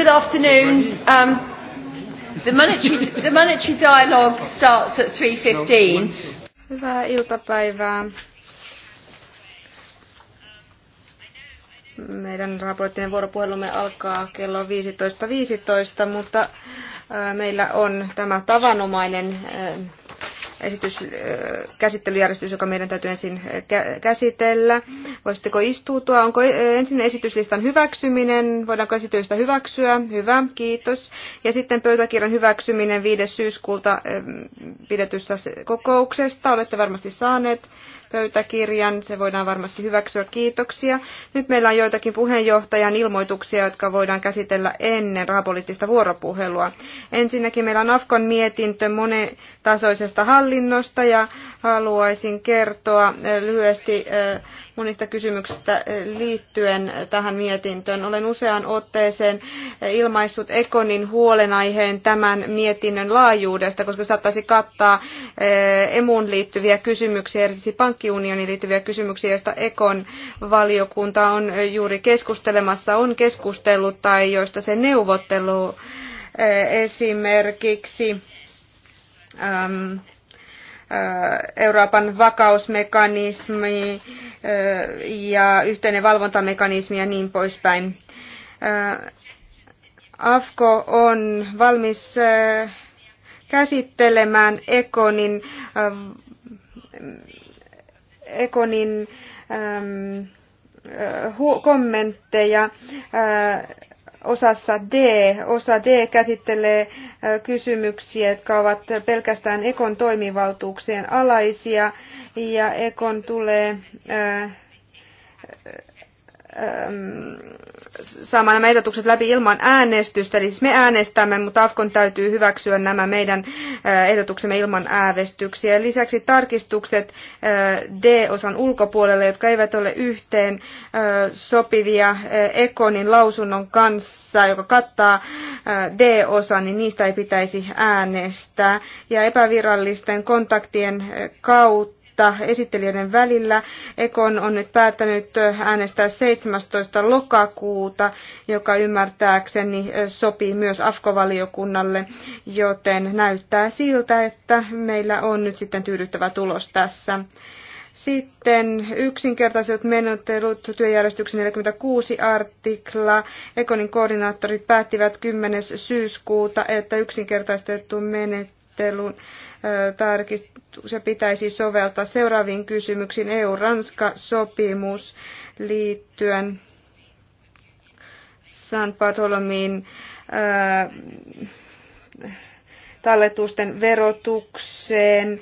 Good afternoon. Um, the, monetary, the monetary dialogue starts at 3.15. Hyvää iltapäivää. Meidän raporttien vuoropuhelumme alkaa kello 15.15, 15, mutta meillä on tämä tavanomainen Esitys käsittelyjärjestys, joka meidän täytyy ensin käsitellä. Voisitteko istuutua? Onko ensin esityslistan hyväksyminen? Voidaanko esitystä hyväksyä? Hyvä, kiitos. Ja sitten pöytäkirjan hyväksyminen 5. syyskuulta pidetystä kokouksesta. Olette varmasti saaneet pöytäkirjan. Se voidaan varmasti hyväksyä. Kiitoksia. Nyt meillä on joitakin puheenjohtajan ilmoituksia, jotka voidaan käsitellä ennen rahapoliittista vuoropuhelua. Ensinnäkin meillä on Afkon mietintö monetasoisesta hallinnosta ja haluaisin kertoa lyhyesti monista kysymyksistä eh, liittyen tähän mietintöön. Olen useaan otteeseen eh, ilmaissut Ekonin huolenaiheen tämän mietinnön laajuudesta, koska saattaisi kattaa eh, emuun liittyviä kysymyksiä, erityisesti pankkiunioniin liittyviä kysymyksiä, joista Ekon valiokunta on juuri keskustelemassa, on keskustellut tai joista se neuvottelu esimerkiksi Euroopan vakausmekanismi ja yhteinen valvontamekanismi ja niin poispäin. AFKO on valmis käsittelemään Ekonin, Ekonin kommentteja osassa D. Osa D käsittelee kysymyksiä, jotka ovat pelkästään Ekon toimivaltuuksien alaisia, ja Ekon tulee Ähm, saamaan nämä ehdotukset läpi ilman äänestystä. Eli siis me äänestämme, mutta Afkon täytyy hyväksyä nämä meidän äh, ehdotuksemme ilman äänestyksiä. Lisäksi tarkistukset äh, D-osan ulkopuolelle, jotka eivät ole yhteen äh, sopivia Ekonin lausunnon kanssa, joka kattaa D-osan, niin niistä ei pitäisi äänestää. Ja epävirallisten kontaktien kautta suhdetta esittelijöiden välillä. Ekon on nyt päättänyt äänestää 17. lokakuuta, joka ymmärtääkseni sopii myös AFKO-valiokunnalle, joten näyttää siltä, että meillä on nyt sitten tyydyttävä tulos tässä. Sitten yksinkertaiset menottelut, työjärjestyksen 46 artikla. Ekonin koordinaattorit päättivät 10. syyskuuta, että yksinkertaistettu menettely tarkistus pitäisi soveltaa seuraaviin kysymyksiin EU-Ranska-sopimus liittyen San Bartolomin äh, talletusten verotukseen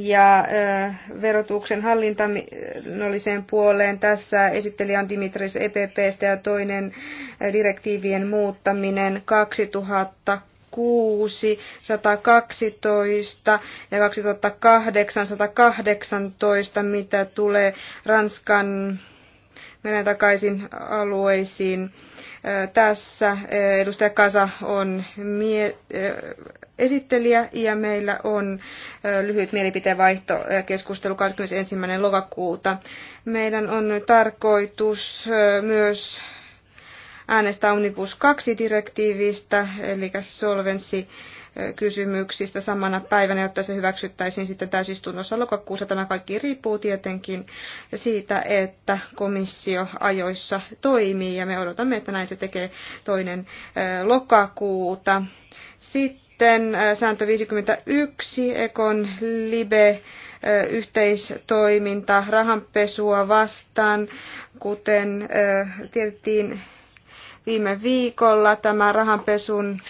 ja äh, verotuksen hallintamalliseen puoleen. Tässä esitteli on Dimitris EPPstä ja toinen äh, direktiivien muuttaminen 2000 106, 112 ja 2008, 118, mitä tulee Ranskan menen takaisin alueisiin. Tässä edustaja Kasa on mie- esittelijä ja meillä on lyhyt mielipiteenvaihto ja keskustelu 21. lokakuuta. Meidän on tarkoitus myös äänestää Omnibus 2-direktiivistä, eli solvenssi kysymyksistä samana päivänä, jotta se hyväksyttäisiin sitten täysistunnossa lokakuussa. Tämä kaikki riippuu tietenkin siitä, että komissio ajoissa toimii ja me odotamme, että näin se tekee toinen lokakuuta. Sitten sääntö 51, Ekon Libe yhteistoiminta rahanpesua vastaan, kuten tiedettiin viime viikolla. Tämä rahanpesun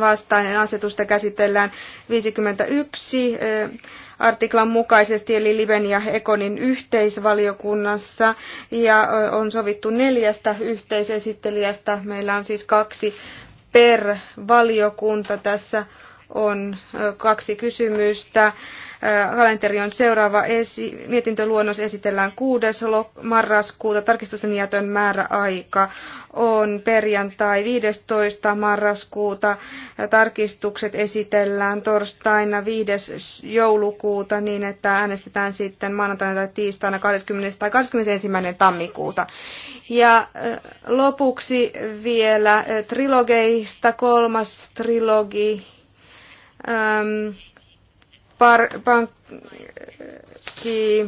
vastainen asetusta käsitellään 51 eh, artiklan mukaisesti, eli Liven ja Ekonin yhteisvaliokunnassa, ja eh, on sovittu neljästä yhteisesittelijästä. Meillä on siis kaksi per valiokunta tässä on kaksi kysymystä. Kalenteri on seuraava. Esi- mietintöluonnos esitellään 6. marraskuuta. Tarkistusten jätön määräaika on perjantai 15. marraskuuta. Tarkistukset esitellään torstaina 5. joulukuuta niin, että äänestetään sitten maanantaina tai tiistaina 20. tai 21. tammikuuta. Ja lopuksi vielä trilogeista kolmas trilogi ähm, par, pankki,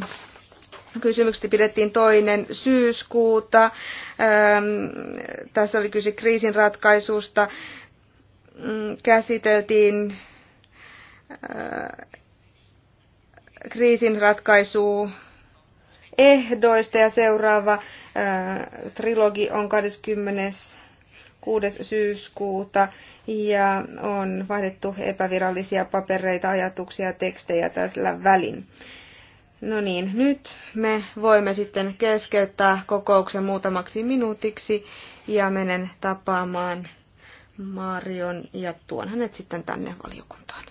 Kysymykset pidettiin toinen syyskuuta. Ähm, tässä oli kyse kriisin ratkaisusta. Mm, käsiteltiin äh, kriisin ratkaisua ehdoista ja seuraava äh, trilogi on 20. 6. syyskuuta ja on vaihdettu epävirallisia papereita, ajatuksia ja tekstejä tällä välin. No niin, nyt me voimme sitten keskeyttää kokouksen muutamaksi minuutiksi ja menen tapaamaan Marion ja tuon hänet sitten tänne valiokuntaan.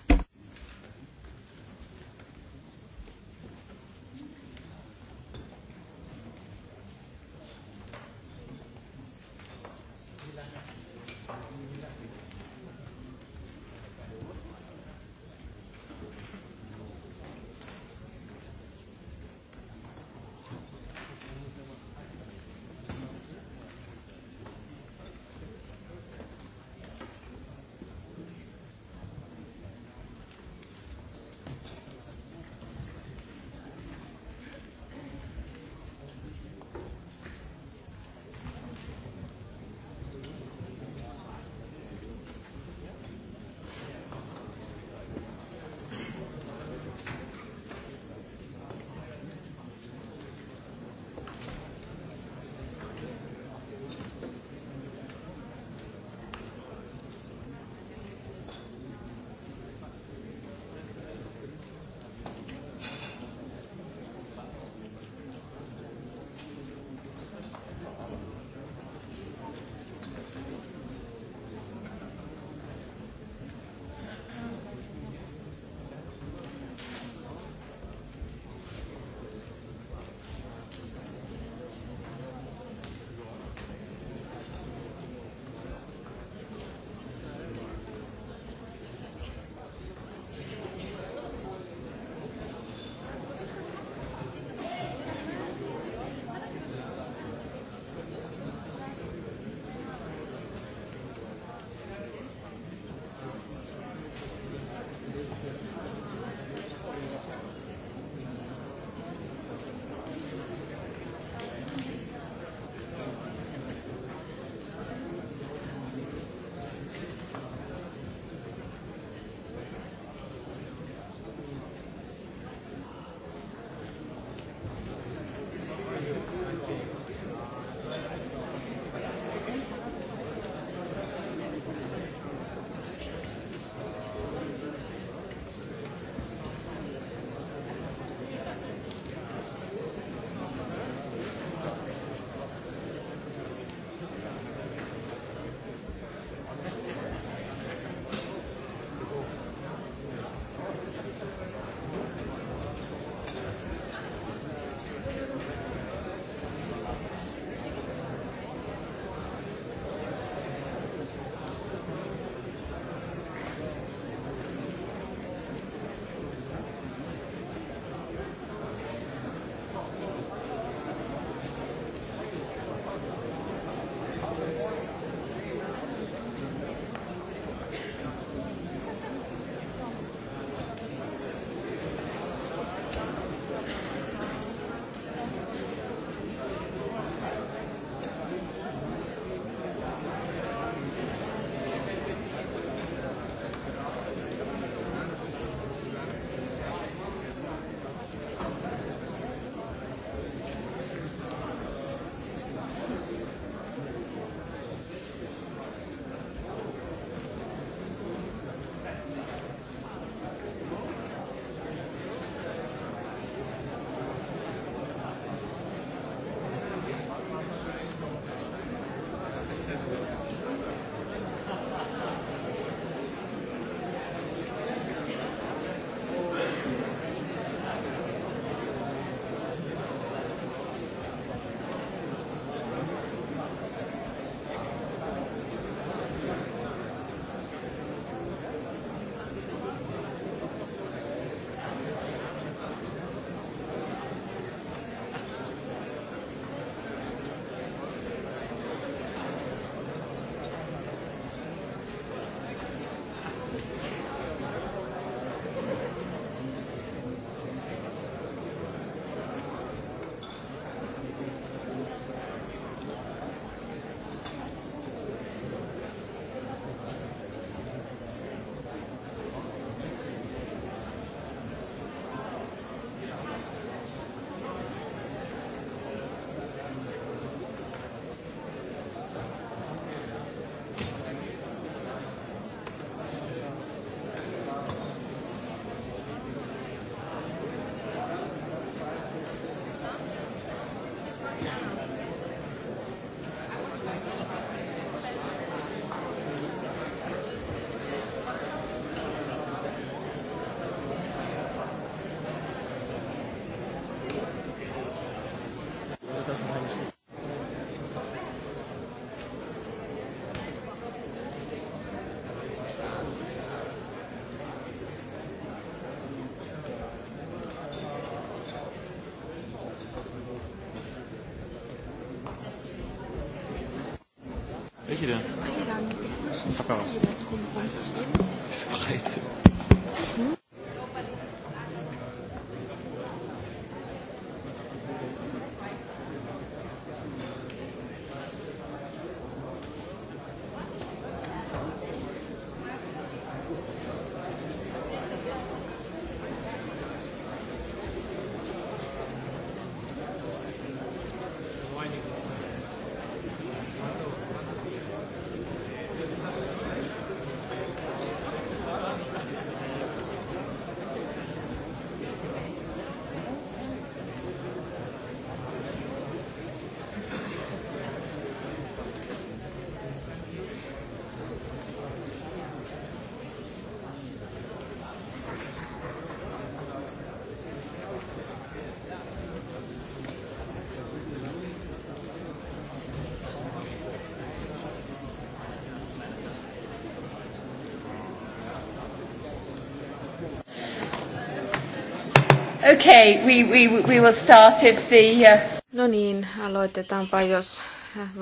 Okay, we, we, we will start if the... Uh... No niin, aloitetaanpa jos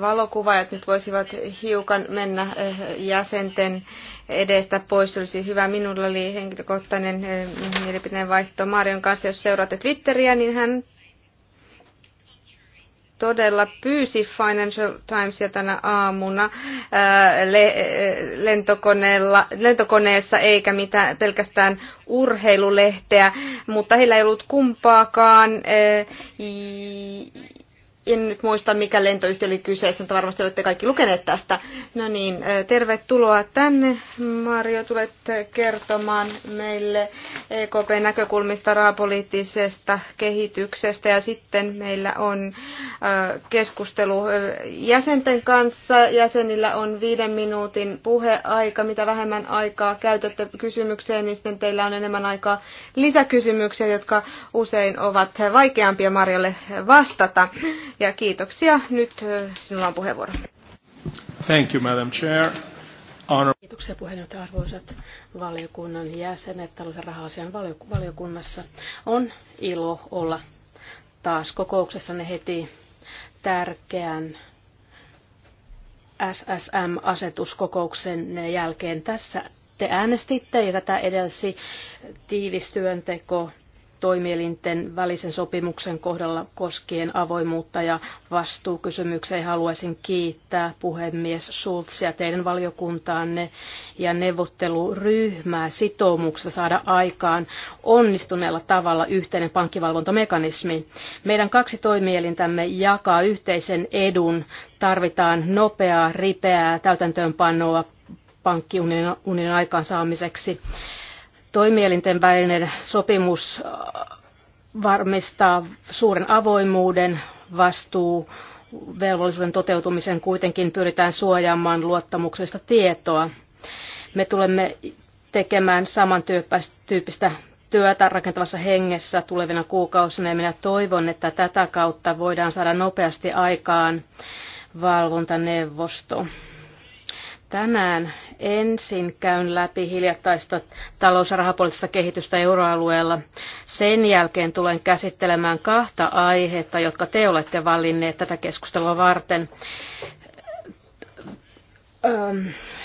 valokuvaajat nyt voisivat hiukan mennä eh, jäsenten edestä pois. Se olisi hyvä. Minulla oli henkilökohtainen eh, mielipiteen vaihto Marion kanssa. Jos seuraatte Twitteriä, niin hän todella pyysi Financial Timesia tänä aamuna lentokoneella, lentokoneessa eikä mitään, pelkästään urheilulehteä, mutta heillä ei ollut kumpaakaan en nyt muista, mikä lentoyhtiö oli kyseessä, mutta varmasti olette kaikki lukeneet tästä. No niin, tervetuloa tänne. Mario, tulet kertomaan meille ekp näkökulmista rahapoliittisesta kehityksestä ja sitten meillä on keskustelu jäsenten kanssa. Jäsenillä on viiden minuutin puheaika. Mitä vähemmän aikaa käytätte kysymykseen, niin sitten teillä on enemmän aikaa lisäkysymyksiä, jotka usein ovat vaikeampia Marjolle vastata. Ja kiitoksia. Nyt sinulla on puheenvuoro. Thank you, Madam Chair. Honor... Kiitoksia puheenjohtaja arvoisat valiokunnan jäsenet tällaisen raha-asian valiokunnassa. On ilo olla taas kokouksessanne heti tärkeän SSM-asetuskokouksen jälkeen. Tässä te äänestitte ja tätä edelsi tiivis työnteko toimielinten välisen sopimuksen kohdalla koskien avoimuutta ja vastuukysymykseen haluaisin kiittää puhemies Schulzia teidän valiokuntaanne ja neuvotteluryhmää sitoumuksesta saada aikaan onnistuneella tavalla yhteinen pankkivalvontamekanismi. Meidän kaksi toimielintämme jakaa yhteisen edun. Tarvitaan nopeaa, ripeää täytäntöönpanoa pankkiunionin aikaansaamiseksi. Toimielinten välinen sopimus äh, varmistaa suuren avoimuuden, vastuu, velvollisuuden toteutumisen kuitenkin pyritään suojaamaan luottamuksesta tietoa. Me tulemme tekemään samantyyppistä työtä rakentavassa hengessä tulevina kuukausina ja minä toivon, että tätä kautta voidaan saada nopeasti aikaan valvontaneuvosto. Tänään ensin käyn läpi hiljattaista talous- ja rahapoliittista kehitystä euroalueella. Sen jälkeen tulen käsittelemään kahta aihetta, jotka te olette valinneet tätä keskustelua varten.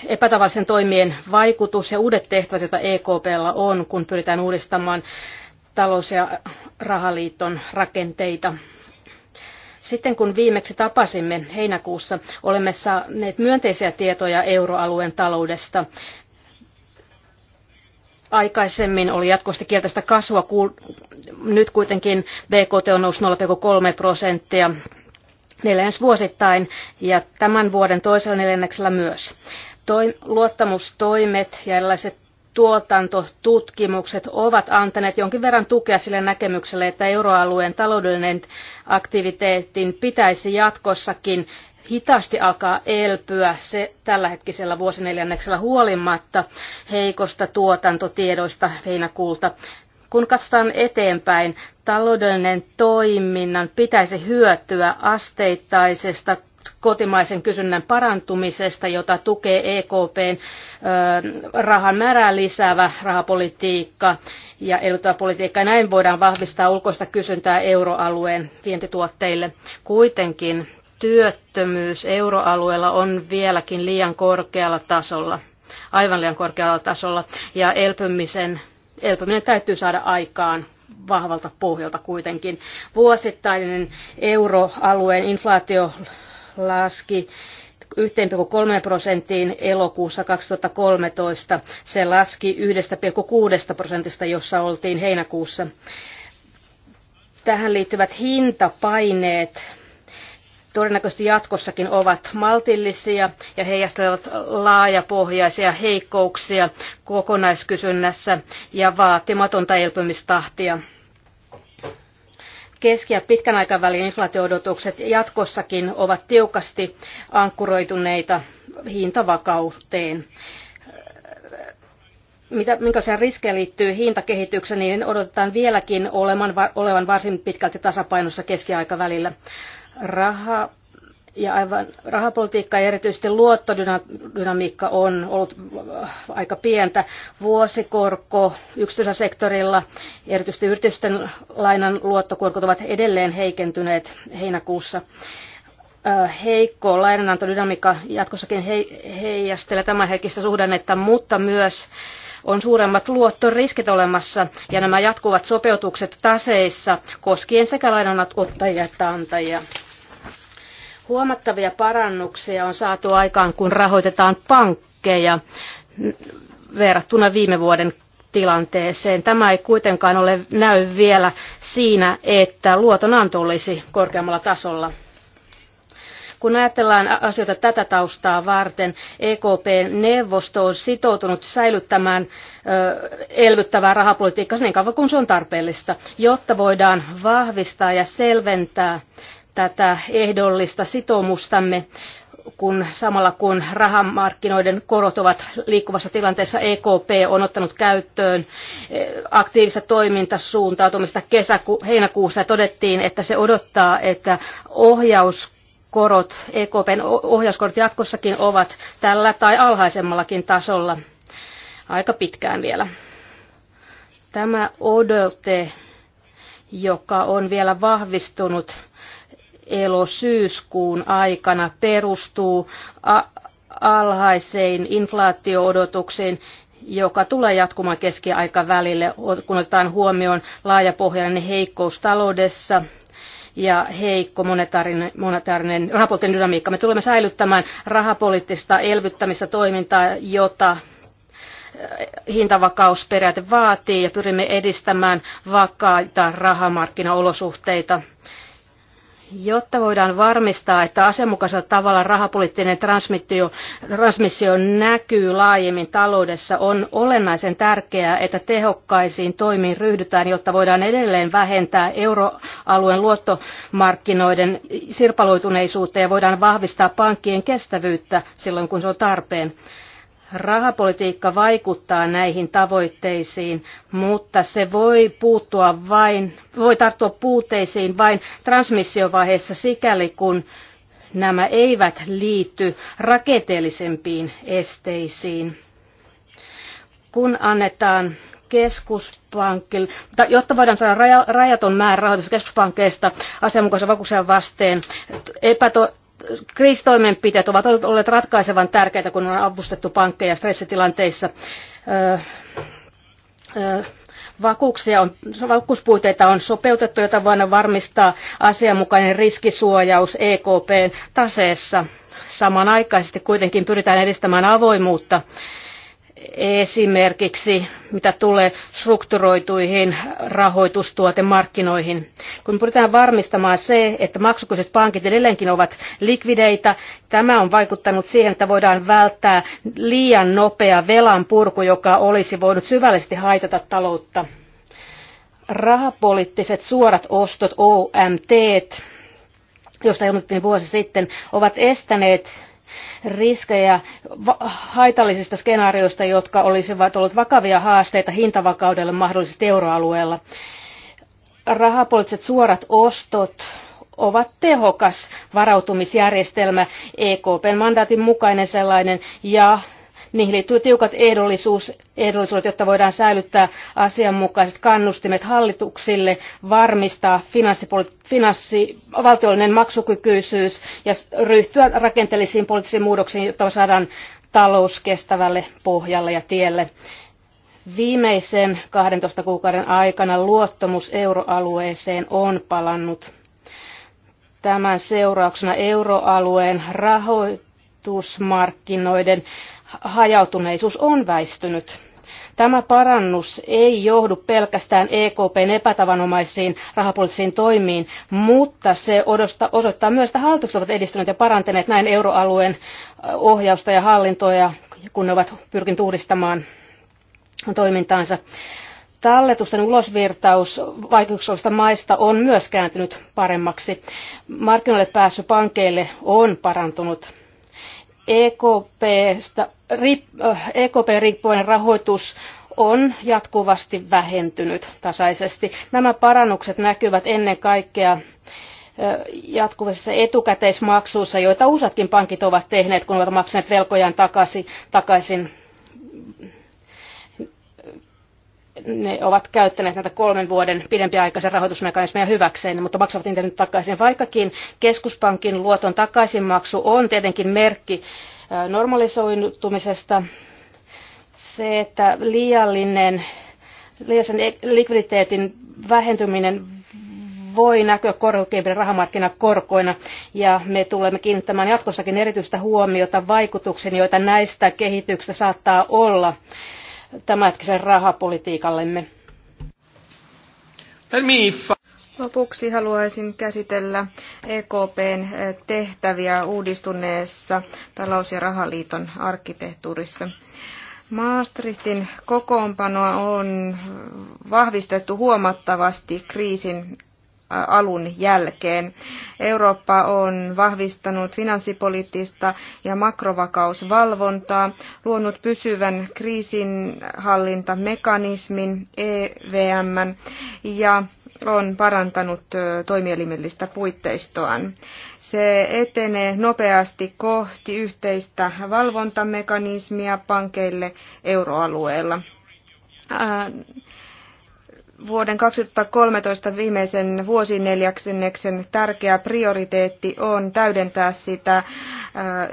Epätavallisen toimien vaikutus ja uudet tehtävät, joita EKPlla on, kun pyritään uudistamaan talous- ja rahaliiton rakenteita. Sitten kun viimeksi tapasimme heinäkuussa, olemme saaneet myönteisiä tietoja euroalueen taloudesta. Aikaisemmin oli jatkuvasti kielteistä kasvua, nyt kuitenkin BKT on noussut 0,3 prosenttia neljännes vuosittain ja tämän vuoden toisella neljänneksellä myös. Toi, luottamustoimet ja erilaiset tuotantotutkimukset ovat antaneet jonkin verran tukea sille näkemykselle, että euroalueen taloudellinen aktiviteetin pitäisi jatkossakin hitaasti alkaa elpyä se tällä hetkisellä vuosineljänneksellä huolimatta heikosta tuotantotiedoista heinäkuulta. Kun katsotaan eteenpäin, taloudellinen toiminnan pitäisi hyötyä asteittaisesta kotimaisen kysynnän parantumisesta, jota tukee EKPn rahan määrää lisäävä rahapolitiikka ja elvyttävä politiikka. Näin voidaan vahvistaa ulkoista kysyntää euroalueen vientituotteille. Kuitenkin työttömyys euroalueella on vieläkin liian korkealla tasolla, aivan liian korkealla tasolla, ja elpymisen, elpyminen täytyy saada aikaan vahvalta pohjalta kuitenkin. Vuosittainen euroalueen inflaatio laski 1,3 prosenttiin elokuussa 2013. Se laski 1,6 prosentista, jossa oltiin heinäkuussa. Tähän liittyvät hintapaineet todennäköisesti jatkossakin ovat maltillisia ja heijastelevat laajapohjaisia heikkouksia kokonaiskysynnässä ja vaatimatonta elpymistahtia keski- ja pitkän aikavälin inflaatioodotukset jatkossakin ovat tiukasti ankkuroituneita hintavakauteen. Mitä, minkälaisia riskejä liittyy hintakehitykseen, niin odotetaan vieläkin olevan, olevan varsin pitkälti tasapainossa keskiaikavälillä. Raha, ja aivan rahapolitiikka ja erityisesti luottodynamiikka on ollut äh, aika pientä. Vuosikorko yksityisellä sektorilla, erityisesti yritysten lainan luottokorkot ovat edelleen heikentyneet heinäkuussa. Äh, heikko lainanantodynamiikka jatkossakin heijastelee hetkistä suhdannetta, mutta myös on suuremmat luottoriskit olemassa ja nämä jatkuvat sopeutukset taseissa koskien sekä lainanottajia että antajia Huomattavia parannuksia on saatu aikaan, kun rahoitetaan pankkeja verrattuna viime vuoden tilanteeseen. Tämä ei kuitenkaan ole näy vielä siinä, että luotonanto olisi korkeammalla tasolla. Kun ajatellaan asioita tätä taustaa varten, EKP-neuvosto on sitoutunut säilyttämään elvyttävää rahapolitiikkaa niin kauan kuin se on tarpeellista, jotta voidaan vahvistaa ja selventää tätä ehdollista sitoumustamme, kun samalla kun rahamarkkinoiden korot ovat liikkuvassa tilanteessa, EKP on ottanut käyttöön eh, aktiivista toimintasuuntautumista kesäku- heinäkuussa ja todettiin, että se odottaa, että ohjaus korot, EKPn ohjauskorot jatkossakin ovat tällä tai alhaisemmallakin tasolla aika pitkään vielä. Tämä odote, joka on vielä vahvistunut elo-syyskuun aikana perustuu alhaiseen inflaatioodotuksiin, joka tulee jatkumaan keskiaikavälille, kun otetaan huomioon laajapohjainen heikkous taloudessa ja heikko monetaarinen, monetaarinen rahapoliittinen dynamiikka. Me tulemme säilyttämään rahapoliittista elvyttämistä toimintaa, jota hintavakausperiaate vaatii ja pyrimme edistämään vakaita rahamarkkinaolosuhteita. Jotta voidaan varmistaa, että asianmukaisella tavalla rahapoliittinen transmissio, transmissio näkyy laajemmin taloudessa, on olennaisen tärkeää, että tehokkaisiin toimiin ryhdytään, jotta voidaan edelleen vähentää euroalueen luottomarkkinoiden sirpaloituneisuutta ja voidaan vahvistaa pankkien kestävyyttä silloin, kun se on tarpeen. Rahapolitiikka vaikuttaa näihin tavoitteisiin, mutta se voi, puuttua vain, voi tarttua puuteisiin vain transmissiovaiheessa sikäli, kun nämä eivät liity rakenteellisempiin esteisiin. Kun annetaan keskuspankille, jotta voidaan saada rajaton määrä rahoitusta keskuspankkeista asianmukaisen vakuuksen vasteen, epäto, kriisitoimenpiteet ovat olleet ratkaisevan tärkeitä, kun on avustettu pankkeja stressitilanteissa. Vakuuksia on, vakuuspuitteita on sopeutettu, jota voidaan varmistaa asianmukainen riskisuojaus EKPn taseessa. Samanaikaisesti kuitenkin pyritään edistämään avoimuutta esimerkiksi mitä tulee strukturoituihin rahoitustuotemarkkinoihin. Kun pyritään varmistamaan se, että maksukyiset pankit edelleenkin ovat likvideitä, tämä on vaikuttanut siihen, että voidaan välttää liian nopea velan purku, joka olisi voinut syvällisesti haitata taloutta. Rahapoliittiset suorat ostot, OMT, josta ilmoitettiin vuosi sitten, ovat estäneet riskejä haitallisista skenaarioista, jotka olisivat olleet vakavia haasteita hintavakaudelle mahdollisesti euroalueella. Rahapoliittiset suorat ostot ovat tehokas varautumisjärjestelmä, EKPn mandaatin mukainen sellainen, ja Niihin liittyy tiukat ehdollisuudet, jotta voidaan säilyttää asianmukaiset kannustimet hallituksille varmistaa valtiollinen maksukykyisyys ja ryhtyä rakenteellisiin poliittisiin muutoksiin, jotta saadaan talous kestävälle pohjalle ja tielle. Viimeisen kaksitoista kuukauden aikana luottamus euroalueeseen on palannut. Tämän seurauksena euroalueen rahoitusmarkkinoiden hajautuneisuus on väistynyt. Tämä parannus ei johdu pelkästään EKPn epätavanomaisiin rahapoliittisiin toimiin, mutta se osoittaa myös, että hallitukset ovat edistyneet ja parantaneet näin euroalueen ohjausta ja hallintoa, kun ne ovat pyrkineet uudistamaan toimintaansa. Talletusten ulosvirtaus vaikeuksellisista maista on myös kääntynyt paremmaksi. Markkinoille pääsy pankeille on parantunut ekp äh, e riippuvainen rahoitus on jatkuvasti vähentynyt tasaisesti. Nämä parannukset näkyvät ennen kaikkea äh, jatkuvissa etukäteismaksuissa, joita useatkin pankit ovat tehneet, kun ovat maksaneet velkojaan takaisin, takaisin ne ovat käyttäneet näitä kolmen vuoden pidempiaikaisen rahoitusmekanismeja hyväkseen, mutta maksavat niitä nyt takaisin. Vaikkakin keskuspankin luoton takaisinmaksu on tietenkin merkki normalisoitumisesta, se, että liiallinen liiallisen e- likviditeetin vähentyminen voi näkyä korkeimpien rahamarkkinakorkoina ja me tulemme kiinnittämään jatkossakin erityistä huomiota vaikutuksiin, joita näistä kehityksistä saattaa olla tämänhetkisen rahapolitiikallemme. Lopuksi haluaisin käsitellä EKPn eh, tehtäviä uudistuneessa talous- ja rahaliiton arkkitehtuurissa. Maastrichtin kokoonpanoa on vahvistettu huomattavasti kriisin alun jälkeen. Eurooppa on vahvistanut finanssipoliittista ja makrovakausvalvontaa, luonut pysyvän kriisinhallintamekanismin EVM ja on parantanut toimielimellistä puitteistoaan. Se etenee nopeasti kohti yhteistä valvontamekanismia pankeille euroalueella vuoden 2013 viimeisen vuosineljäksenneksen tärkeä prioriteetti on täydentää sitä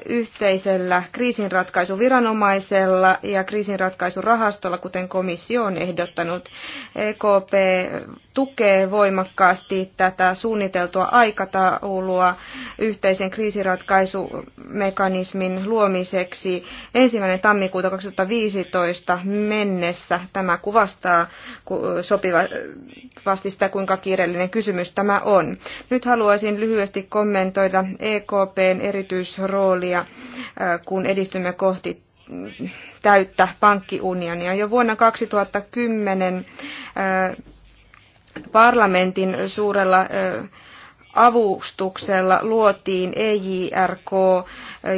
yhteisellä kriisinratkaisuviranomaisella ja kriisinratkaisurahastolla, kuten komissio on ehdottanut. EKP tukee voimakkaasti tätä suunniteltua aikataulua yhteisen kriisinratkaisumekanismin luomiseksi ensimmäinen tammikuuta 2015 mennessä. Tämä kuvastaa sopivaa vahvasti äh, sitä, kuinka kiireellinen kysymys tämä on. Nyt haluaisin lyhyesti kommentoida EKPn erityisroolia, äh, kun edistymme kohti mm, täyttä pankkiunionia. Jo vuonna 2010 äh, parlamentin suurella avustuksella luotiin EJRK,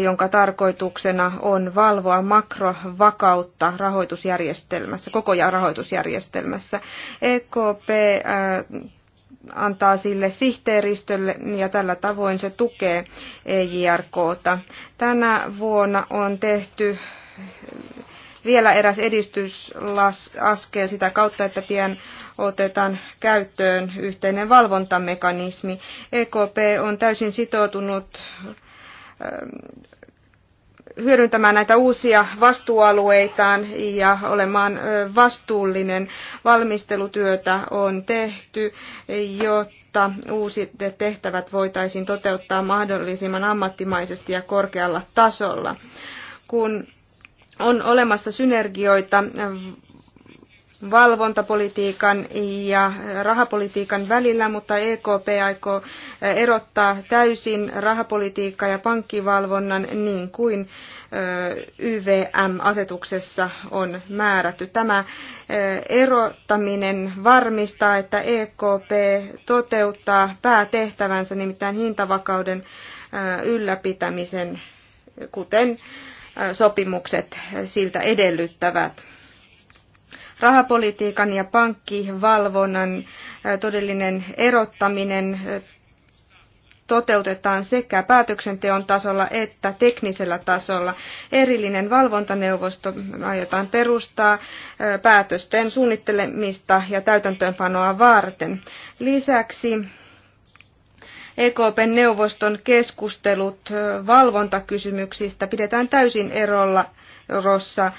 jonka tarkoituksena on valvoa makrovakautta rahoitusjärjestelmässä, koko rahoitusjärjestelmässä. EKP äh, antaa sille sihteeristölle ja tällä tavoin se tukee EJRKta. Tänä vuonna on tehty vielä eräs edistysaskel sitä kautta, että pian otetaan käyttöön yhteinen valvontamekanismi. EKP on täysin sitoutunut ähm, hyödyntämään näitä uusia vastuualueitaan ja olemaan vastuullinen. Valmistelutyötä on tehty, jotta uusit tehtävät voitaisiin toteuttaa mahdollisimman ammattimaisesti ja korkealla tasolla. Kun on olemassa synergioita valvontapolitiikan ja rahapolitiikan välillä, mutta EKP aikoo erottaa täysin rahapolitiikka ja pankkivalvonnan niin kuin YVM-asetuksessa on määrätty. Tämä erottaminen varmistaa, että EKP toteuttaa päätehtävänsä, nimittäin hintavakauden ylläpitämisen, kuten sopimukset siltä edellyttävät. Rahapolitiikan ja pankkivalvonnan todellinen erottaminen toteutetaan sekä päätöksenteon tasolla että teknisellä tasolla. Erillinen valvontaneuvosto aiotaan perustaa päätösten suunnittelemista ja täytäntöönpanoa varten. Lisäksi EKPn neuvoston keskustelut valvontakysymyksistä pidetään täysin erolla erossa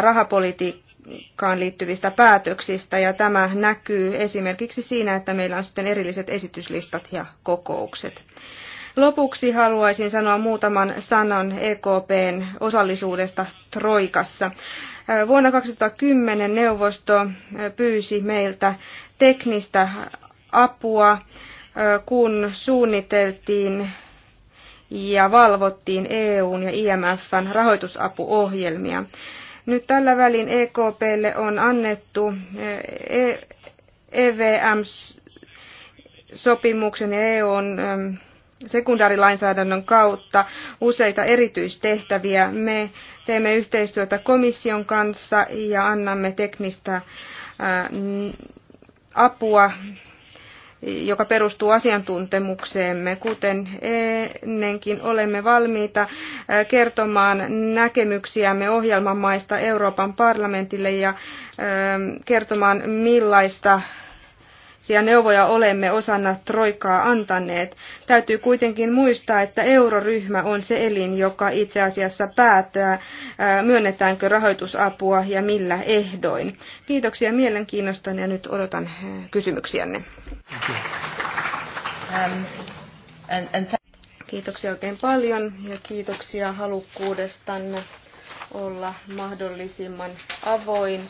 rahapolitiikkaan liittyvistä päätöksistä ja tämä näkyy esimerkiksi siinä, että meillä on sitten erilliset esityslistat ja kokoukset. Lopuksi haluaisin sanoa muutaman sanan EKPn osallisuudesta Troikassa. Vuonna 2010 neuvosto pyysi meiltä teknistä apua kun suunniteltiin ja valvottiin EUn ja IMFn rahoitusapuohjelmia. Nyt tällä välin EKPlle on annettu EVM-sopimuksen e ja EUn sekundaarilainsäädännön kautta useita erityistehtäviä. Me teemme yhteistyötä komission kanssa ja annamme teknistä apua joka perustuu asiantuntemukseemme. Kuten ennenkin olemme valmiita äh, kertomaan näkemyksiämme ohjelmamaista Euroopan parlamentille ja ähm, kertomaan millaista millaisia neuvoja olemme osana troikaa antaneet. Täytyy kuitenkin muistaa, että euroryhmä on se elin, joka itse asiassa päättää, myönnetäänkö rahoitusapua ja millä ehdoin. Kiitoksia mielenkiinnosta ja nyt odotan kysymyksiänne. Um, kiitoksia oikein paljon ja kiitoksia halukkuudestanne olla mahdollisimman avoin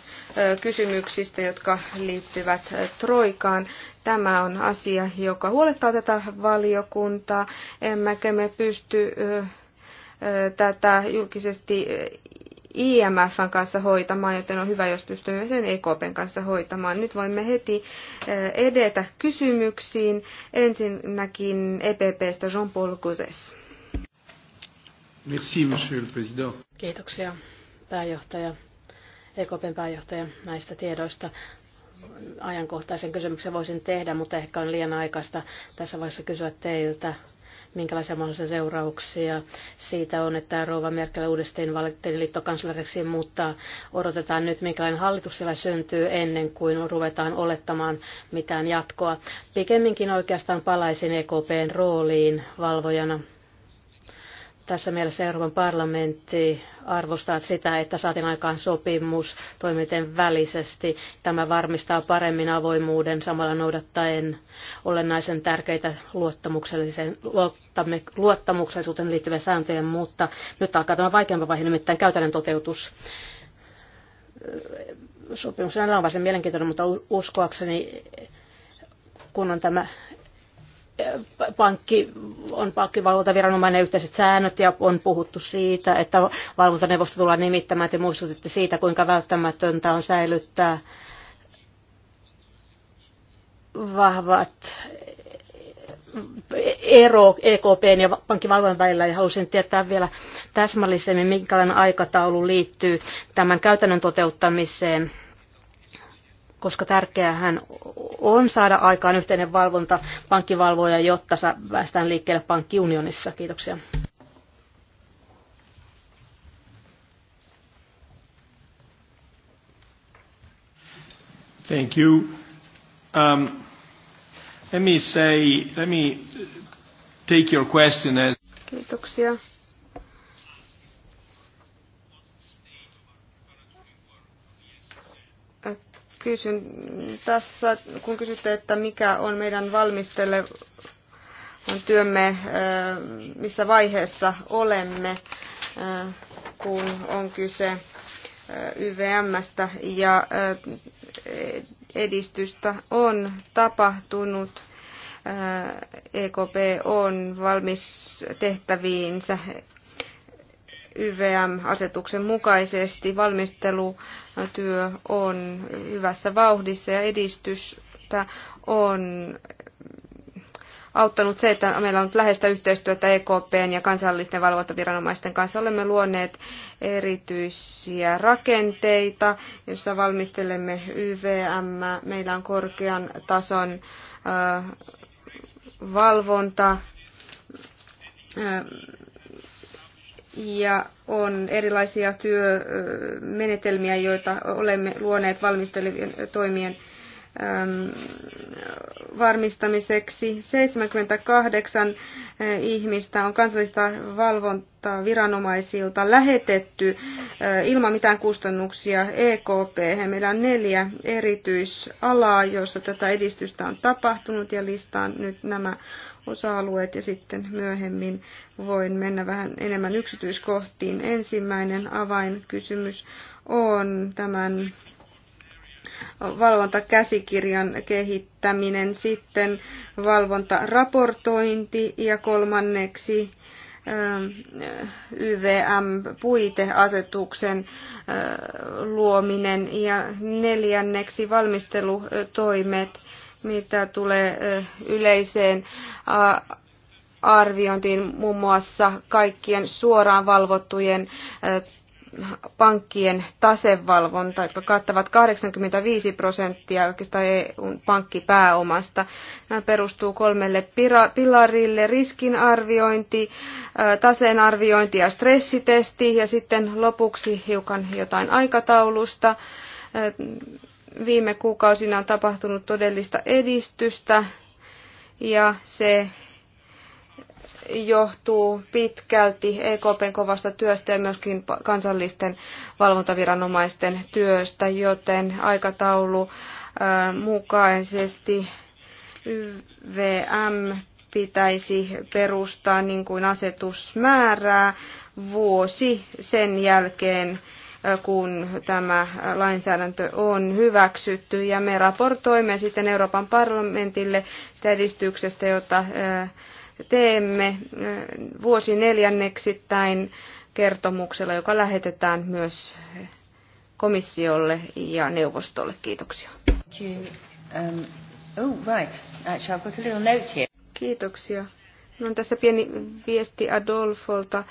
kysymyksistä, jotka liittyvät Troikaan. Tämä on asia, joka huolettaa tätä valiokuntaa. Emmekä me pysty tätä julkisesti IMFn kanssa hoitamaan, joten on hyvä, jos pystymme sen EKPn kanssa hoitamaan. Nyt voimme heti edetä kysymyksiin. Ensinnäkin EPPstä Jean-Paul Gouzes. Merci, monsieur le président. Kiitoksia pääjohtaja, EKPn pääjohtaja näistä tiedoista. Ajankohtaisen kysymyksen voisin tehdä, mutta ehkä on liian aikaista tässä vaiheessa kysyä teiltä, minkälaisia mahdollisia seurauksia siitä on, että Rouva Merkel uudestaan valittiin liittokanslereksi, mutta odotetaan nyt, minkälainen hallitus siellä syntyy ennen kuin ruvetaan olettamaan mitään jatkoa. Pikemminkin oikeastaan palaisin EKPn rooliin valvojana tässä mielessä Euroopan parlamentti arvostaa sitä, että saatiin aikaan sopimus toimiten välisesti. Tämä varmistaa paremmin avoimuuden samalla noudattaen olennaisen tärkeitä luottamukselliseen, luottamuksellisuuteen liittyviä sääntöjä, mutta nyt alkaa tämä vaikeampi vaihe, nimittäin käytännön toteutus. Sopimus on varsin mielenkiintoinen, mutta uskoakseni kun on tämä pankki on pankkivalvontaviranomainen yhteiset säännöt ja on puhuttu siitä, että valvontaneuvosto tullaan nimittämään. ja muistutitte siitä, kuinka välttämätöntä on säilyttää vahvat ero EKPn ja pankkivalvojen välillä ja halusin tietää vielä täsmällisemmin, minkälainen aikataulu liittyy tämän käytännön toteuttamiseen koska tärkeähän on saada aikaan yhteinen valvonta pankkivalvoja, jotta päästään liikkeelle pankkiunionissa. Kiitoksia. Thank you. Um, let me say, let me take your question as... Kiitoksia. kysyn tässä, kun kysytte, että mikä on meidän valmistele on työmme, missä vaiheessa olemme, kun on kyse YVMstä ja edistystä on tapahtunut. EKP on valmis tehtäviinsä YVM-asetuksen mukaisesti. Valmistelutyö on hyvässä vauhdissa ja edistystä on auttanut se, että meillä on läheistä yhteistyötä EKPn ja kansallisten valvontaviranomaisten kanssa. Olemme luoneet erityisiä rakenteita, joissa valmistelemme YVM. Meillä on korkean tason valvonta ja on erilaisia työmenetelmiä, joita olemme luoneet valmistelevien toimien Ähm, varmistamiseksi. 78 äh, ihmistä on kansallista valvontaa viranomaisilta lähetetty äh, ilman mitään kustannuksia EKP. Meillä on neljä erityisalaa, joissa tätä edistystä on tapahtunut ja listaan nyt nämä osa-alueet ja sitten myöhemmin voin mennä vähän enemmän yksityiskohtiin. Ensimmäinen avainkysymys on tämän valvontakäsikirjan kehittäminen, sitten valvontaraportointi ja kolmanneksi ähm, YVM-puiteasetuksen äh, luominen ja neljänneksi valmistelutoimet, mitä tulee äh, yleiseen äh, arviointiin muun muassa kaikkien suoraan valvottujen pankkien tasevalvonta, jotka kattavat 85 prosenttia oikeastaan eu pankkipääomasta. Nämä perustuu kolmelle pilarille, riskinarviointi, taseen arviointi ja stressitesti ja sitten lopuksi hiukan jotain aikataulusta. Viime kuukausina on tapahtunut todellista edistystä ja se johtuu pitkälti EKPn kovasta työstä ja myöskin kansallisten valvontaviranomaisten työstä, joten aikataulu mukaisesti YVM pitäisi perustaa niin kuin asetusmäärää vuosi sen jälkeen, kun tämä lainsäädäntö on hyväksytty. Ja me raportoimme sitten Euroopan parlamentille sitä edistyksestä, jota teemme äh, vuosi neljänneksittäin kertomuksella, joka lähetetään myös komissiolle ja neuvostolle. Kiitoksia. Um, oh, Kiitoksia. No on tässä pieni viesti Adolfolta,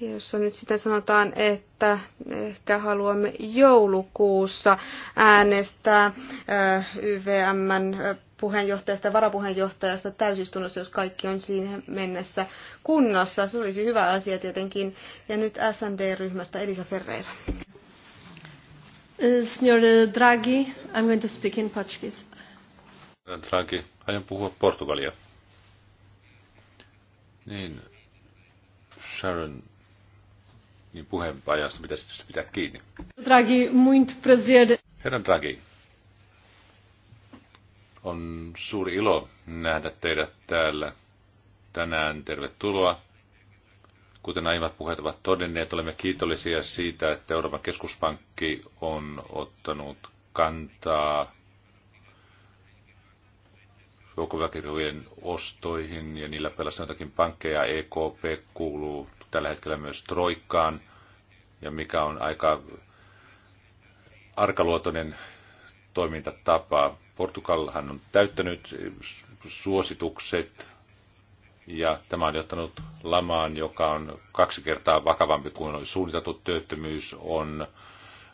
jossa nyt sitä sanotaan, että ehkä haluamme joulukuussa äänestää äh, YVMn äh, puheenjohtajasta ja varapuheenjohtajasta täysistunnossa, jos kaikki on siihen mennessä kunnossa. Se olisi hyvä asia tietenkin. Ja nyt SND-ryhmästä Elisa Ferreira. Eh, signor Draghi, I'm going to speak in Portuguese. Draghi, aion puhua portugalia. Niin, Sharon, niin puheenpajasta pitäisi pitää kiinni. Draghi, muito prazer. Herra Draghi, on suuri ilo nähdä teidät täällä tänään. Tervetuloa. Kuten aiemmat puheet ovat todenneet, olemme kiitollisia siitä, että Euroopan keskuspankki on ottanut kantaa joukkoväkirjojen ostoihin ja niillä pelastaa jotakin pankkeja. EKP kuuluu tällä hetkellä myös Troikkaan ja mikä on aika arkaluotoinen toimintatapa. Portugalhan on täyttänyt suositukset ja tämä on johtanut lamaan, joka on kaksi kertaa vakavampi kuin oli suunniteltu. Työttömyys on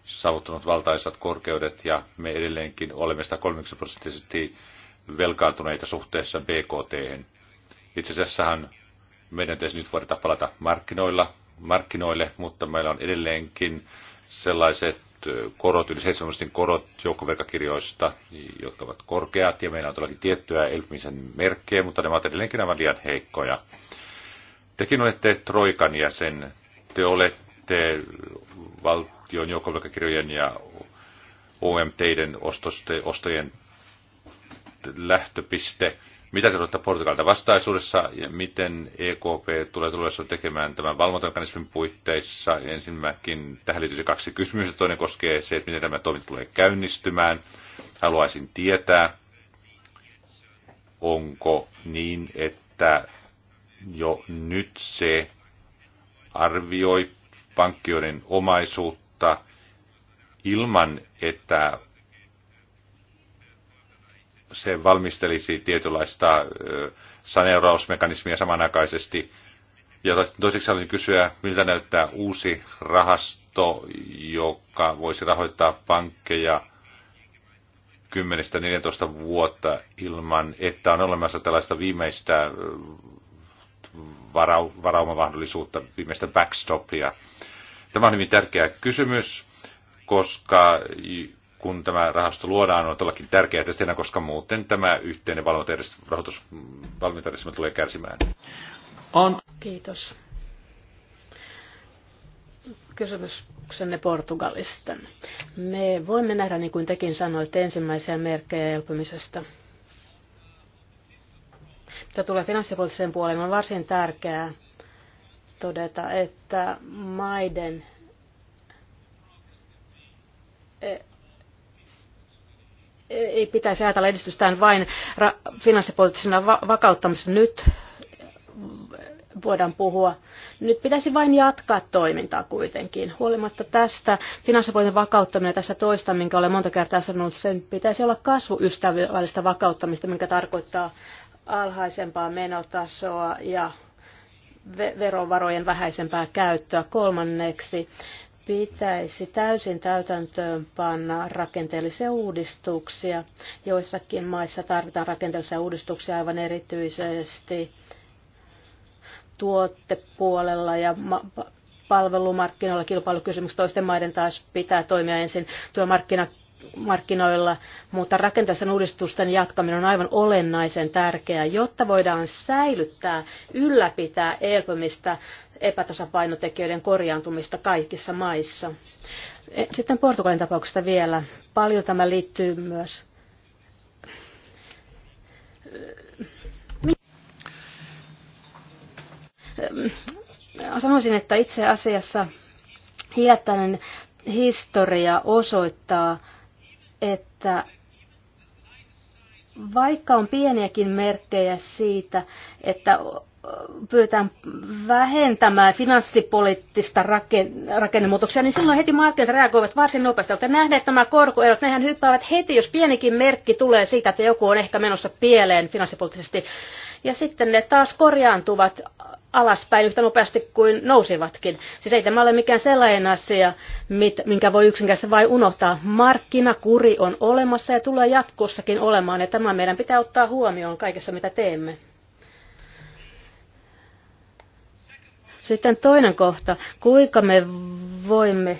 saavuttanut valtaisat korkeudet ja me edelleenkin olemme 130 prosenttisesti velkaantuneita suhteessa BKT. -hän. Itse asiassahan meidän pitäisi nyt voida palata markkinoilla, markkinoille, mutta meillä on edelleenkin sellaiset korot, yli 7 korot joukkovelkakirjoista, jotka ovat korkeat, ja meillä on todellakin tiettyä elpymisen merkkejä, mutta ne ovat edelleenkin aivan liian heikkoja. Tekin olette Troikan jäsen, te olette valtion joukkovelkakirjojen ja OMTiden ostojen lähtöpiste. Mitä te odotatte Portugalta vastaisuudessa ja miten EKP tulee tulevaisuudessa tekemään tämän valvontamekanismin puitteissa? Ensinnäkin tähän liittyy kaksi kysymystä. Toinen koskee se, että miten tämä toiminta tulee käynnistymään. Haluaisin tietää, onko niin, että jo nyt se arvioi pankkioiden omaisuutta ilman, että se valmistelisi tietynlaista saneerausmekanismia samanaikaisesti. Ja toiseksi haluaisin kysyä, miltä näyttää uusi rahasto, joka voisi rahoittaa pankkeja 10-14 vuotta ilman, että on olemassa tällaista viimeistä varau, varaumavahdollisuutta, viimeistä backstopia. Tämä on hyvin tärkeä kysymys, koska kun tämä rahasto luodaan, on todellakin tärkeää tehdä, koska muuten tämä yhteinen valvontajärjestelmä tulee kärsimään. On. Kiitos. Kysymyksenne Portugalista. Me voimme nähdä, niin kuin tekin sanoitte, ensimmäisiä merkkejä elpymisestä. Mitä tulee finanssipoliittiseen puoleen, on varsin tärkeää todeta, että maiden ei pitäisi ajatella edistystään vain ra- finanssipoliittisena va- vakauttamisena. Nyt voidaan puhua. Nyt pitäisi vain jatkaa toimintaa kuitenkin. Huolimatta tästä finanssipolitiikan vakauttaminen tässä toista, minkä olen monta kertaa sanonut, sen pitäisi olla kasvuystävällistä vakauttamista, mikä tarkoittaa alhaisempaa menotasoa ja verovarojen vähäisempää käyttöä. Kolmanneksi pitäisi täysin täytäntöön panna rakenteellisia uudistuksia. Joissakin maissa tarvitaan rakenteellisia uudistuksia aivan erityisesti tuottepuolella ja palvelumarkkinoilla kilpailukysymys toisten maiden taas pitää toimia ensin työmarkkinoilla, mutta rakenteellisen uudistusten jatkaminen on aivan olennaisen tärkeää, jotta voidaan säilyttää, ylläpitää elpymistä epätasapainotekijöiden korjaantumista kaikissa maissa. E, sitten Portugalin tapauksesta vielä. Paljon tämä liittyy myös äh, sanoisin, että itse asiassa hiljattainen historia osoittaa, että vaikka on pieniäkin merkkejä siitä, että pyritään vähentämään finanssipoliittista rakennemuutoksia, niin silloin heti markkinat reagoivat varsin nopeasti. Olette nähneet nämä korkoerot, nehän hyppäävät heti, jos pienikin merkki tulee siitä, että joku on ehkä menossa pieleen finanssipoliittisesti. Ja sitten ne taas korjaantuvat alaspäin yhtä nopeasti kuin nousivatkin. Siis ei tämä ole mikään sellainen asia, mit, minkä voi yksinkertaisesti vain unohtaa. Markkinakuri on olemassa ja tulee jatkossakin olemaan, ja tämä meidän pitää ottaa huomioon kaikessa, mitä teemme. Sitten toinen kohta, kuinka me voimme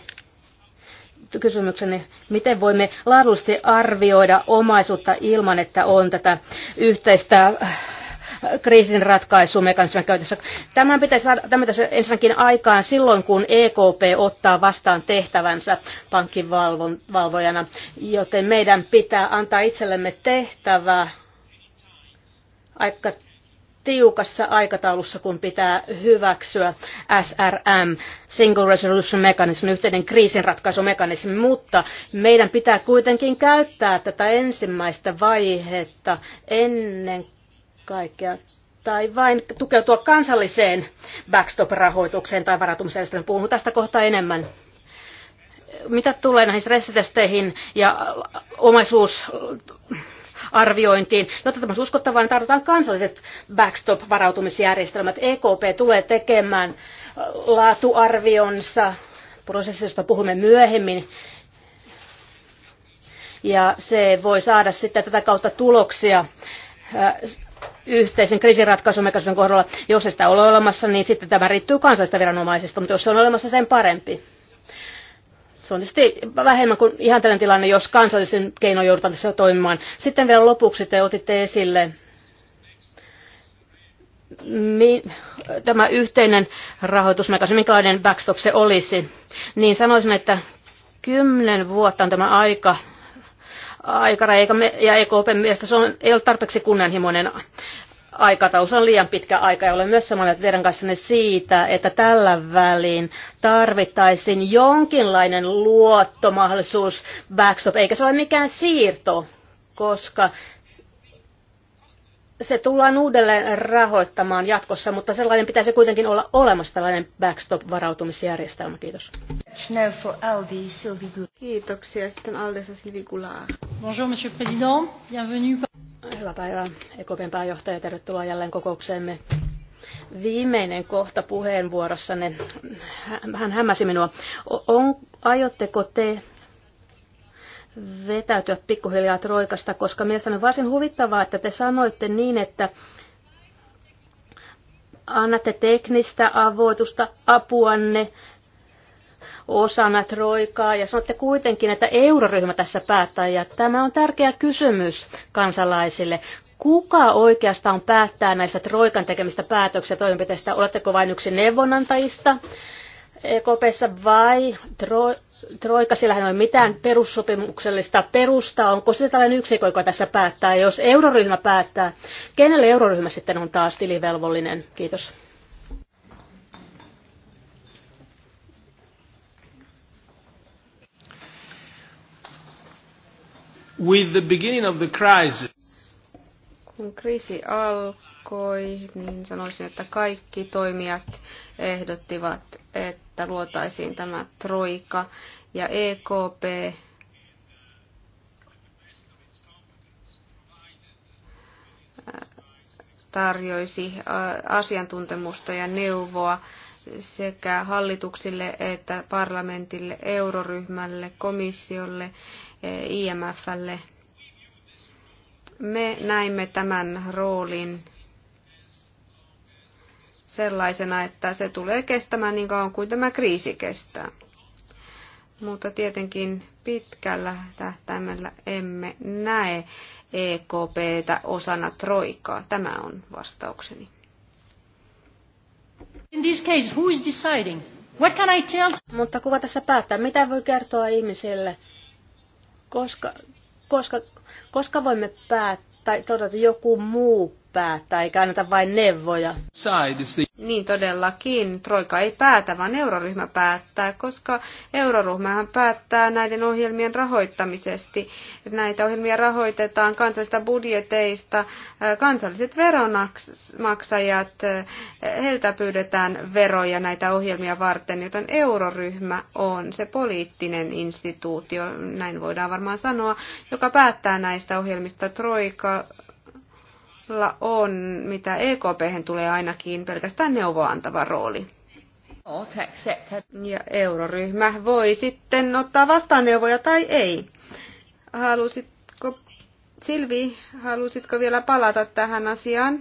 kysymykseni, miten voimme laadullisesti arvioida omaisuutta ilman, että on tätä yhteistä äh, kriisinratkaisumekanismia käytössä. Tämän pitäisi saada tämän pitäisi ensinnäkin aikaan silloin, kun EKP ottaa vastaan tehtävänsä pankkivalvojana, joten meidän pitää antaa itsellemme tehtävä aika tiukassa aikataulussa, kun pitää hyväksyä SRM, Single Resolution Mechanism, yhteinen kriisinratkaisumekanismi, mutta meidän pitää kuitenkin käyttää tätä ensimmäistä vaihetta ennen kaikkea tai vain tukeutua kansalliseen backstop-rahoitukseen tai varautumiseen. Puhun tästä kohta enemmän mitä tulee näihin stressitesteihin ja omaisuus arviointiin. Jotta tämä olisi uskottavaa, niin tarvitaan kansalliset backstop-varautumisjärjestelmät. EKP tulee tekemään laatuarvionsa prosessista, josta puhumme myöhemmin. Ja se voi saada sitten tätä kautta tuloksia yhteisen kriisiratkaisumekanismin kohdalla, jos ei sitä ole olemassa, niin sitten tämä riittyy kansallista viranomaisista, mutta jos se on olemassa, sen parempi. Se on tietysti vähemmän kuin ihan tällainen tilanne, jos kansallisen keinoin joudutaan tässä toimimaan. Sitten vielä lopuksi te otitte esille mi, tämä yhteinen rahoitusmekanismi, minkälainen backstop se olisi, niin sanoisin, että kymmenen vuotta on tämä aika aikaraja, ja EKP mielestä se on, ei ole tarpeeksi kunnianhimoinen aikataus on liian pitkä aika ja olen myös samaa mieltä teidän kanssanne siitä, että tällä välin tarvittaisiin jonkinlainen luottomahdollisuus backstop, eikä se ole mikään siirto, koska se tullaan uudelleen rahoittamaan jatkossa, mutta sellainen pitäisi kuitenkin olla olemassa, tällainen backstop-varautumisjärjestelmä. Kiitos. Kiitoksia. Sitten Aldessa Silvi Bonjour, monsieur président. Bienvenue. Hyvää päivää, EKOPin pääjohtaja. Tervetuloa jälleen kokoukseemme. Viimeinen kohta puheenvuorossanne. Hän hämmäsi minua. On, aiotteko te vetäytyä pikkuhiljaa Troikasta, koska mielestäni on varsin huvittavaa, että te sanoitte niin, että annatte teknistä avoitusta apuanne osana troikaa ja sanotte kuitenkin, että euroryhmä tässä päättää ja tämä on tärkeä kysymys kansalaisille. Kuka oikeastaan päättää näistä troikan tekemistä päätöksistä toimenpiteistä? Oletteko vain yksi neuvonantajista EKPssä vai tro, troika, sillä ei ole mitään perussopimuksellista perustaa. Onko se tällainen yksikö, joka tässä päättää? Jos euroryhmä päättää, kenelle euroryhmä sitten on taas tilivelvollinen? Kiitos. With the beginning of the crisis. Kun kriisi alkoi, niin sanoisin, että kaikki toimijat ehdottivat, että luotaisiin tämä troika ja EKP tarjoisi asiantuntemusta ja neuvoa sekä hallituksille että parlamentille, euroryhmälle, komissiolle IMFlle. Me näimme tämän roolin sellaisena, että se tulee kestämään niin kauan kuin tämä kriisi kestää. Mutta tietenkin pitkällä tähtäimellä emme näe EKPtä osana troikaa. Tämä on vastaukseni. In this case, who is deciding? What can I tell? Mutta kuka tässä päättää? Mitä voi kertoa ihmisille? koska, koska, koska voimme päättää, tai todeta, että joku muu päättää, eikä anneta vain neuvoja. Niin todellakin. Troika ei päätä, vaan euroryhmä päättää, koska euroryhmähän päättää näiden ohjelmien rahoittamisesti. Näitä ohjelmia rahoitetaan kansallisista budjeteista. Äh, kansalliset veronmaksajat, äh, heiltä pyydetään veroja näitä ohjelmia varten, joten euroryhmä on se poliittinen instituutio, näin voidaan varmaan sanoa, joka päättää näistä ohjelmista. Troika EUlla on, mitä EKP tulee ainakin, pelkästään neuvoa antava rooli. Ja euroryhmä voi sitten ottaa vastaan neuvoja tai ei. Halusitko, Silvi, halusitko vielä palata tähän asiaan?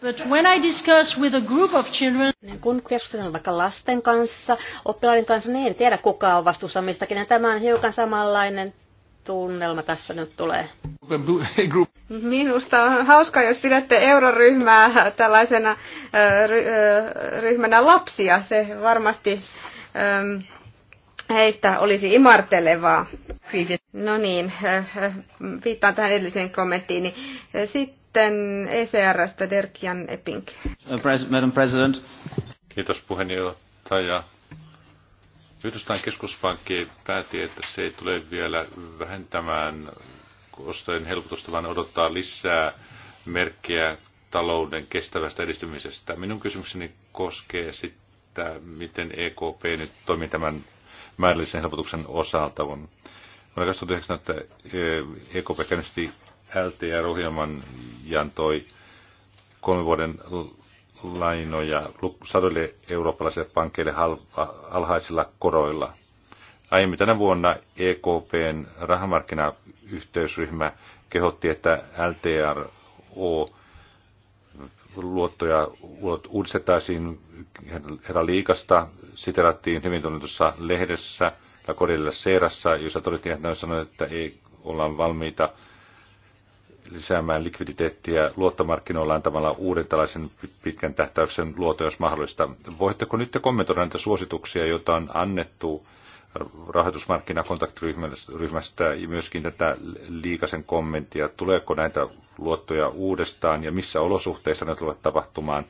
But when I discuss with a group of children... Niin kun keskustelen vaikka lasten kanssa, oppilaiden kanssa, niin en tiedä kuka on vastuussa mistäkin. Ja tämä on hiukan samanlainen tunnelma tässä nyt tulee. Minusta on hauskaa, jos pidätte euroryhmää tällaisena ryhmänä lapsia. Se varmasti heistä olisi imartelevaa. No niin, viittaan tähän edelliseen kommenttiin. Niin, sitten ECRstä Derkian Epink. Madam President. Kiitos puheenjohtaja. Yhdysvaltain keskuspankki päätti, että se ei tule vielä vähentämään ostojen helpotusta, vaan odottaa lisää merkkejä talouden kestävästä edistymisestä. Minun kysymykseni koskee sitä, miten EKP nyt toimii tämän määrällisen helpotuksen osalta. Vuonna 2019 että EKP eh, e käynnisti LTR-ohjelman ja antoi kolmen vuoden lainoja sadoille eurooppalaisille pankeille alhaisilla koroilla. Aiemmin tänä vuonna EKPn rahamarkkinayhteysryhmä kehotti, että LTRO luottoja uudistettaisiin herra liikasta, siterattiin hyvin tunnetussa lehdessä La Corilla Seerassa, jossa todettiin, että että ei olla valmiita lisäämään likviditeettiä luottomarkkinoilla antamalla uuden tällaisen pitkän tähtäyksen luoto, jos mahdollista. Voitteko nyt kommentoida näitä suosituksia, joita on annettu rahoitusmarkkinakontaktiryhmästä ja myöskin tätä liikasen kommenttia, tuleeko näitä luottoja uudestaan ja missä olosuhteissa ne tulevat tapahtumaan.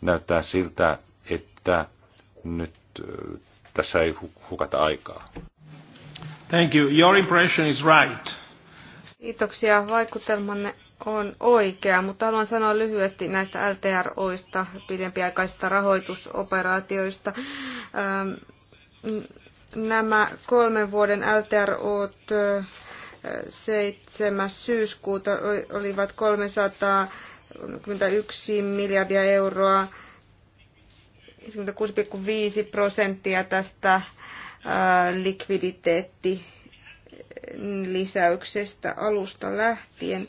Näyttää siltä, että nyt tässä ei hukata aikaa. Thank you. Your impression is right. Kiitoksia. Vaikutelmanne on oikea, mutta haluan sanoa lyhyesti näistä LTROista, pidempiaikaisista rahoitusoperaatioista. Ähm, nämä kolmen vuoden LTROt 7. Äh, syyskuuta olivat 331 miljardia euroa, 56,5 prosenttia tästä äh, likviditeetti lisäyksestä alusta lähtien.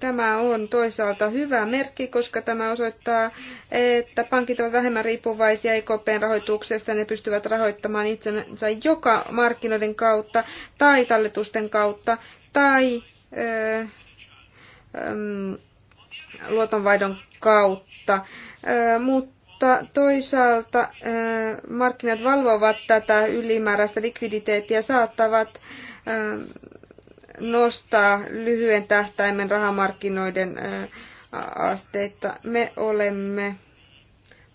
Tämä on toisaalta hyvä merkki, koska tämä osoittaa, että pankit ovat vähemmän riippuvaisia EKPn rahoituksesta. Ne pystyvät rahoittamaan itsensä joka markkinoiden kautta tai talletusten kautta tai ö, ö, luotonvaihdon kautta. Ö, mutta mutta toisaalta äh, markkinat valvovat tätä ylimääräistä likviditeettiä, saattavat äh, nostaa lyhyen tähtäimen rahamarkkinoiden äh, asteita. Me olemme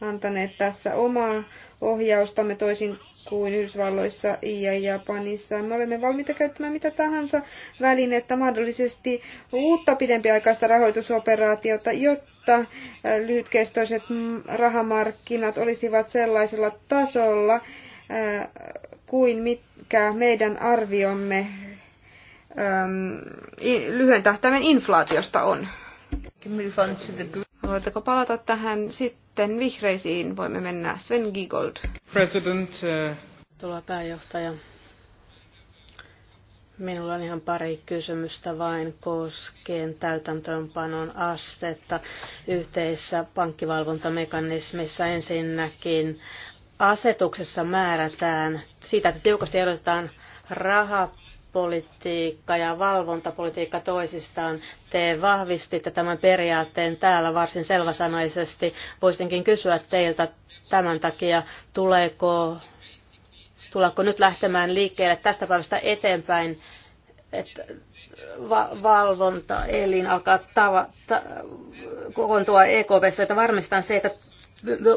antaneet tässä omaa ohjaustamme toisin kuin Yhdysvalloissa ja Japanissa. Me olemme valmiita käyttämään mitä tahansa välinettä, mahdollisesti uutta pidempiaikaista rahoitusoperaatiota, jotta äh, lyhytkestoiset mm, rahamarkkinat olisivat sellaisella tasolla äh, kuin mitkä meidän arviomme lyhyen tähtäimen inflaatiosta on. Voitteko palata tähän sitten vihreisiin? Voimme mennä Sven Giegold. President, uh... Tulla pääjohtaja. Minulla on ihan pari kysymystä vain koskien täytäntöönpanon astetta yhteisessä pankkivalvontamekanismissa. Ensinnäkin asetuksessa määrätään siitä, että tiukasti erotetaan rahaa politiikka ja valvontapolitiikka toisistaan. Te vahvistitte tämän periaatteen täällä varsin selväsanaisesti. Voisinkin kysyä teiltä tämän takia, tuleeko, tuleeko nyt lähtemään liikkeelle tästä päivästä eteenpäin, että va- valvonta elin alkaa tava- ta- kokoontua EKVssä, että varmistetaan se, että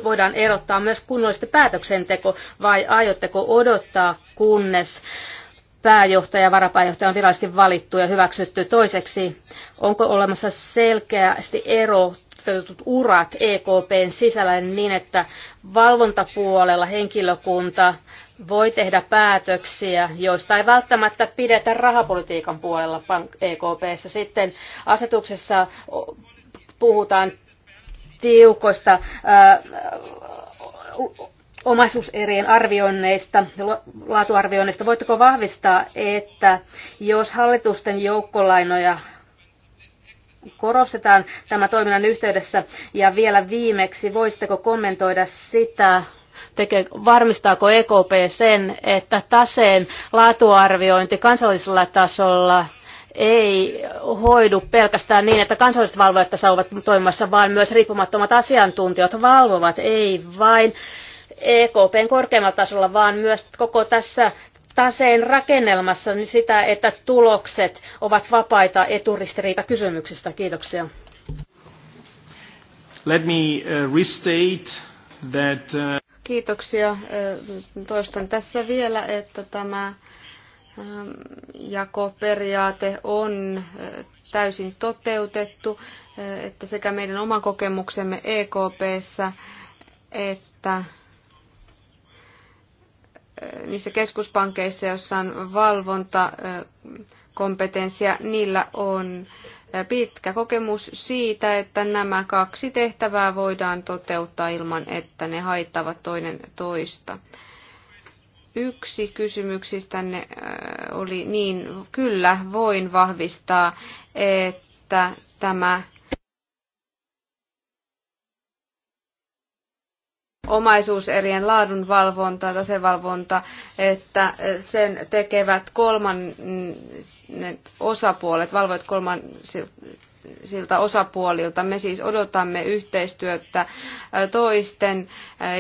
voidaan erottaa myös kunnollisesti päätöksenteko, vai aiotteko odottaa, kunnes pääjohtaja ja varapääjohtaja on virallisesti valittu ja hyväksytty. Toiseksi, onko olemassa selkeästi ero urat EKPn sisällä niin, että valvontapuolella henkilökunta voi tehdä päätöksiä, joista ei välttämättä pidetä rahapolitiikan puolella EKPssä. Sitten asetuksessa puhutaan tiukoista omaisuuserien arvioinneista, laatuarvioinneista. Voitteko vahvistaa, että jos hallitusten joukkolainoja korostetaan tämän toiminnan yhteydessä ja vielä viimeksi, voisitteko kommentoida sitä, tekee, varmistaako EKP sen, että taseen laatuarviointi kansallisella tasolla ei hoidu pelkästään niin, että kansalliset valvojat saavat toimimassa, vaan myös riippumattomat asiantuntijat valvovat, ei vain EKPn korkeammalla tasolla, vaan myös koko tässä taseen rakennelmassa niin sitä, että tulokset ovat vapaita eturistiriitakysymyksistä. Kiitoksia. Let me uh, restate that, uh... Kiitoksia. Toistan tässä vielä, että tämä ähm, jakoperiaate on täysin toteutettu, että sekä meidän oma kokemuksemme EKPssä että niissä keskuspankeissa, joissa on valvontakompetenssia, niillä on pitkä kokemus siitä, että nämä kaksi tehtävää voidaan toteuttaa ilman, että ne haittavat toinen toista. Yksi kysymyksistänne oli niin, kyllä voin vahvistaa, että tämä omaisuuserien laadunvalvonta, tasevalvonta, että sen tekevät kolmannet osapuolet, valvojat kolmansilta osapuolilta. Me siis odotamme yhteistyötä toisten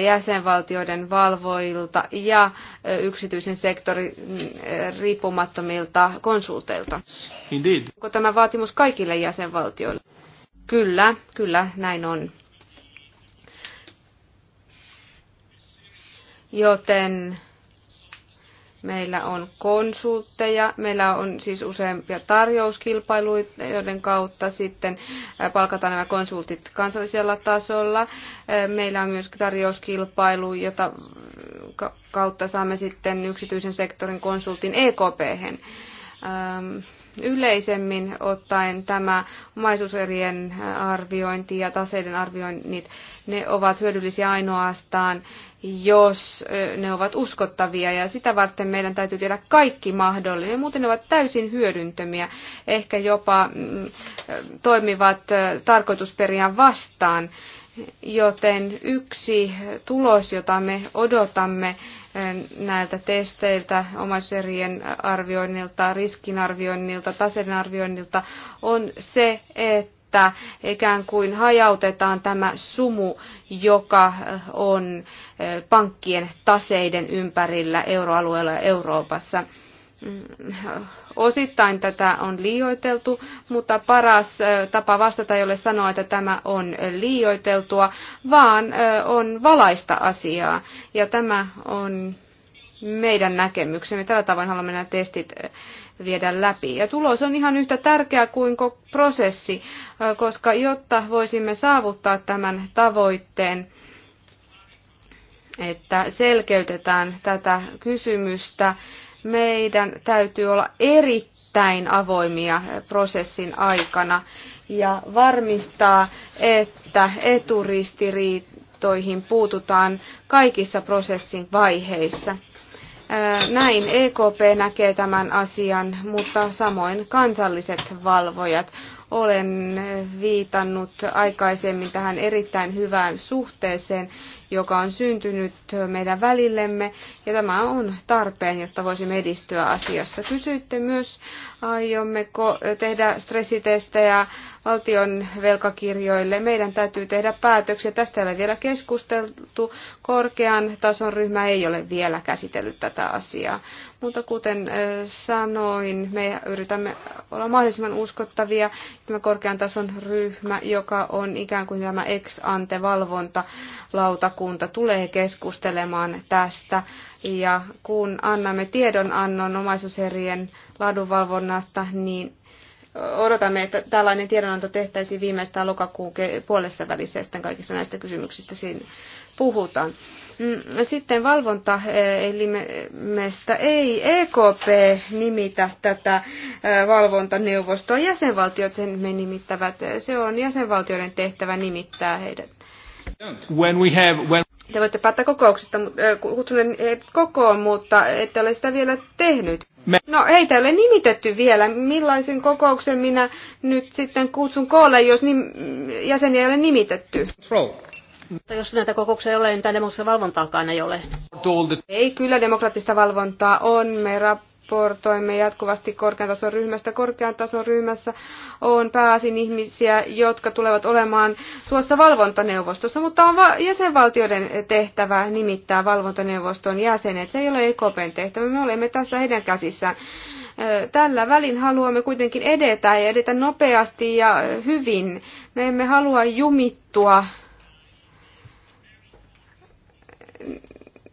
jäsenvaltioiden valvoilta ja yksityisen sektorin riippumattomilta konsulteilta. Indeed. Onko tämä vaatimus kaikille jäsenvaltioille? Kyllä, kyllä, näin on. joten meillä on konsultteja, meillä on siis useampia tarjouskilpailuita, joiden kautta sitten palkataan nämä konsultit kansallisella tasolla. Meillä on myös tarjouskilpailu, jota kautta saamme sitten yksityisen sektorin konsultin EKP. -hän Ähm, yleisemmin ottaen tämä omaisuuserien äh, arviointi ja taseiden arvioinnit, ne ovat hyödyllisiä ainoastaan, jos ne ovat uskottavia ja sitä varten meidän täytyy tehdä kaikki mahdollinen, muuten ne ovat täysin hyödyntömiä, ehkä jopa mm, toimivat tarkoitusperian vastaan. Joten yksi tulos, jota me odotamme, näiltä testeiltä, omaisuuserien arvioinnilta, riskinarvioinnilta, taseiden arvioinnilta, on se, että ikään kuin hajautetaan tämä sumu, joka on pankkien taseiden ympärillä euroalueella ja Euroopassa. Mm, osittain tätä on liioiteltu, mutta paras tapa vastata ei ole sanoa, että tämä on liioiteltua, vaan on valaista asiaa. Ja tämä on meidän näkemyksemme. Tällä tavoin haluamme nämä testit viedä läpi. Ja tulos on ihan yhtä tärkeä kuin prosessi, koska jotta voisimme saavuttaa tämän tavoitteen, että selkeytetään tätä kysymystä meidän täytyy olla erittäin avoimia prosessin aikana ja varmistaa, että eturistiriitoihin puututaan kaikissa prosessin vaiheissa. Näin EKP näkee tämän asian, mutta samoin kansalliset valvojat. Olen viitannut aikaisemmin tähän erittäin hyvään suhteeseen, joka on syntynyt meidän välillemme, ja tämä on tarpeen, jotta voisimme edistyä asiassa. Kysyitte myös, aiommeko tehdä stressitestejä valtion velkakirjoille. Meidän täytyy tehdä päätöksiä. Tästä ei ole vielä keskusteltu. Korkean tason ryhmä ei ole vielä käsitellyt tätä asiaa. Mutta kuten sanoin, me yritämme olla mahdollisimman uskottavia. Tämä korkean tason ryhmä, joka on ikään kuin tämä ex-ante valvontalautakunta, valiokunta tulee keskustelemaan tästä ja kun annamme tiedonannon omaisuuserien laadunvalvonnasta, niin odotamme, että tällainen tiedonanto tehtäisiin viimeistään lokakuun puolessa välissä ja sitten kaikista näistä kysymyksistä siinä puhutaan. Mm, sitten valvontaelimestä eh, ei EKP nimitä tätä eh, valvontaneuvostoa. Jäsenvaltiot sen me nimittävät. Se on jäsenvaltioiden tehtävä nimittää heidät. When we have, when... Te voitte päättää kokouksesta, kutsunen kokoon, mutta ette ole sitä vielä tehnyt. Me... No ei ei ole nimitetty vielä. Millaisen kokouksen minä nyt sitten kutsun koolle, jos nim... jäseniä ei ole nimitetty? Control. Mutta jos näitä kokouksia ei ole, niin tämä demokraattista valvontaakaan ei ole. Ei, kyllä demokraattista valvontaa on. Me rap- raportoimme jatkuvasti korkean tason ryhmästä. Korkean tason ryhmässä on pääasin ihmisiä, jotka tulevat olemaan tuossa valvontaneuvostossa, mutta on jäsenvaltioiden tehtävä nimittää valvontaneuvoston jäsenet. Se ei ole EKPn tehtävä, me olemme tässä heidän käsissään. Tällä välin haluamme kuitenkin edetä ja edetä nopeasti ja hyvin. Me emme halua jumittua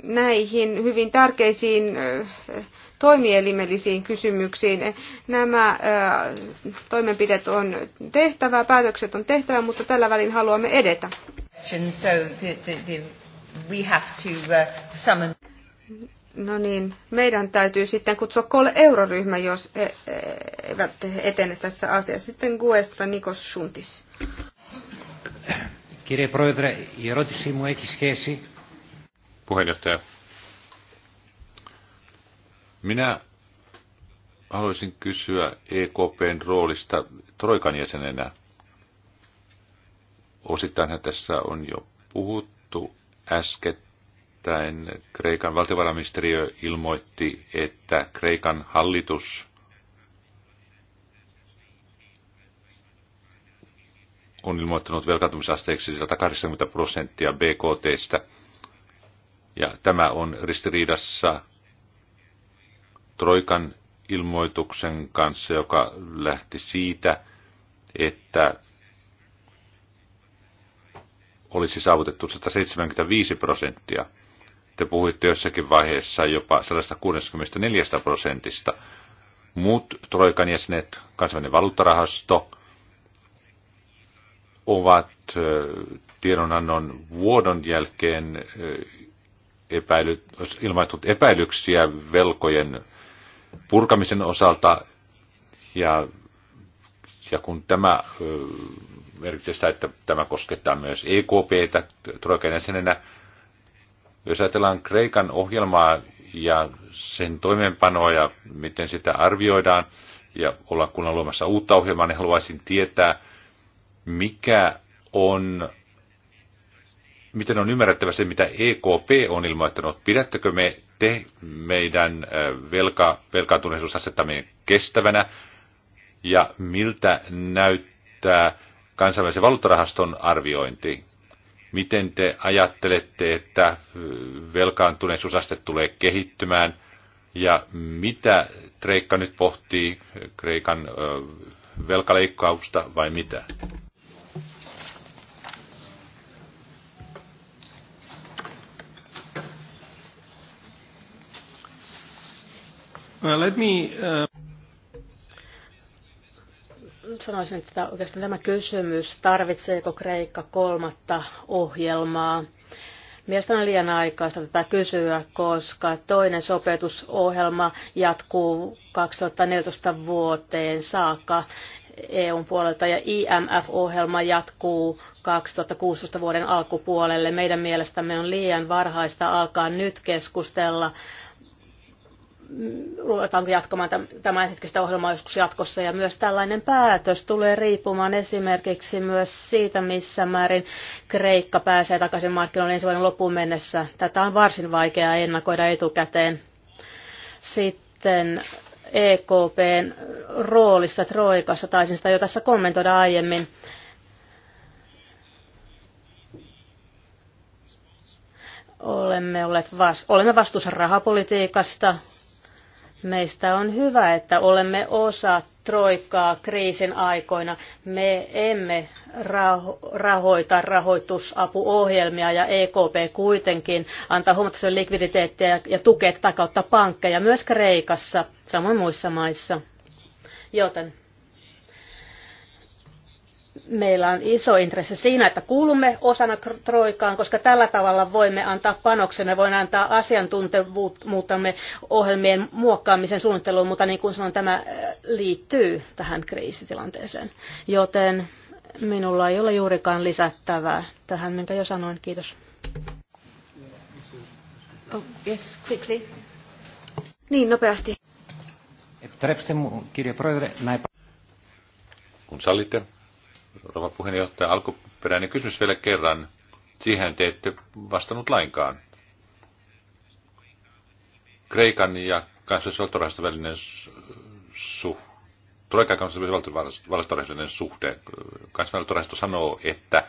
näihin hyvin tärkeisiin toimielimellisiin kysymyksiin. Nämä toimenpiteet on tehtävä, päätökset on tehtävä, mutta tällä välin haluamme edetä. Uh, no niin, meidän täytyy sitten kutsua kolme euroryhmä, jos he e, eivät etene tässä asiassa. Sitten Guesta Nikos Suntis. Κύριε Πρόεδρε, η ερώτησή Puheenjohtaja, minä haluaisin kysyä EKPn roolista Troikan jäsenenä. Osittainhan tässä on jo puhuttu äskettäin. Kreikan valtiovarainministeriö ilmoitti, että Kreikan hallitus on ilmoittanut velkaantumisasteeksi 180 prosenttia BKTstä. Ja tämä on ristiriidassa Troikan ilmoituksen kanssa, joka lähti siitä, että olisi saavutettu 175 prosenttia. Te puhuitte jossakin vaiheessa jopa 164 prosentista. Muut Troikan jäsenet, kansainvälinen valuuttarahasto, ovat tiedonannon vuodon jälkeen epäily, ilmaitut epäilyksiä velkojen purkamisen osalta ja, ja kun tämä merkitsee sitä, että tämä koskettaa myös EKPtä troikan jäsenenä, jos ajatellaan Kreikan ohjelmaa ja sen toimeenpanoa ja miten sitä arvioidaan, ja olla kunnan luomassa uutta ohjelmaa, niin haluaisin tietää, mikä on, miten on ymmärrettävä se, mitä EKP on ilmoittanut. Pidättekö me te meidän velka, velkaantuneisuusasettamme kestävänä ja miltä näyttää kansainvälisen valuuttarahaston arviointi? Miten te ajattelette, että velkaantuneisuusaste tulee kehittymään ja mitä Kreikka nyt pohtii, Kreikan velkaleikkausta vai mitä? Well, uh, let me, uh... Sanoisin, että oikeastaan tämä kysymys, tarvitseeko Kreikka kolmatta ohjelmaa, Mielestäni on liian aikaista tätä kysyä, koska toinen sopeutusohjelma jatkuu 2014 vuoteen saakka EUn puolelta ja IMF-ohjelma jatkuu 2016 vuoden alkupuolelle. Meidän mielestämme on liian varhaista alkaa nyt keskustella ruvetaanko jatkamaan tämän hetkistä ohjelmaa joskus jatkossa. Ja myös tällainen päätös tulee riippumaan esimerkiksi myös siitä, missä määrin Kreikka pääsee takaisin markkinoille ensi vuoden loppuun mennessä. Tätä on varsin vaikeaa ennakoida etukäteen. Sitten EKPn roolista Troikassa, taisin sitä jo tässä kommentoida aiemmin. olemme, olleet vas- olemme vastuussa rahapolitiikasta, Meistä on hyvä, että olemme osa troikkaa kriisin aikoina. Me emme raho- rahoita rahoitusapuohjelmia ja EKP kuitenkin antaa huomattavasti likviditeettiä ja, tukee tätä kautta pankkeja myös Kreikassa, samoin muissa maissa. Joten meillä on iso intressi siinä, että kuulumme osana Troikaan, koska tällä tavalla voimme antaa panoksemme, voimme antaa asiantuntevuuttamme ohjelmien muokkaamisen suunnitteluun, mutta niin kuin sanoin, tämä äh, liittyy tähän kriisitilanteeseen. Joten minulla ei ole juurikaan lisättävää tähän, minkä jo sanoin. Kiitos. Oh, yes, quickly. Niin, nopeasti. Kun sallitte, rouva puheenjohtaja, alkuperäinen kysymys vielä kerran. Siihen te ette vastannut lainkaan. Kreikan ja kansallisvaltorahaston välinen suhde. Troikan kansallisvaltorahaston suhde. Kansallisvaltorahasto sanoo, että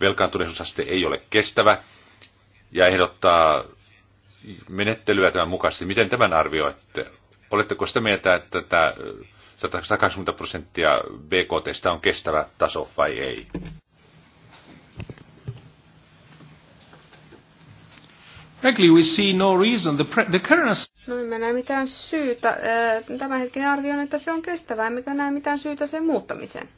velkaantuneisuusaste ei ole kestävä ja ehdottaa menettelyä tämän mukaisesti. Miten tämän arvioitte? Oletteko sitä mieltä, että tämä 180 prosenttia BKT on kestävä taso vai ei? Frankly, we see no reason. The, pre- the current... No emme näe mitään syytä. Tämän hetken arvioin, että se on kestävää, emmekä näe mitään syytä sen muuttamiseen.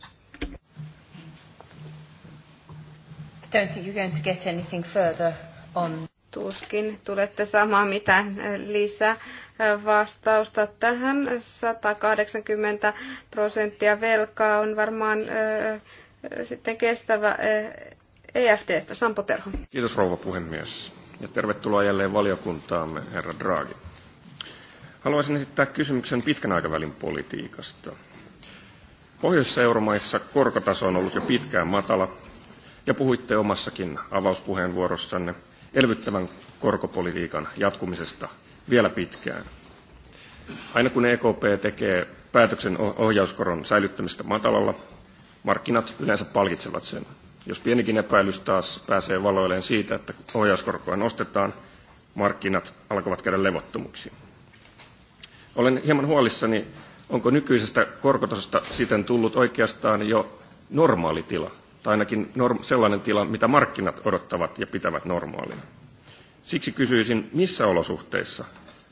I don't think you're going to get anything further on Tuskin tulette samaa mitään lisää vastausta tähän. 180 prosenttia velkaa on varmaan sitten kestävä EFT:stä Sampo Terho. Kiitos rouva puhemies ja tervetuloa jälleen valiokuntaamme, herra Draghi. Haluaisin esittää kysymyksen pitkän aikavälin politiikasta. Pohjoisessa euromaissa korkotaso on ollut jo pitkään matala, ja puhuitte omassakin avauspuheenvuorossanne – elvyttävän korkopolitiikan jatkumisesta vielä pitkään. Aina kun EKP tekee päätöksen ohjauskoron säilyttämistä matalalla, markkinat yleensä palkitsevat sen. Jos pienikin epäilys taas pääsee valoilleen siitä, että ohjauskorkoa nostetaan, markkinat alkavat käydä levottomuksi. Olen hieman huolissani, onko nykyisestä korkotasosta siten tullut oikeastaan jo normaali tila, tai ainakin sellainen tila, mitä markkinat odottavat ja pitävät normaalina. Siksi kysyisin, missä olosuhteissa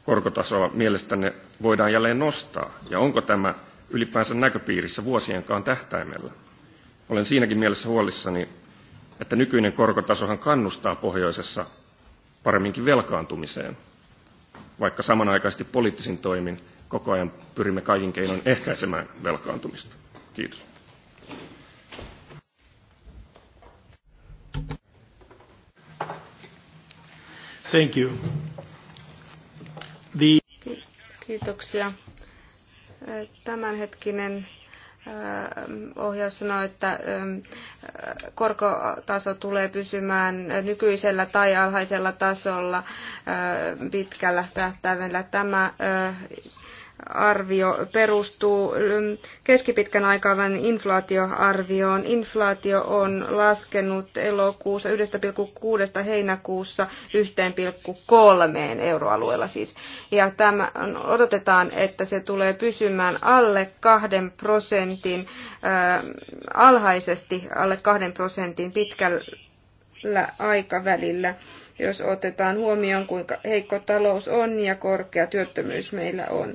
korkotasoa mielestänne voidaan jälleen nostaa, ja onko tämä ylipäänsä näköpiirissä vuosienkaan tähtäimellä? Olen siinäkin mielessä huolissani, että nykyinen korkotasohan kannustaa pohjoisessa paremminkin velkaantumiseen, vaikka samanaikaisesti poliittisin toimin koko ajan pyrimme kaikin keinoin ehkäisemään velkaantumista. Kiitos. Thank you. The... kiitoksia. Tämänhetkinen äh, ohjaus sanoi, että ähm, korkotaso tulee pysymään nykyisellä tai alhaisella tasolla äh, pitkällä tähtäimellä. Tämä äh, arvio perustuu mm, keskipitkän aikavälin inflaatioarvioon. Inflaatio on laskenut elokuussa 1,6 heinäkuussa 1,3 euroalueella siis. Ja tämä, odotetaan, että se tulee pysymään alle 2 prosentin äh, alhaisesti alle 2 prosentin pitkällä aikavälillä jos otetaan huomioon, kuinka heikko talous on ja korkea työttömyys meillä on.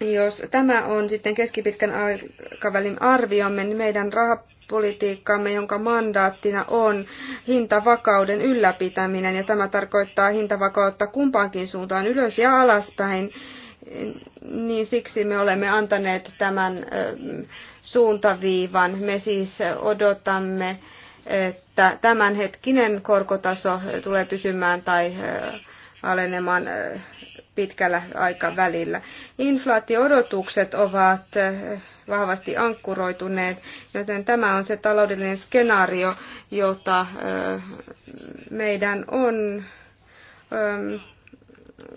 Jos tämä on sitten keskipitkän aikavälin arviomme, niin meidän rahapolitiikkaamme, jonka mandaattina on hintavakauden ylläpitäminen, ja tämä tarkoittaa hintavakautta kumpaankin suuntaan ylös ja alaspäin, niin siksi me olemme antaneet tämän suuntaviivan. Me siis odotamme, että tämänhetkinen korkotaso tulee pysymään tai alenemaan pitkällä aikavälillä. Inflaatio-odotukset ovat eh, vahvasti ankkuroituneet, joten tämä on se taloudellinen skenaario, jota eh, meidän on eh,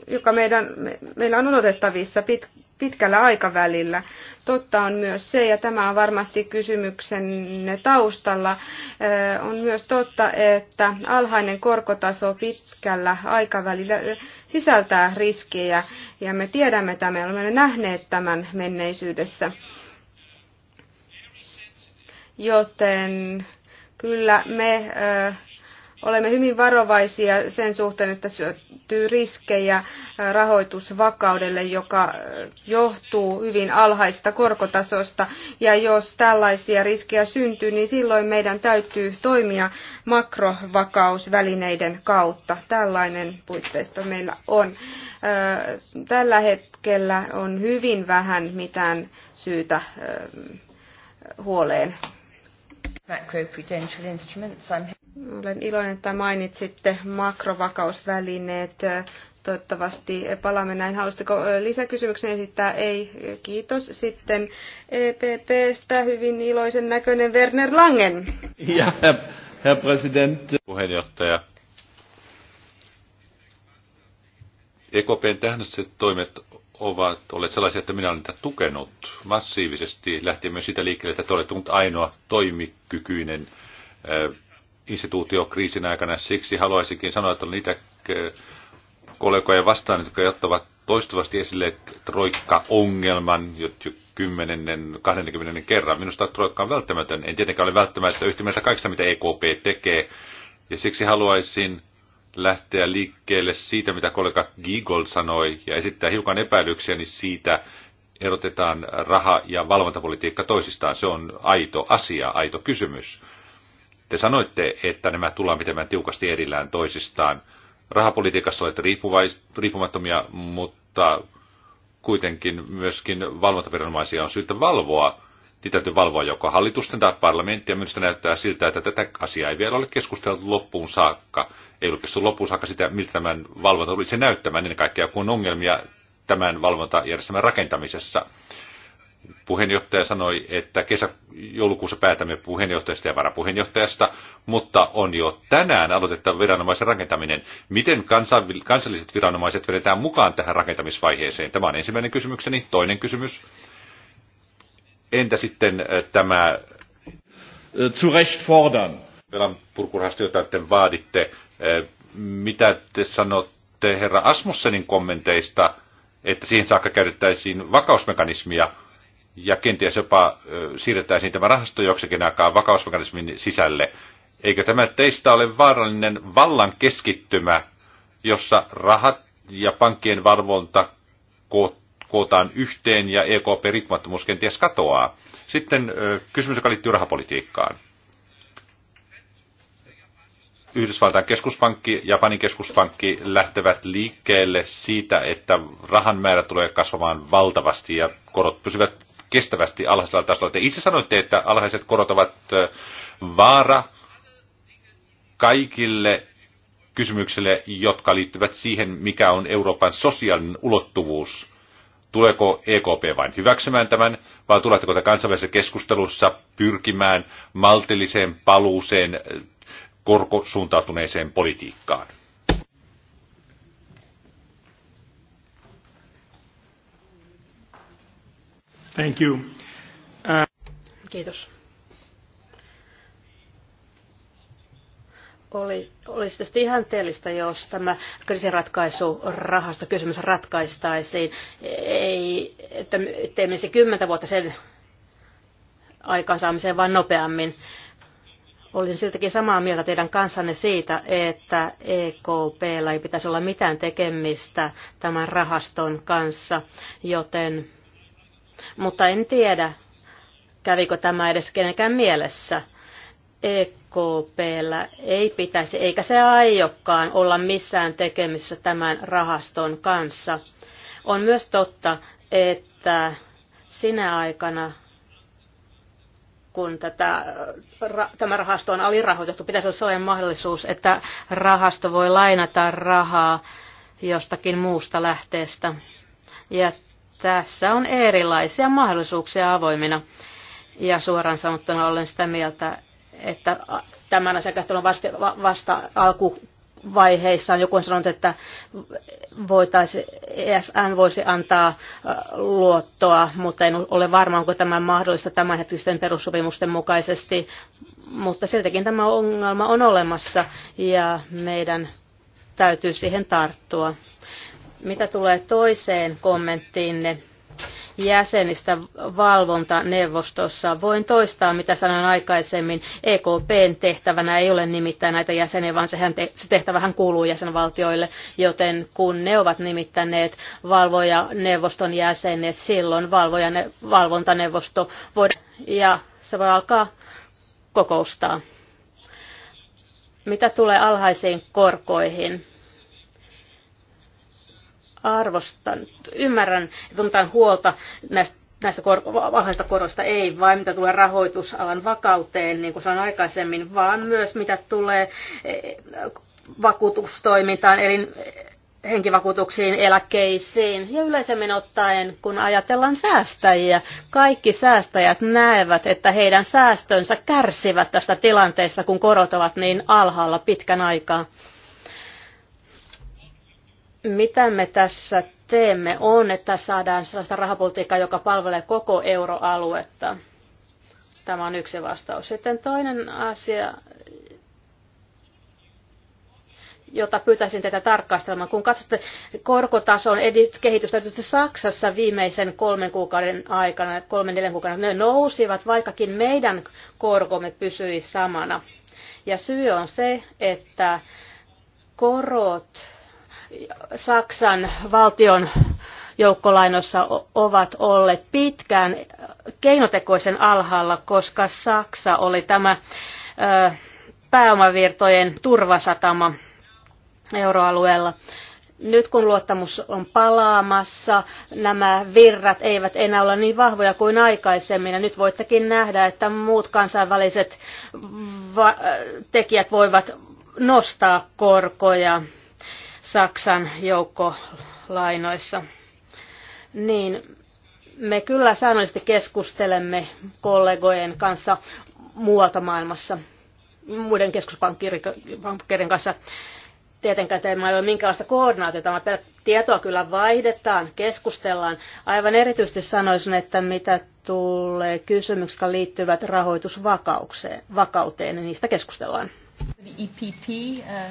joka meidän, meillä on odotettavissa pit, pitkällä aikavälillä. Totta on myös se, ja tämä on varmasti kysymyksenne taustalla, on myös totta, että alhainen korkotaso pitkällä aikavälillä sisältää riskejä, ja me tiedämme tämän, olemme nähneet tämän menneisyydessä. Joten kyllä me olemme hyvin varovaisia sen suhteen, että syntyy riskejä rahoitusvakaudelle, joka johtuu hyvin alhaista korkotasosta. Ja jos tällaisia riskejä syntyy, niin silloin meidän täytyy toimia makrovakausvälineiden kautta. Tällainen puitteisto meillä on. Tällä hetkellä on hyvin vähän mitään syytä huoleen. Macroprudential instruments. I'm olen iloinen, että mainitsitte makrovakausvälineet. Toivottavasti palaamme näin. Haluaisitteko lisäkysymyksen esittää? Ei, kiitos. Sitten EPPstä hyvin iloisen näköinen Werner Langen. Ja, herr, president. Puheenjohtaja. EKPn tähdessä toimet ovat olleet sellaisia, että minä olen niitä tukenut massiivisesti, lähtien myös sitä liikkeelle, että olette ainoa toimikykyinen instituutio kriisin aikana. Siksi haluaisinkin sanoa, että niitä äh, kollegoja vastaan, jotka ottavat toistuvasti esille troikka-ongelman jo 10 20 kerran. Minusta troikka on välttämätön. En tietenkään ole välttämättä yhtä mieltä kaikista, mitä EKP tekee. Ja siksi haluaisin lähteä liikkeelle siitä, mitä kollega Giegold sanoi, ja esittää hiukan epäilyksiä niin siitä, erotetaan raha- ja valvontapolitiikka toisistaan. Se on aito asia, aito kysymys. Te sanoitte, että nämä tullaan pitämään tiukasti erillään toisistaan. Rahapolitiikassa olette riippumattomia, mutta kuitenkin myöskin valvontaviranomaisia on syytä valvoa. Niitä täytyy valvoa joko hallitusten tai parlamenttia. Minusta näyttää siltä, että tätä asiaa ei vielä ole keskusteltu loppuun saakka. Ei ole keskusteltu loppuun saakka sitä, miltä tämän valvonta tulisi näyttämään ennen kaikkea, kun ongelmia tämän valvontajärjestelmän rakentamisessa puheenjohtaja sanoi, että kesä, joulukuussa päätämme puheenjohtajasta ja varapuheenjohtajasta, mutta on jo tänään aloitettava viranomaisen rakentaminen. Miten kansalliset viranomaiset vedetään mukaan tähän rakentamisvaiheeseen? Tämä on ensimmäinen kysymykseni. Toinen kysymys. Entä sitten äh, tämä... Äh, zu Recht fordern. Velan jota te vaaditte. Äh, mitä te sanotte herra Asmussenin kommenteista, että siihen saakka käytettäisiin vakausmekanismia – ja kenties jopa siirretään tämä rahasto joksikin aikaa vakausmekanismin sisälle. Eikö tämä teistä ole vaarallinen vallan keskittymä, jossa rahat ja pankkien varvonta kootaan yhteen ja EKP-riippumattomuus kenties katoaa? Sitten kysymys, joka liittyy rahapolitiikkaan. Yhdysvaltain keskuspankki, Japanin keskuspankki lähtevät liikkeelle siitä, että rahan määrä tulee kasvamaan valtavasti ja korot pysyvät kestävästi alhaisella tasolla. Te itse sanoitte, että alhaiset korot ovat vaara kaikille kysymyksille, jotka liittyvät siihen, mikä on Euroopan sosiaalinen ulottuvuus. Tuleeko EKP vain hyväksymään tämän, vai tuletteko te kansainvälisessä keskustelussa pyrkimään maltilliseen paluuseen korkosuuntautuneeseen politiikkaan? Thank you. Uh... Kiitos. Oli, olisi tietysti ihanteellista, jos tämä rahasta kysymys ratkaistaisiin. Ei, että teemme se kymmentä vuotta sen aikaansaamiseen vaan nopeammin. Olisin siltäkin samaa mieltä teidän kanssanne siitä, että EKPllä ei pitäisi olla mitään tekemistä tämän rahaston kanssa, joten mutta en tiedä, kävikö tämä edes kenenkään mielessä. EKPllä ei pitäisi, eikä se aiokkaan olla missään tekemisessä tämän rahaston kanssa. On myös totta, että sinä aikana, kun tätä, ra, tämä rahasto on alirahoitettu, pitäisi olla sellainen mahdollisuus, että rahasto voi lainata rahaa jostakin muusta lähteestä. Ja tässä on erilaisia mahdollisuuksia avoimina. Ja suoraan sanottuna olen sitä mieltä, että tämän asiakastelun vasta, vasta alku vaiheissaan. Joku on sanonut, että voitaisi, ESN voisi antaa luottoa, mutta en ole varma, onko tämä mahdollista tämänhetkisten perussopimusten mukaisesti. Mutta siltäkin tämä ongelma on olemassa ja meidän täytyy siihen tarttua. Mitä tulee toiseen kommenttiinne jäsenistä valvontaneuvostossa, voin toistaa, mitä sanoin aikaisemmin. EKPn tehtävänä ei ole nimittäin näitä jäseniä, vaan sehän te, se tehtävähän kuuluu jäsenvaltioille, joten kun ne ovat nimittäneet valvojaneuvoston jäsenet, silloin valvojane, valvontaneuvosto voi ja se voi alkaa kokoustaa. Mitä tulee alhaisiin korkoihin? arvostan, ymmärrän ja tunnetaan huolta näistä näistä kor- vahvista koroista ei vain mitä tulee rahoitusalan vakauteen, niin kuin sanoin aikaisemmin, vaan myös mitä tulee e, vakuutustoimintaan, eli henkivakuutuksiin, eläkkeisiin ja yleisemmin ottaen, kun ajatellaan säästäjiä, kaikki säästäjät näevät, että heidän säästönsä kärsivät tästä tilanteessa, kun korot ovat niin alhaalla pitkän aikaa. Mitä me tässä teemme on, että saadaan sellaista rahapolitiikkaa, joka palvelee koko euroaluetta. Tämä on yksi vastaus. Sitten toinen asia, jota pyytäisin teitä tarkastelemaan. Kun katsotte korkotason kehitystä Saksassa viimeisen kolmen kuukauden aikana, kolmen neljän kuukauden, ne nousivat, vaikkakin meidän korkomme pysyi samana. Ja syy on se, että korot Saksan valtion joukkolainoissa ovat olleet pitkään keinotekoisen alhaalla, koska Saksa oli tämä pääomavirtojen turvasatama euroalueella. Nyt kun luottamus on palaamassa, nämä virrat eivät enää ole niin vahvoja kuin aikaisemmin. Ja nyt voittekin nähdä, että muut kansainväliset tekijät voivat nostaa korkoja Saksan joukkolainoissa. Niin me kyllä säännöllisesti keskustelemme kollegojen kanssa muualta maailmassa, muiden keskuspankkirin kanssa. Tietenkään teillä ei ole minkäänlaista koordinaatiota, vaan tietoa kyllä vaihdetaan, keskustellaan. Aivan erityisesti sanoisin, että mitä tulee kysymyksiä, jotka liittyvät rahoitusvakauteen, niin niistä keskustellaan E uh,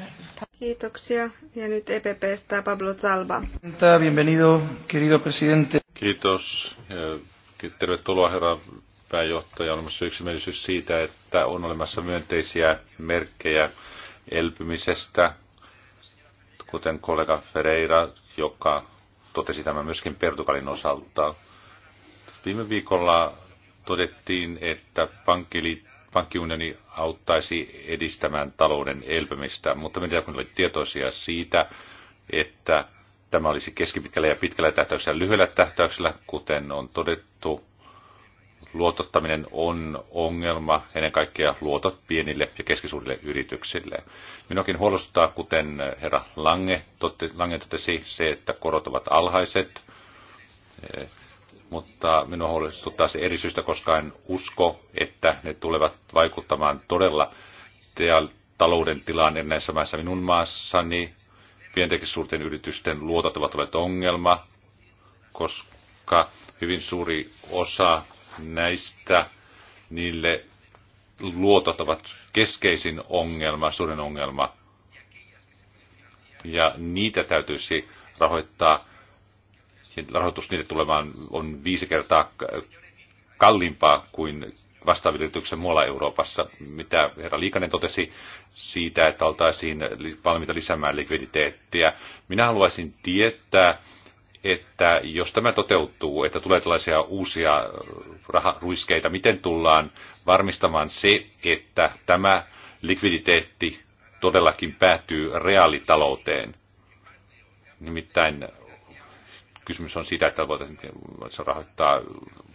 Kiitoksia. Ja nyt EPPstä Pablo Zalba. Bienvenido, querido presidente. Kiitos. Tervetuloa herra pääjohtaja. On olemassa yksimielisyys siitä, että on olemassa myönteisiä merkkejä elpymisestä, kuten kollega Ferreira, joka totesi tämän myöskin Portugalin osalta. Viime viikolla todettiin, että pankkiliitto pankkiunioni auttaisi edistämään talouden elpymistä, mutta meidän kun oli tietoisia siitä, että tämä olisi keskipitkällä ja pitkällä tähtäyksellä lyhyellä tähtäyksellä, kuten on todettu, luotottaminen on ongelma, ennen kaikkea luotot pienille ja keskisuurille yrityksille. Minunkin huolestuttaa, kuten herra Lange, Lange totesi, se, että korot ovat alhaiset, mutta minua huolestuttaa se eri syystä, koska en usko, että ne tulevat vaikuttamaan todella talouden tilaan näissä maissa. Minun maassani pientenkin suurten yritysten luotot ovat olleet ongelma, koska hyvin suuri osa näistä niille luotot ovat keskeisin ongelma, suurin ongelma. Ja niitä täytyisi rahoittaa niin rahoitus niille tulemaan on viisi kertaa kalliimpaa kuin vastaaville yrityksille muualla Euroopassa. Mitä herra Liikanen totesi siitä, että oltaisiin valmiita lisäämään likviditeettiä. Minä haluaisin tietää, että jos tämä toteutuu, että tulee tällaisia uusia äh, raharuiskeita, miten tullaan varmistamaan se, että tämä likviditeetti todellakin päätyy reaalitalouteen? Nimittäin kysymys on siitä, että voitaisiin rahoittaa,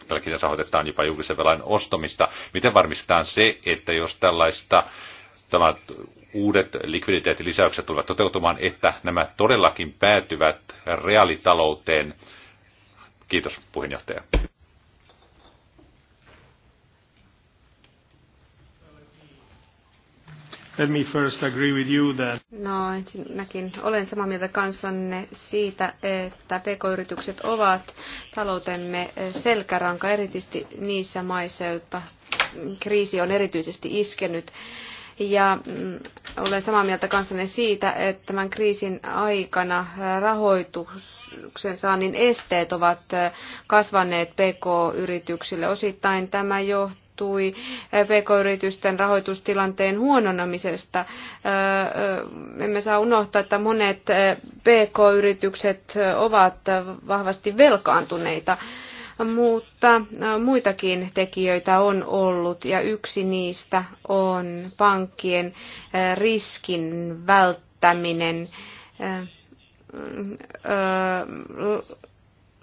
tälläkin rahoitetaan jopa julkisen velan ostamista. Miten varmistetaan se, että jos tällaista tämä uudet likviditeettilisäykset tulevat toteutumaan, että nämä todellakin päätyvät reaalitalouteen. Kiitos puheenjohtaja. Let me first agree with you that... No ensinnäkin olen samaa mieltä kanssanne siitä, että pk-yritykset ovat taloutemme selkäranka, erityisesti niissä maissa, joita kriisi on erityisesti iskenyt. Ja mm, olen samaa mieltä kanssanne siitä, että tämän kriisin aikana rahoituksen saannin esteet ovat kasvaneet PK-yrityksille. Osittain tämä johtuu johtui pk-yritysten rahoitustilanteen huononomisesta. Emme saa unohtaa, että monet pk-yritykset ovat vahvasti velkaantuneita, mutta muitakin tekijöitä on ollut ja yksi niistä on pankkien riskin välttäminen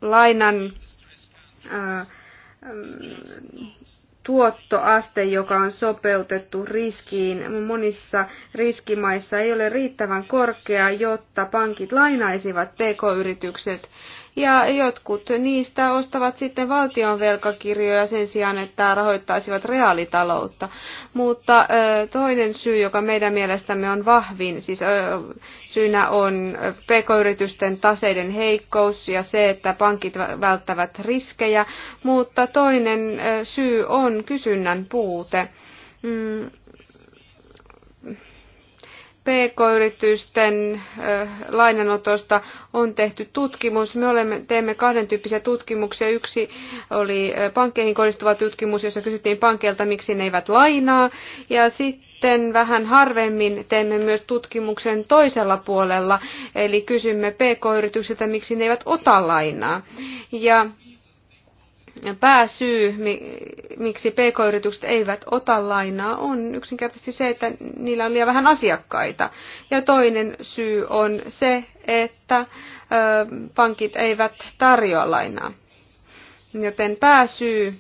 lainan tuottoaste, joka on sopeutettu riskiin. Monissa riskimaissa ei ole riittävän korkea, jotta pankit lainaisivat pk-yritykset ja jotkut niistä ostavat sitten valtion velkakirjoja sen sijaan, että rahoittaisivat reaalitaloutta. Mutta toinen syy, joka meidän mielestämme on vahvin, siis syynä on pk-yritysten taseiden heikkous ja se, että pankit välttävät riskejä, mutta toinen syy on kysynnän puute. Mm, PK-yritysten lainanotosta on tehty tutkimus. Me olemme, teemme kahden tyyppisiä tutkimuksia. Yksi oli pankkeihin kohdistuva tutkimus, jossa kysyttiin pankeilta, miksi ne eivät lainaa. Ja sitten vähän harvemmin teemme myös tutkimuksen toisella puolella, eli kysymme PK-yrityksiltä, miksi ne eivät ota lainaa. Ja pääsyy, miksi pk-yritykset eivät ota lainaa, on yksinkertaisesti se, että niillä on liian vähän asiakkaita. Ja toinen syy on se, että pankit eivät tarjoa lainaa. Joten pääsyy,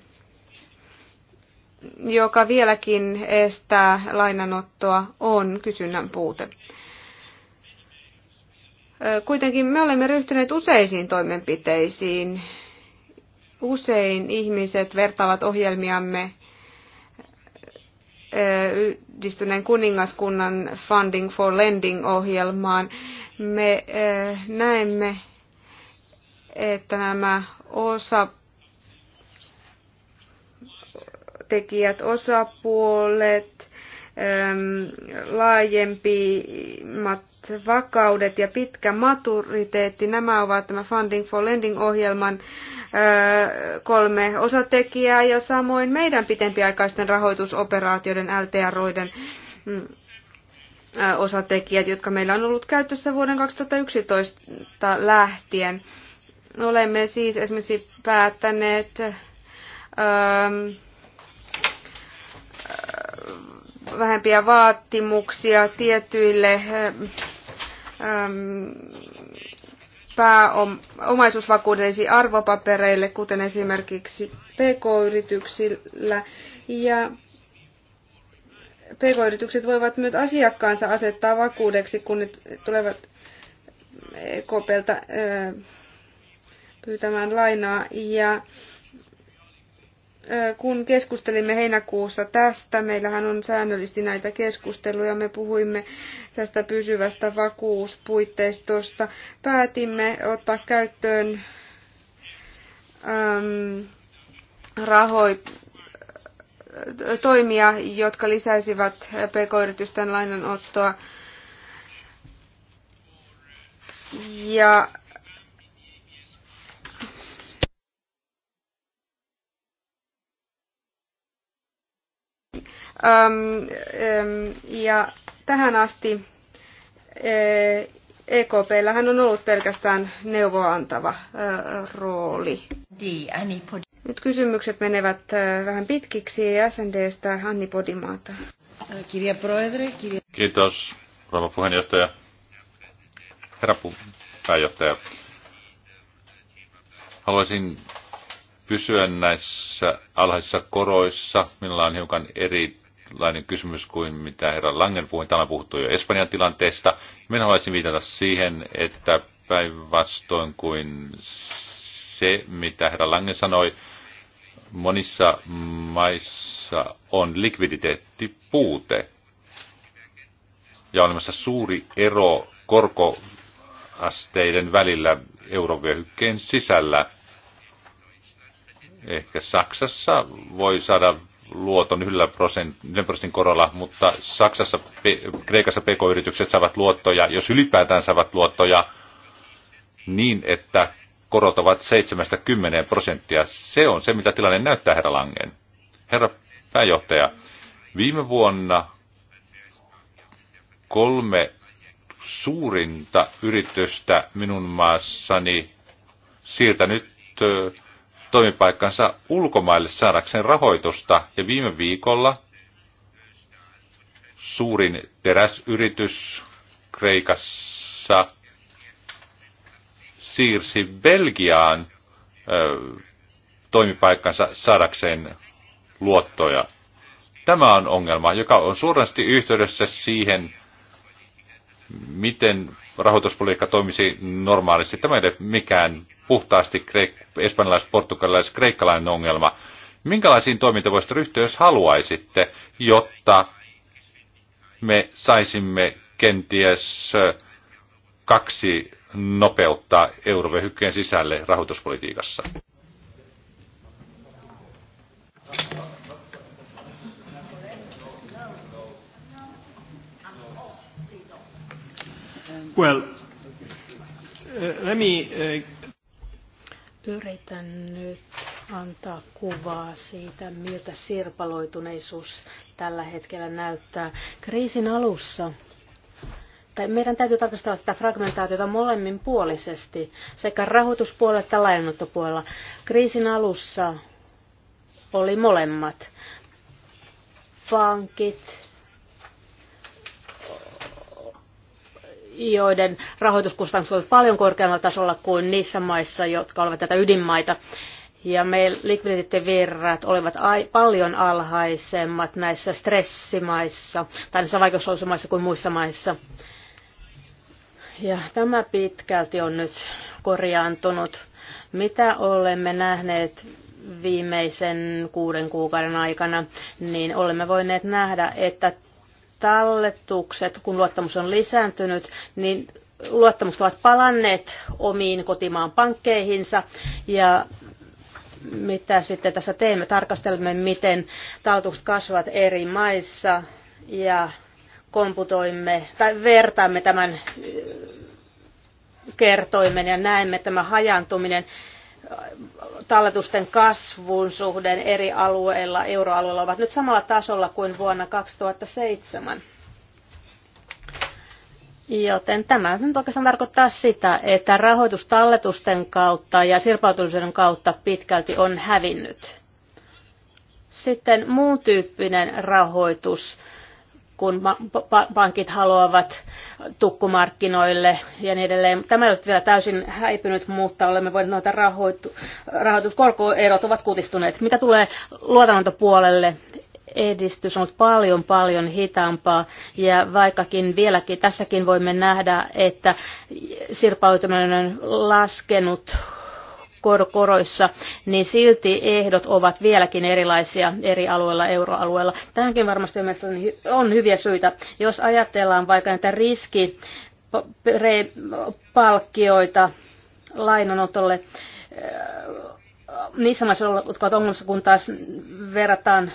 joka vieläkin estää lainanottoa, on kysynnän puute. Kuitenkin me olemme ryhtyneet useisiin toimenpiteisiin, Usein ihmiset vertaavat ohjelmiamme yhdistyneen kuningaskunnan Funding for Lending-ohjelmaan. Me näemme, että nämä osa tekijät, osapuolet, laajemmat vakaudet ja pitkä maturiteetti. Nämä ovat tämä Funding for Lending-ohjelman kolme osatekijää ja samoin meidän pitempiaikaisten rahoitusoperaatioiden LTROiden mm, osatekijät, jotka meillä on ollut käytössä vuoden 2011 lähtien. Olemme siis esimerkiksi päättäneet vähempiä vaatimuksia tietyille pääomaisuusvakuudellisiin arvopapereille, kuten esimerkiksi pk-yrityksillä. Ja pk-yritykset voivat myös asiakkaansa asettaa vakuudeksi, kun ne tulevat EKPltä pyytämään lainaa. Ja kun keskustelimme heinäkuussa tästä, meillähän on säännöllisesti näitä keskusteluja, me puhuimme tästä pysyvästä vakuuspuitteistosta, päätimme ottaa käyttöön äm, toimia, jotka lisäisivät pk-yritysten lainanottoa. Ja Ähm, ähm, ja tähän asti äh, EKPllähän on ollut pelkästään neuvoantava äh, rooli. Nyt kysymykset menevät äh, vähän pitkiksi ja SNDstä Hanni Podimaata. Kiitos, rouva puheenjohtaja. Herra pääjohtaja, haluaisin pysyä näissä alhaisissa koroissa. Minulla on hiukan eri erilainen kysymys kuin mitä herra Langen puhui. Täällä on puhuttu jo Espanjan tilanteesta. Minä haluaisin viitata siihen, että päinvastoin kuin se, mitä herra Langen sanoi, monissa maissa on likviditeettipuute. Ja on olemassa suuri ero korkoasteiden välillä eurovyöhykkeen sisällä. Ehkä Saksassa voi saada luoton yhdellä prosentin, korolla, mutta Saksassa, Kreikassa pk-yritykset saavat luottoja, jos ylipäätään saavat luottoja, niin että korot ovat 70 prosenttia. Se on se, mitä tilanne näyttää, herra Langen. Herra pääjohtaja, viime vuonna kolme suurinta yritystä minun maassani siirtänyt toimipaikkansa ulkomaille saadakseen rahoitusta. Ja viime viikolla suurin teräsyritys Kreikassa siirsi Belgiaan ö, toimipaikkansa saadakseen luottoja. Tämä on ongelma, joka on suuresti yhteydessä siihen, miten rahoituspolitiikka toimisi normaalisti. Tämä ei ole mikään puhtaasti kreik- espanjalais, portugalilais, kreikkalainen ongelma. Minkälaisiin toiminta voisitte ryhtyä, jos haluaisitte, jotta me saisimme kenties kaksi nopeutta eurovehykkeen sisälle rahoituspolitiikassa? Well, uh, let me uh, Yritän nyt antaa kuvaa siitä, miltä sirpaloituneisuus tällä hetkellä näyttää. Kriisin alussa tai meidän täytyy tarkastella tätä fragmentaatiota molemmin puolisesti, sekä rahoituspuolella että lainanottopuolella. Kriisin alussa oli molemmat. Pankit joiden rahoituskustannukset ovat paljon korkeammalla tasolla kuin niissä maissa, jotka ovat tätä ydinmaita. Ja meidän likviditeettivirrat olivat ai- paljon alhaisemmat näissä stressimaissa tai näissä vaikeusolosuhteissa kuin muissa maissa. Ja tämä pitkälti on nyt korjaantunut. Mitä olemme nähneet viimeisen kuuden kuukauden aikana, niin olemme voineet nähdä, että talletukset, kun luottamus on lisääntynyt, niin luottamukset ovat palanneet omiin kotimaan pankkeihinsa ja mitä sitten tässä teemme? Tarkastelemme, miten talletukset kasvavat eri maissa ja komputoimme tai vertaamme tämän kertoimen ja näemme tämä hajantuminen talletusten kasvun suhden eri alueilla, euroalueilla ovat nyt samalla tasolla kuin vuonna 2007. Joten tämä nyt oikeastaan tarkoittaa sitä, että rahoitus talletusten kautta ja sirpautumisen kautta pitkälti on hävinnyt. Sitten muun tyyppinen rahoitus kun pankit haluavat tukkumarkkinoille ja niin edelleen. Tämä ei ole vielä täysin häipynyt, mutta olemme voineet noita rahoitu- rahoituskorkoerot ovat kutistuneet. Mitä tulee luotantopuolelle? edistys on ollut paljon paljon hitaampaa ja vaikkakin vieläkin tässäkin voimme nähdä, että sirpautuminen on laskenut koroissa, niin silti ehdot ovat vieläkin erilaisia eri alueilla euroalueella. Tähänkin varmasti on hyviä syitä. Jos ajatellaan vaikka näitä riskipalkkioita lainanotolle, äh, niissä maissa, jotka ovat ongelmassa, kun taas verrataan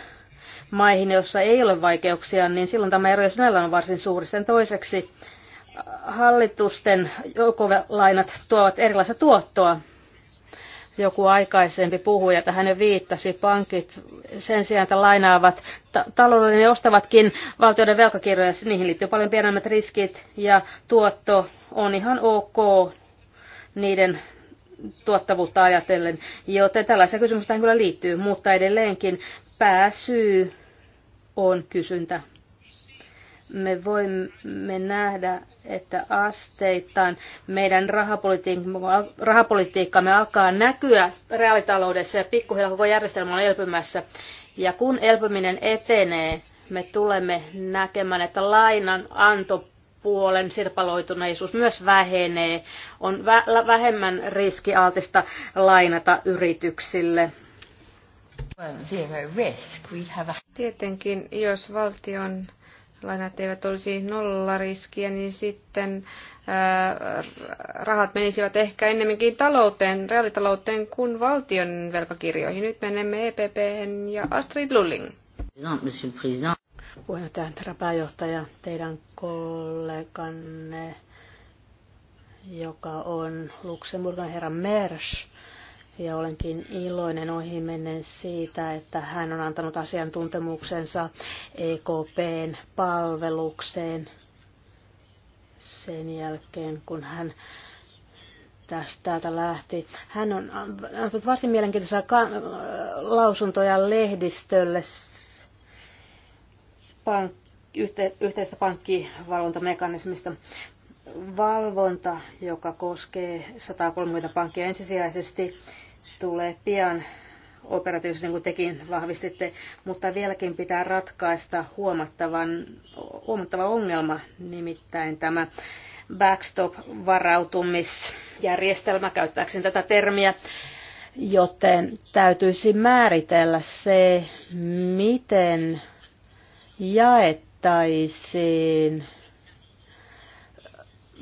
maihin, joissa ei ole vaikeuksia, niin silloin tämä ero näillä on varsin suuri. Sen toiseksi äh, hallitusten joukolainat tuovat erilaista tuottoa joku aikaisempi puhuja tähän jo viittasi. Pankit sen sijaan, että lainaavat ta- taloudelle, ne ostavatkin valtioiden velkakirjoja. Niihin liittyy paljon pienemmät riskit ja tuotto on ihan ok niiden tuottavuutta ajatellen. Joten tällaisia kysymyksiä kyllä liittyy, mutta edelleenkin pääsyy on kysyntä me voimme nähdä, että asteittain meidän rahapolitiikkamme alkaa näkyä reaalitaloudessa ja pikkuhiljaa koko järjestelmä on elpymässä. Ja kun elpyminen etenee, me tulemme näkemään, että lainan anto puolen sirpaloituneisuus myös vähenee. On vähemmän riskialtista lainata yrityksille. Tietenkin, jos valtion lainat eivät olisi nollariskiä, niin sitten rahat menisivät ehkä ennemminkin talouteen, reaalitalouteen kuin valtion velkakirjoihin. Nyt menemme EPP ja Astrid Lulling. Puheenjohtaja, herra pääjohtaja, teidän kolleganne, joka on Luxemburgan herra Mersch, ja olenkin iloinen ohimennen siitä, että hän on antanut asiantuntemuksensa EKPn palvelukseen sen jälkeen, kun hän tästä täältä lähti. Hän on antanut varsin mielenkiintoisia lausuntoja lehdistölle pank- yhte- yhteistä pankkivalvontamekanismista valvonta, joka koskee 130 pankkia ensisijaisesti, tulee pian operatiivisesti, niin kuin tekin vahvistitte, mutta vieläkin pitää ratkaista huomattavan, huomattava ongelma, nimittäin tämä backstop-varautumisjärjestelmä, käyttääkseni tätä termiä, joten täytyisi määritellä se, miten jaettaisiin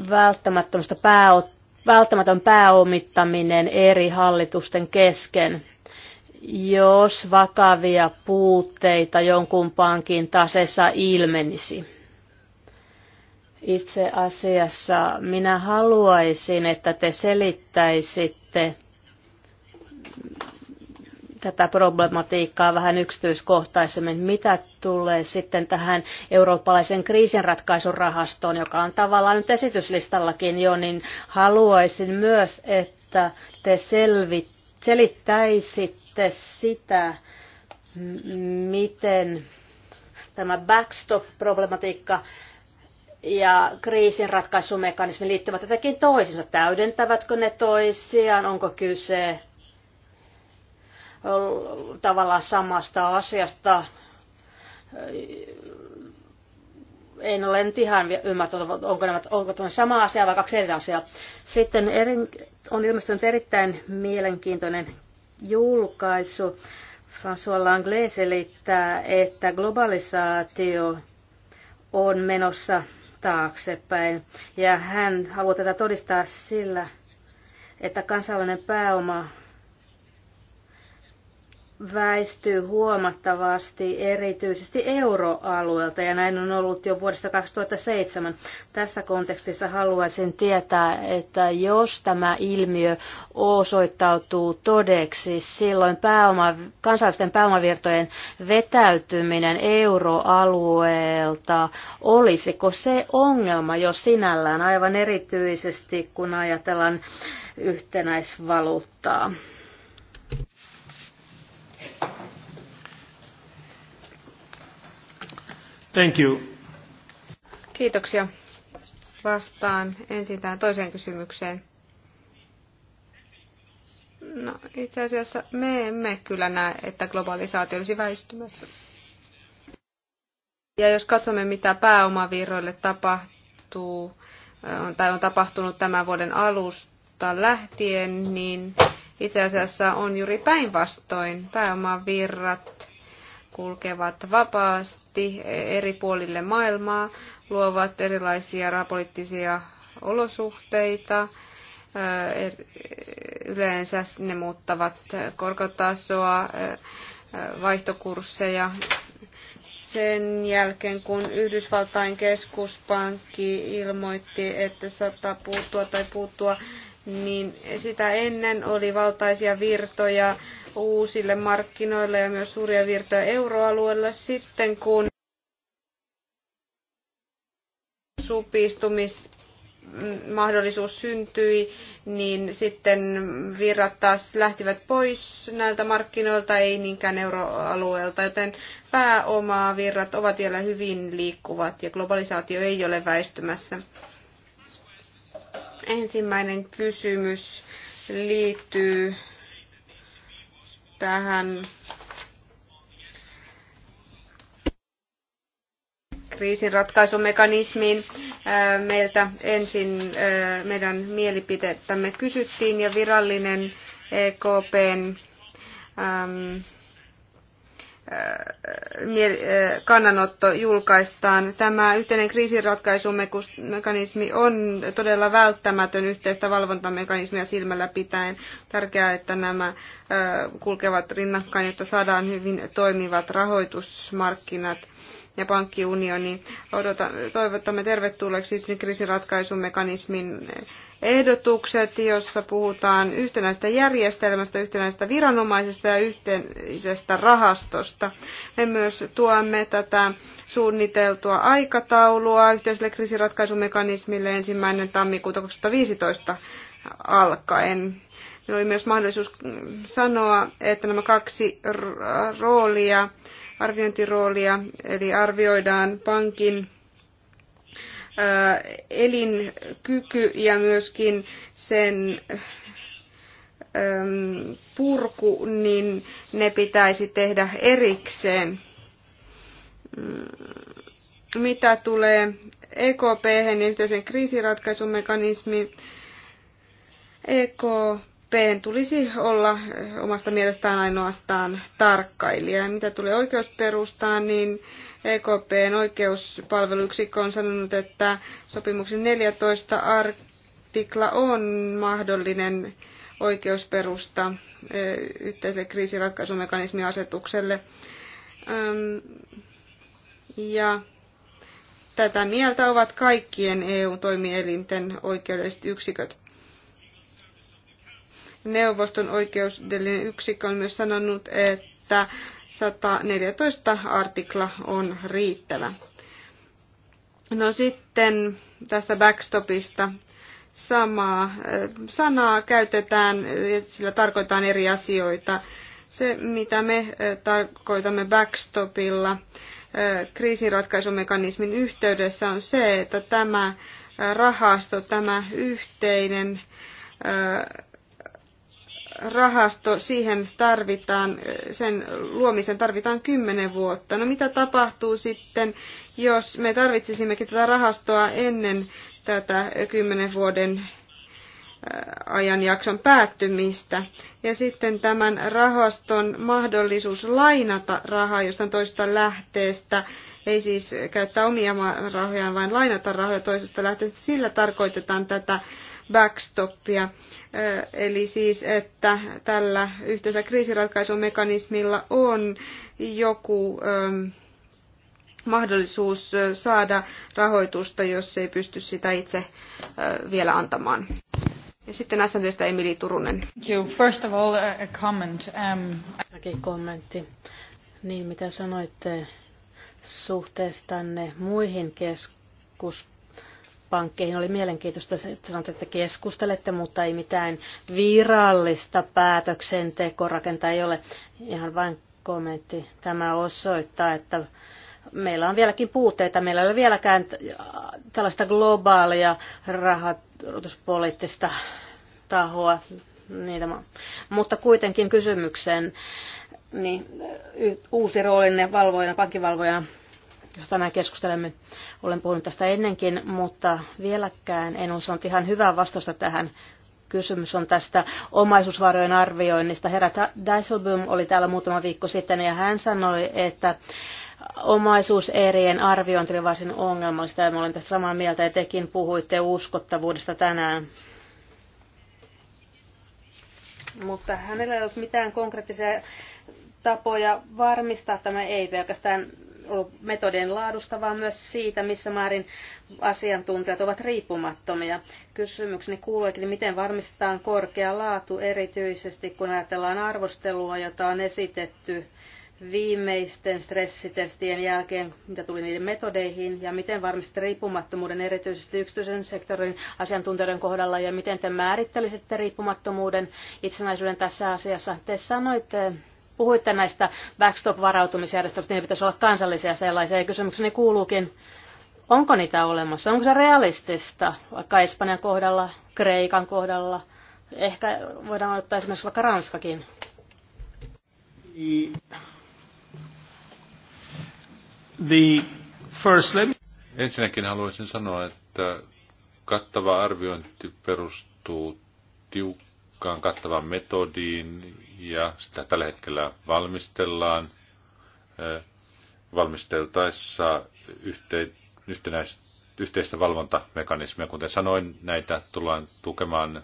välttämättömästä pääo, välttämätön pääomittaminen eri hallitusten kesken. Jos vakavia puutteita jonkun pankin tasessa ilmenisi. Itse asiassa minä haluaisin, että te selittäisitte tätä problematiikkaa vähän yksityiskohtaisemmin. Mitä tulee sitten tähän eurooppalaisen kriisinratkaisurahastoon, joka on tavallaan nyt esityslistallakin jo, niin haluaisin myös, että te selvit, selittäisitte sitä, miten tämä backstop-problematiikka ja kriisinratkaisumekanismi liittyvät jotenkin toisiinsa. Täydentävätkö ne toisiaan? Onko kyse tavallaan samasta asiasta. En ole nyt ihan ymmärtänyt, onko, nämä, onko tämä sama asia vai kaksi eri asiaa. Sitten eri, on ilmestynyt erittäin mielenkiintoinen julkaisu. François Langlais selittää, että globalisaatio on menossa taaksepäin. Ja hän haluaa tätä todistaa sillä, että kansainvälinen pääoma väistyy huomattavasti erityisesti euroalueelta ja näin on ollut jo vuodesta 2007. Tässä kontekstissa haluaisin tietää, että jos tämä ilmiö osoittautuu todeksi, silloin pääoma, kansallisten pääomavirtojen vetäytyminen euroalueelta, olisiko se ongelma jo sinällään aivan erityisesti, kun ajatellaan yhtenäisvaluuttaa? Thank you. Kiitoksia. Vastaan ensin tähän toiseen kysymykseen. No, itse asiassa me emme kyllä näe, että globalisaatio olisi väistymässä. Ja jos katsomme, mitä pääomavirroille tapahtuu, tai on tapahtunut tämän vuoden alusta lähtien, niin itse asiassa on juuri päinvastoin. Pääomavirrat kulkevat vapaasti eri puolille maailmaa, luovat erilaisia rapoliittisia olosuhteita. Er, yleensä ne muuttavat korkotasoa, vaihtokursseja. Sen jälkeen, kun Yhdysvaltain keskuspankki ilmoitti, että saattaa puuttua tai puuttua niin sitä ennen oli valtaisia virtoja uusille markkinoille ja myös suuria virtoja euroalueella sitten, kun supistumismahdollisuus syntyi, niin sitten virrat taas lähtivät pois näiltä markkinoilta, ei niinkään euroalueelta, joten virrat ovat vielä hyvin liikkuvat ja globalisaatio ei ole väistymässä. Ensimmäinen kysymys liittyy tähän kriisinratkaisumekanismiin. Äh, meiltä ensin äh, meidän mielipidettämme kysyttiin ja virallinen EKPn ähm, Äh, äh, kannanotto julkaistaan. Tämä yhteinen kriisinratkaisumekanismi on todella välttämätön yhteistä valvontamekanismia silmällä pitäen. Tärkeää, että nämä äh, kulkevat rinnakkain, jotta saadaan hyvin toimivat rahoitusmarkkinat ja pankkiunioni. Odota, toivotamme tervetulleeksi kriisinratkaisumekanismin ehdotukset, jossa puhutaan yhtenäistä järjestelmästä, yhtenäistä viranomaisesta ja yhteisestä rahastosta. Me myös tuemme tätä suunniteltua aikataulua yhteiselle kriisiratkaisumekanismille ensimmäinen tammikuuta 2015 alkaen. Meillä oli myös mahdollisuus sanoa, että nämä kaksi roolia, arviointiroolia, eli arvioidaan pankin elinkyky ja myöskin sen purku, niin ne pitäisi tehdä erikseen. Mm, mitä tulee EKP ja yhteisen kriisiratkaisumekanismiin, e EKP tulisi olla omasta mielestään ainoastaan tarkkailija. Ja mitä tulee oikeusperustaan, niin äh, EKPn oikeuspalveluyksikkö on sanonut, että sopimuksen 14 artikla on mahdollinen oikeusperusta e, yhteiselle kriisiratkaisumekanismiasetukselle. Ja tätä mieltä ovat kaikkien EU-toimielinten oikeudelliset yksiköt. Neuvoston oikeudellinen yksikkö on myös sanonut, että 114 artikla on riittävä. No sitten tässä backstopista samaa eh, sanaa käytetään, eh, sillä tarkoitaan eri asioita. Se, mitä me eh, tarkoitamme backstopilla kriisinratkaisumekanismin yhteydessä, on se, että tämä rahasto, tämä yhteinen rahasto, siihen tarvitaan, sen luomisen tarvitaan kymmenen vuotta. No mitä tapahtuu sitten, jos me tarvitsisimmekin tätä rahastoa ennen tätä kymmenen vuoden äh, ajanjakson päättymistä. Ja sitten tämän rahaston mahdollisuus lainata rahaa jostain toista lähteestä, ei siis käyttää omia rahojaan, vaan lainata rahoja toisesta lähteestä. Sillä tarkoitetaan tätä backstopia. Eli siis, että tällä yhteisellä kriisiratkaisumekanismilla on joku mahdollisuus saada rahoitusta, jos ei pysty sitä itse vielä antamaan. Ja sitten SNDstä Emili Turunen. First of all, a comment. Um... kommentti. Niin, mitä sanoitte suhteestanne muihin keskus pankkeihin. Oli mielenkiintoista, että sanotte, että keskustelette, mutta ei mitään virallista päätöksentekorakentaa ei ole. Ihan vain kommentti. Tämä osoittaa, että meillä on vieläkin puutteita. Meillä ei ole vieläkään tällaista globaalia rahoituspoliittista tahoa. Niitä Mutta kuitenkin kysymykseen, niin uusi roolinne valvojana, pankkivalvojana tänään keskustelemme. Olen puhunut tästä ennenkin, mutta vieläkään en ole saanut ihan hyvää vastausta tähän kysymys on tästä omaisuusvarojen arvioinnista. Herra Dijsselbum oli täällä muutama viikko sitten ja hän sanoi, että omaisuuserien arviointi oli varsin ongelmallista ja mä olen tästä samaa mieltä ja tekin puhuitte uskottavuudesta tänään. Mutta hänellä ei ollut mitään konkreettisia tapoja varmistaa tämä ei pelkästään ollut metodien laadusta, vaan myös siitä, missä määrin asiantuntijat ovat riippumattomia. Kysymykseni kuuluukin, niin miten varmistetaan korkea laatu erityisesti, kun ajatellaan arvostelua, jota on esitetty viimeisten stressitestien jälkeen, mitä tuli niiden metodeihin, ja miten varmistetaan riippumattomuuden erityisesti yksityisen sektorin asiantuntijoiden kohdalla, ja miten te määrittelisitte riippumattomuuden itsenäisyyden tässä asiassa. Te sanoitte puhuitte näistä backstop-varautumisjärjestelmistä, niin pitäisi olla kansallisia sellaisia. Ja kysymykseni kuuluukin, onko niitä olemassa? Onko se realistista, vaikka Espanjan kohdalla, Kreikan kohdalla? Ehkä voidaan ottaa esimerkiksi vaikka Ranskakin. The first, let me... Ensinnäkin haluaisin sanoa, että kattava arviointi perustuu tiukkaan tehokkaan kattavan metodiin ja sitä tällä hetkellä valmistellaan. Valmisteltaessa yhteistä valvontamekanismia. Kuten sanoin, näitä tullaan tukemaan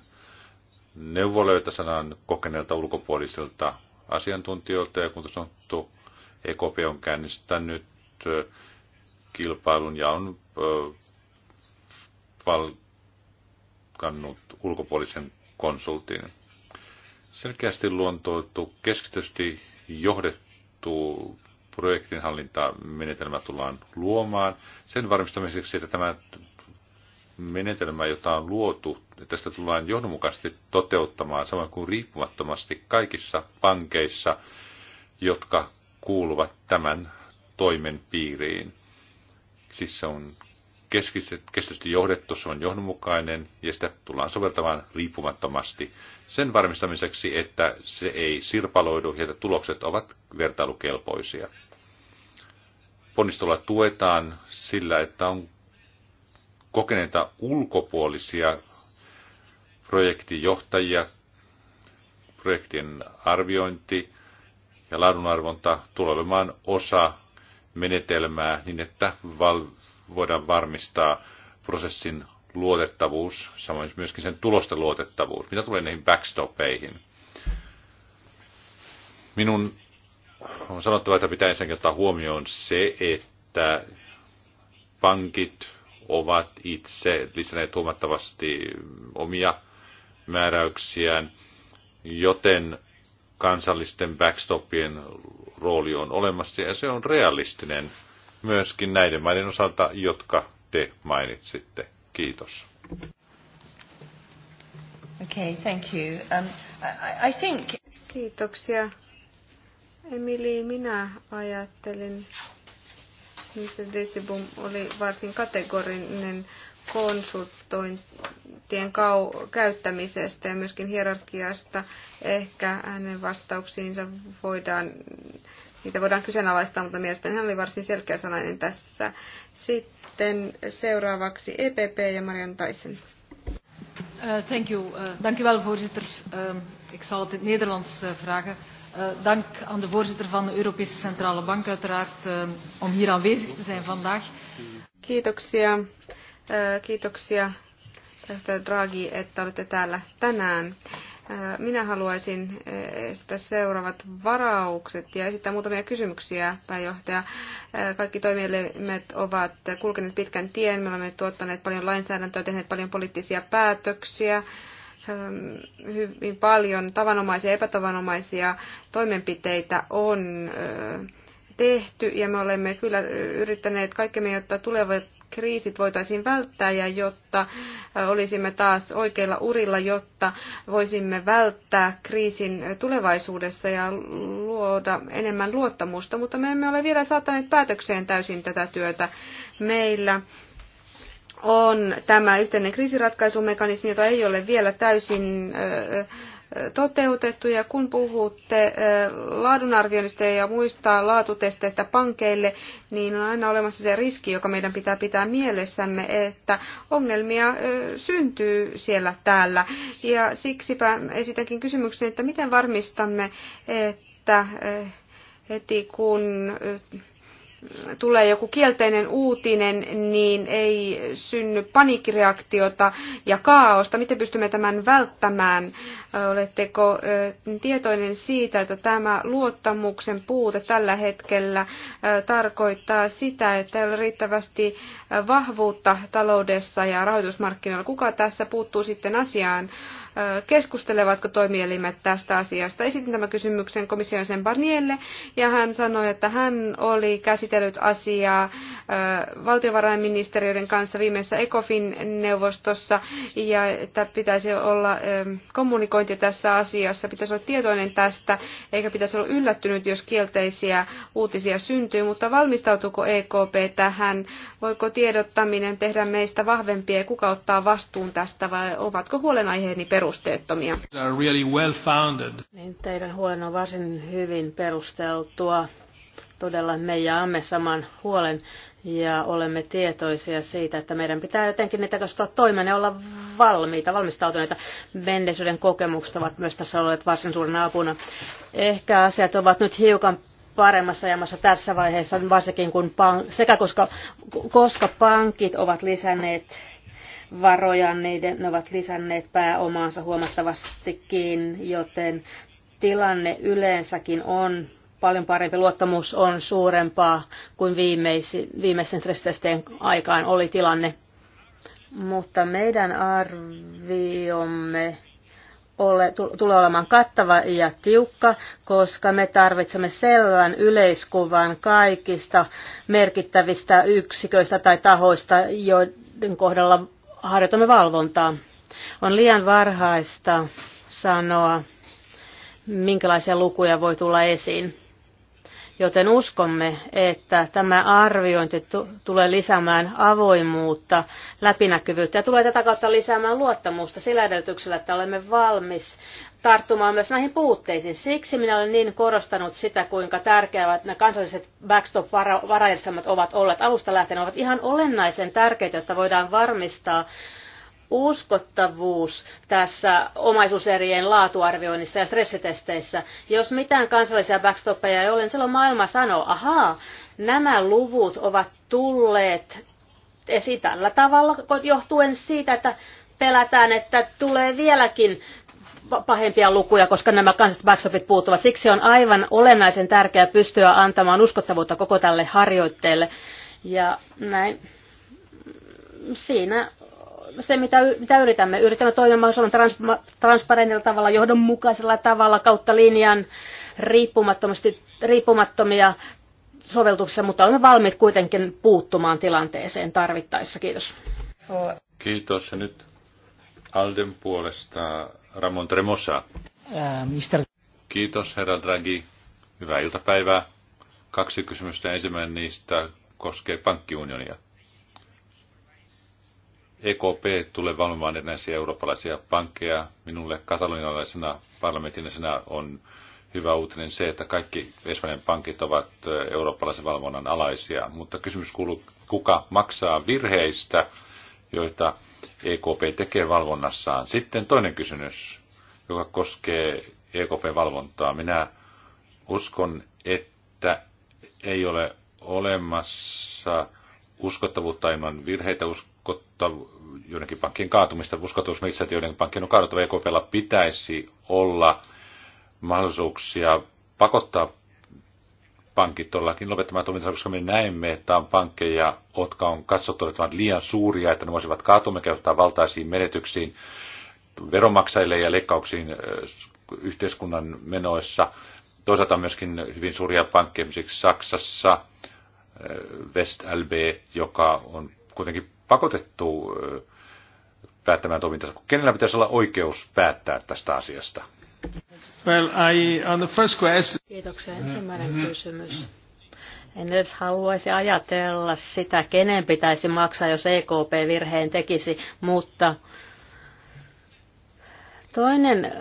neuvoloita sanan kokeneelta ulkopuolisilta asiantuntijoilta. Ja kuten sanottu, EKP on käynnistänyt kilpailun ja on palkannut ulkopuolisen konsultin. Selkeästi luontoitu, keskitysti johdettu projektinhallintamenetelmä tullaan luomaan sen varmistamiseksi, että tämä menetelmä, jota on luotu, tästä tullaan johdonmukaisesti toteuttamaan samoin kuin riippumattomasti kaikissa pankeissa, jotka kuuluvat tämän toimen piiriin. Siis se on kestävästi johdettu, se on johdonmukainen ja sitä tullaan soveltamaan riippumattomasti sen varmistamiseksi, että se ei sirpaloidu ja että tulokset ovat vertailukelpoisia. Ponnistolla tuetaan sillä, että on kokeneita ulkopuolisia projektijohtajia, projektien arviointi ja laadunarvonta tulee olemaan osa menetelmää niin, että val- voidaan varmistaa prosessin luotettavuus, samoin myöskin sen tulosten luotettavuus. Mitä tulee näihin backstopeihin? Minun on sanottava, että pitää ensinnäkin ottaa huomioon se, että pankit ovat itse lisänneet huomattavasti omia määräyksiään, joten kansallisten backstopien rooli on olemassa ja se on realistinen myöskin näiden maiden osalta, jotka te mainitsitte. Kiitos. Okay, thank you. Um, I, I think... Kiitoksia. Emili, minä ajattelin, mistä Desibum oli varsin kategorinen konsultointien kau- käyttämisestä ja myöskin hierarkiasta. Ehkä hänen vastauksiinsa voidaan niitä voidaan kyseenalaistaa, mutta mielestäni hän oli varsin selkeä sanainen tässä. Sitten seuraavaksi EPP ja Marian Taisen. Uh, thank you. Uh, dank u wel, voorzitter. Uh, ik zal het in het Nederlands uh, vragen. Uh, dank aan de voorzitter van de Europese Centrale Bank uiteraard uh, om hier aanwezig te zijn vandaag. Kiitoksia. Uh, kiitoksia, Draghi, että olette täällä tänään. Minä haluaisin esittää seuraavat varaukset ja esittää muutamia kysymyksiä, pääjohtaja. Kaikki toimielimet ovat kulkeneet pitkän tien. Me olemme tuottaneet paljon lainsäädäntöä, tehneet paljon poliittisia päätöksiä hyvin paljon tavanomaisia ja epätavanomaisia toimenpiteitä on tehty ja me olemme kyllä yrittäneet kaikkemme, jotta tulevat kriisit voitaisiin välttää ja jotta äh, olisimme taas oikeilla urilla, jotta voisimme välttää kriisin tulevaisuudessa ja luoda enemmän luottamusta, mutta me emme ole vielä saattaneet päätökseen täysin tätä työtä. Meillä on tämä yhteinen kriisiratkaisumekanismi, jota ei ole vielä täysin äh, toteutettu. Ja kun puhutte laadunarvioinnista ja muista laatutesteistä pankeille, niin on aina olemassa se riski, joka meidän pitää pitää mielessämme, että ongelmia syntyy siellä täällä. Ja siksipä esitänkin kysymyksen, että miten varmistamme, että heti kun tulee joku kielteinen uutinen, niin ei synny paniikkireaktiota ja kaaosta. Miten pystymme tämän välttämään? Oletteko tietoinen siitä, että tämä luottamuksen puute tällä hetkellä tarkoittaa sitä, että ei ole riittävästi vahvuutta taloudessa ja rahoitusmarkkinoilla? Kuka tässä puuttuu sitten asiaan? keskustelevatko toimielimet tästä asiasta. Esitin tämän kysymyksen komission sen Barnielle ja hän sanoi, että hän oli käsitellyt asiaa valtiovarainministeriöiden kanssa viimeisessä ECOFIN-neuvostossa ja että pitäisi olla kommunikointi tässä asiassa, pitäisi olla tietoinen tästä eikä pitäisi olla yllättynyt, jos kielteisiä uutisia syntyy, mutta valmistautuuko EKP tähän? Voiko tiedottaminen tehdä meistä vahvempia ja kuka ottaa vastuun tästä vai ovatko huolenaiheeni perusteltuja? perusteettomia. Really well niin teidän huolen on varsin hyvin perusteltua. Todella me jaamme saman huolen ja olemme tietoisia siitä, että meidän pitää jotenkin niitä kastua toimeen ja olla valmiita, valmistautuneita. Menneisyyden kokemukset ovat myös tässä olleet varsin suurena apuna. Ehkä asiat ovat nyt hiukan paremmassa jamassa tässä vaiheessa, varsinkin kun pank- sekä koska, koska pankit ovat lisänneet varoja, niiden, ne ovat lisänneet pääomaansa huomattavastikin, joten tilanne yleensäkin on paljon parempi. Luottamus on suurempaa kuin viimeisi, viimeisten stressitestien aikaan oli tilanne. Mutta meidän arviomme ole, tulee olemaan kattava ja tiukka, koska me tarvitsemme selvän yleiskuvan kaikista merkittävistä yksiköistä tai tahoista, joiden kohdalla harjoitamme valvontaa. On liian varhaista sanoa, minkälaisia lukuja voi tulla esiin joten uskomme, että tämä arviointi tulee lisäämään avoimuutta, läpinäkyvyyttä ja tulee tätä kautta lisäämään luottamusta sillä edellytyksellä, että olemme valmis tarttumaan myös näihin puutteisiin. Siksi minä olen niin korostanut sitä, kuinka tärkeät nämä kansalliset backstop-varajärjestelmät ovat olleet alusta lähtien, ovat ihan olennaisen tärkeitä, jotta voidaan varmistaa uskottavuus tässä omaisuuserien laatuarvioinnissa ja stressitesteissä. Jos mitään kansallisia backstoppeja ei ole, niin silloin maailma sanoo, ahaa, nämä luvut ovat tulleet esiin tällä tavalla, johtuen siitä, että pelätään, että tulee vieläkin pahempia lukuja, koska nämä kansalliset backstopit puuttuvat. Siksi on aivan olennaisen tärkeää pystyä antamaan uskottavuutta koko tälle harjoitteelle. Ja näin siinä se, mitä, mitä yritämme. Yritämme toimia mahdollisimman trans, transparentilla tavalla, johdonmukaisella tavalla, kautta linjan, riippumattomasti, riippumattomia soveltuksia, mutta olemme valmiit kuitenkin puuttumaan tilanteeseen tarvittaessa. Kiitos. Kiitos. Ja nyt Alden puolesta Ramon Tremosa. Äh, mister... Kiitos, herra Draghi. Hyvää iltapäivää. Kaksi kysymystä. Ensimmäinen niistä koskee pankkiunionia. EKP tulee valvomaan erinäisiä eurooppalaisia pankkeja. Minulle katalonialaisena parlamentinaisena on hyvä uutinen se, että kaikki Espanjan pankit ovat eurooppalaisen valvonnan alaisia. Mutta kysymys kuuluu, kuka maksaa virheistä, joita EKP tekee valvonnassaan. Sitten toinen kysymys, joka koskee EKP-valvontaa. Minä uskon, että ei ole olemassa uskottavuutta ilman virheitä joidenkin pankkien kaatumista, uskottavuusmerkissä, että joidenkin pankkien on kaaduttava. EKPlla pitäisi olla mahdollisuuksia pakottaa pankit todellakin lopettamaan toimintaa, koska me näemme, että on pankkeja, jotka on katsottu, että ovat liian suuria, että ne voisivat kaatumme käyttää valtaisiin menetyksiin veronmaksajille ja leikkauksiin äh, yhteiskunnan menoissa. Toisaalta myöskin hyvin suuria pankkeja, esimerkiksi Saksassa, äh, West LB, joka on kuitenkin pakotettu päättämään toimintansa. Kenellä pitäisi olla oikeus päättää tästä asiasta? Well, I, on the first question... Kiitoksia. Ensimmäinen kysymys. En edes haluaisi ajatella sitä, kenen pitäisi maksaa, jos EKP virheen tekisi, mutta toinen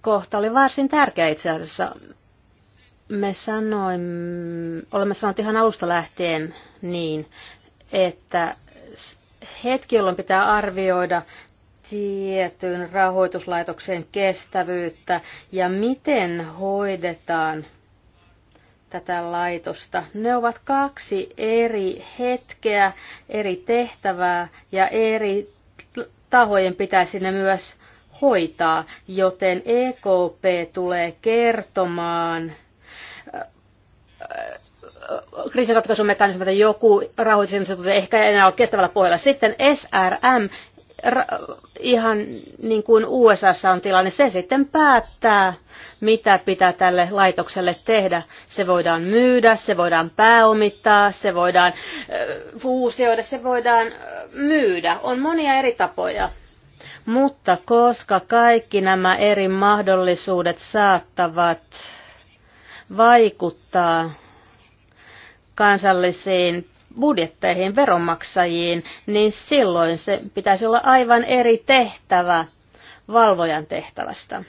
kohta oli varsin tärkeä itse asiassa. Me sanoimme, olemme sanoneet ihan alusta lähtien niin, että hetki, jolloin pitää arvioida tietyn rahoituslaitoksen kestävyyttä ja miten hoidetaan tätä laitosta. Ne ovat kaksi eri hetkeä, eri tehtävää ja eri tahojen pitäisi ne myös hoitaa, joten EKP tulee kertomaan kriisinratkaisumekanismit, tai joku rahoitusinstituutio ehkä ei enää ole kestävällä pohjalla. Sitten SRM, ihan niin kuin USA on tilanne, se sitten päättää, mitä pitää tälle laitokselle tehdä. Se voidaan myydä, se voidaan pääomittaa, se voidaan fuusioida, se voidaan myydä. On monia eri tapoja. Mutta koska kaikki nämä eri mahdollisuudet saattavat vaikuttaa kansallisiin budjetteihin, veronmaksajiin, niin silloin se pitäisi olla aivan eri tehtävä valvojan tehtävästä.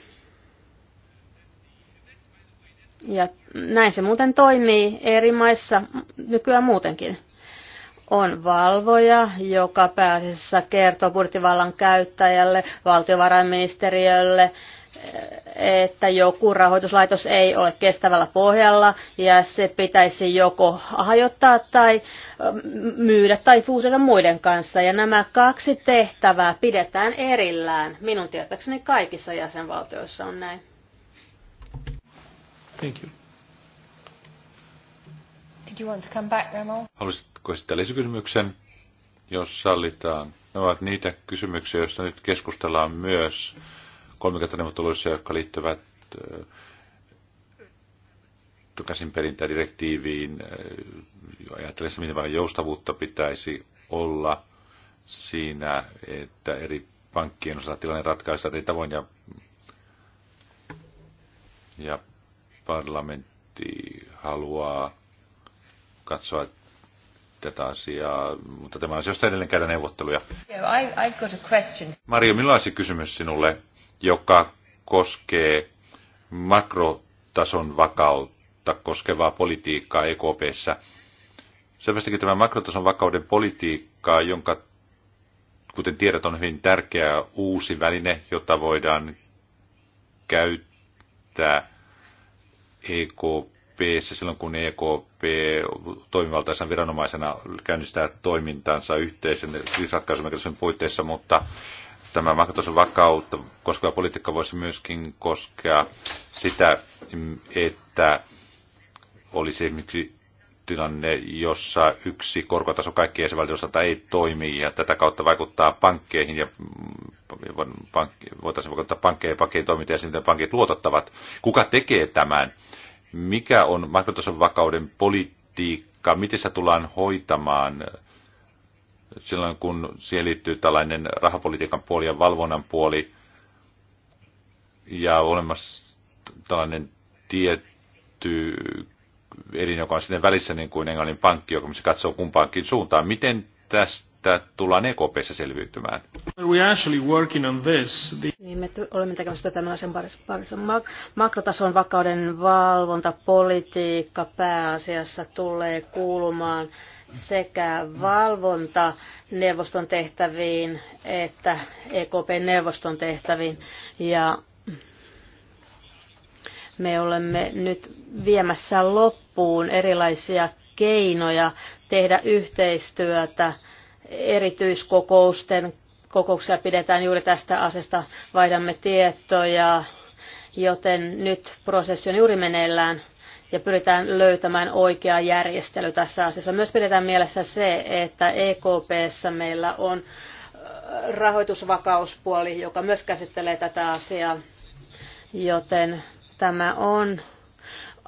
Ja näin se muuten toimii eri maissa nykyään muutenkin. On valvoja, joka pääasiassa kertoo budjettivallan käyttäjälle, valtiovarainministeriölle, että joku rahoituslaitos ei ole kestävällä pohjalla ja se pitäisi joko hajottaa tai ähm, myydä tai fuusioida muiden kanssa. Ja nämä kaksi tehtävää pidetään erillään. Minun tietääkseni kaikissa jäsenvaltioissa on näin. Thank you. Did you want to come back, Remo? Haluaisitko esittää lisäkysymyksen, jos sallitaan? Ne ovat niitä kysymyksiä, joista nyt keskustellaan myös. Mm-hmm kolmikantaneuvotteluissa, jotka liittyvät äh, perintädirektiiviin äh, ajatellessa, miten paljon joustavuutta pitäisi olla siinä, että eri pankkien osalta tilanne ratkaistaan eri tavoin ja, ja parlamentti haluaa katsoa tätä asiaa, mutta tämä asioista edelleen käydä neuvotteluja. Mario, millaisia kysymys sinulle joka koskee makrotason vakautta koskevaa politiikkaa EKPssä. Selvästikin tämä makrotason vakauden politiikka, jonka kuten tiedät, on hyvin tärkeä uusi väline, jota voidaan käyttää EKP silloin, kun EKP toimivaltaisena viranomaisena käynnistää toimintansa yhteisen ratkaisumekanismin puitteissa, mutta tämä vakautta koskeva politiikka voisi myöskin koskea sitä, että olisi esimerkiksi tilanne, jossa yksi korkotaso kaikki jäsenvaltioista ei toimi ja tätä kautta vaikuttaa pankkeihin ja pank, voitaisiin vaikuttaa pankkeihin, pankkeihin toimintaan ja siihen, pankit luotottavat. Kuka tekee tämän? Mikä on makrotason vakauden politiikka? Miten se tullaan hoitamaan? silloin, kun siihen liittyy tällainen rahapolitiikan puoli ja valvonnan puoli ja olemassa tällainen tietty elin, joka on sinne välissä niin kuin Englannin pankki, joka katsoo kumpaankin suuntaan. Miten tästä tullaan EKPssä selviytymään? We're actually working on this. The... Niin, me olemme tekemässä tämmöisen parissa. parissa. Mak- makrotason vakauden valvontapolitiikka pääasiassa tulee kuulumaan sekä valvonta neuvoston tehtäviin että EKP-neuvoston tehtäviin. Ja me olemme nyt viemässä loppuun erilaisia keinoja tehdä yhteistyötä. Erityiskokousten kokouksia pidetään juuri tästä asiasta, vaihdamme tietoja, joten nyt prosessi on juuri meneillään – ja pyritään löytämään oikea järjestely tässä asiassa. Myös pidetään mielessä se, että EKPssä meillä on äh, rahoitusvakauspuoli, joka myös käsittelee tätä asiaa, joten tämä on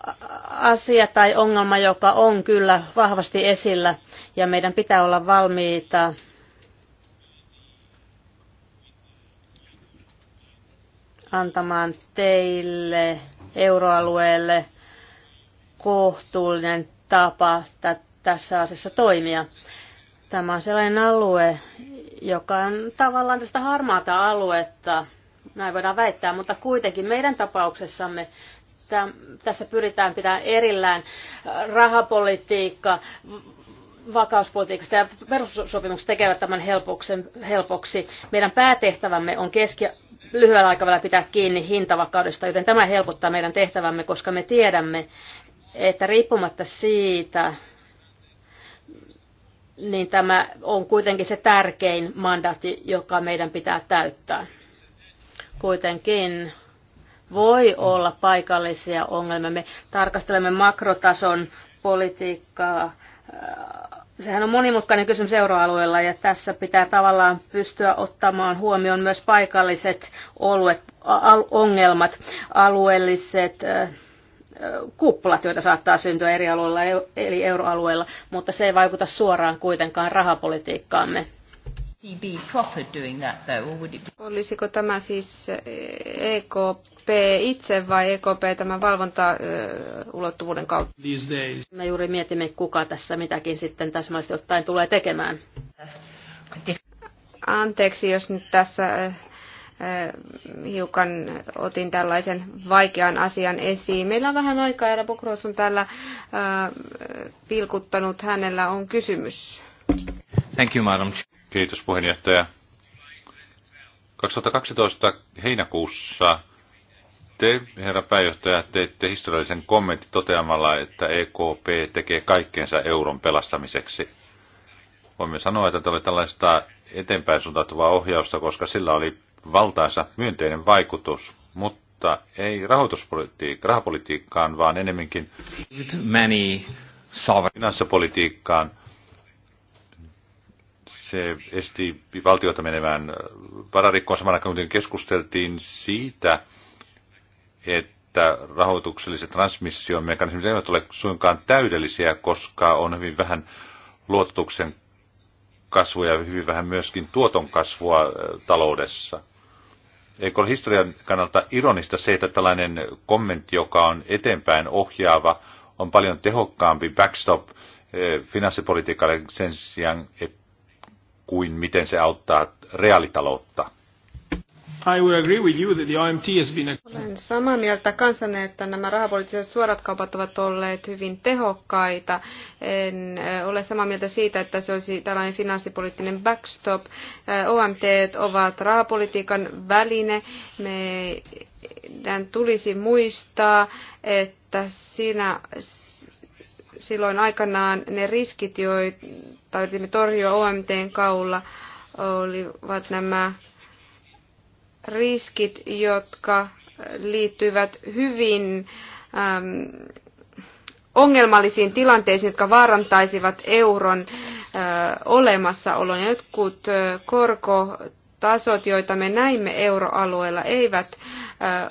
äh, asia tai ongelma, joka on kyllä vahvasti esillä ja meidän pitää olla valmiita antamaan teille, euroalueelle kohtuullinen tapa tässä asiassa toimia. Tämä on sellainen alue, joka on tavallaan tästä harmaata aluetta, näin voidaan väittää, mutta kuitenkin meidän tapauksessamme täm, tässä pyritään pitämään erillään rahapolitiikka, vakauspolitiikasta ja perussopimukset tekevät tämän helpoksen, helpoksi. Meidän päätehtävämme on keski lyhyellä aikavälillä pitää kiinni hintavakaudesta, joten tämä helpottaa meidän tehtävämme, koska me tiedämme, että riippumatta siitä, niin tämä on kuitenkin se tärkein mandaatti, joka meidän pitää täyttää. Kuitenkin voi olla paikallisia ongelmia. Me tarkastelemme makrotason politiikkaa. Äh, sehän on monimutkainen kysymys euroalueella ja tässä pitää tavallaan pystyä ottamaan huomioon myös paikalliset ongelmat, alueelliset äh, kuplat, joita saattaa syntyä eri alueilla, eli euroalueilla, mutta se ei vaikuta suoraan kuitenkaan rahapolitiikkaamme. Olisiko tämä siis EKP eh, e itse vai EKP tämän valvontaulottuvuuden eh, kautta? Me juuri mietimme, kuka tässä mitäkin sitten täsmällisesti ottaen tulee tekemään. Uh, Anteeksi, jos nyt tässä eh, Äh, hiukan otin tällaisen vaikean asian esiin. Meillä on vähän aikaa, ja Bokros on täällä äh, pilkuttanut, hänellä on kysymys. Thank you, madam. Kiitos puheenjohtaja. 2012 heinäkuussa te, herra pääjohtaja, teitte historiallisen kommentin toteamalla, että EKP tekee kaikkeensa euron pelastamiseksi. Voimme sanoa, että tämä oli tällaista eteenpäin suuntautuvaa ohjausta, koska sillä oli valtaansa myönteinen vaikutus, mutta ei rahoituspolitiikkaan, rahapolitiikkaan, vaan enemminkin finanssipolitiikkaan. Se esti valtiota menemään. Äh, vararikkoon samana, kun keskusteltiin siitä, että että rahoitukselliset transmissiomekanismit eivät ole suinkaan täydellisiä, koska on hyvin vähän luottuksen kasvua ja hyvin vähän myöskin tuoton kasvua äh, taloudessa eikö ole historian kannalta ironista se, että tällainen kommentti, joka on eteenpäin ohjaava, on paljon tehokkaampi backstop eh, finanssipolitiikalle sen sijaan, et, kuin miten se auttaa reaalitaloutta. I would agree with you that the OMT has been a... Olen samaa mieltä kansanne, että nämä rahapoliittiset suorat kaupat ovat olleet hyvin tehokkaita. En ole samaa mieltä siitä, että se olisi tällainen finanssipoliittinen backstop. OMT ovat rahapolitiikan väline. Meidän tulisi muistaa, että siinä silloin aikanaan ne riskit, joita yritimme torjua OMTn kaulla, olivat nämä riskit, jotka liittyvät hyvin äm, ongelmallisiin tilanteisiin, jotka vaarantaisivat euron äh, olemassaolon. Ja jotkut äh, korkotasot, joita me näimme euroalueella, eivät äh,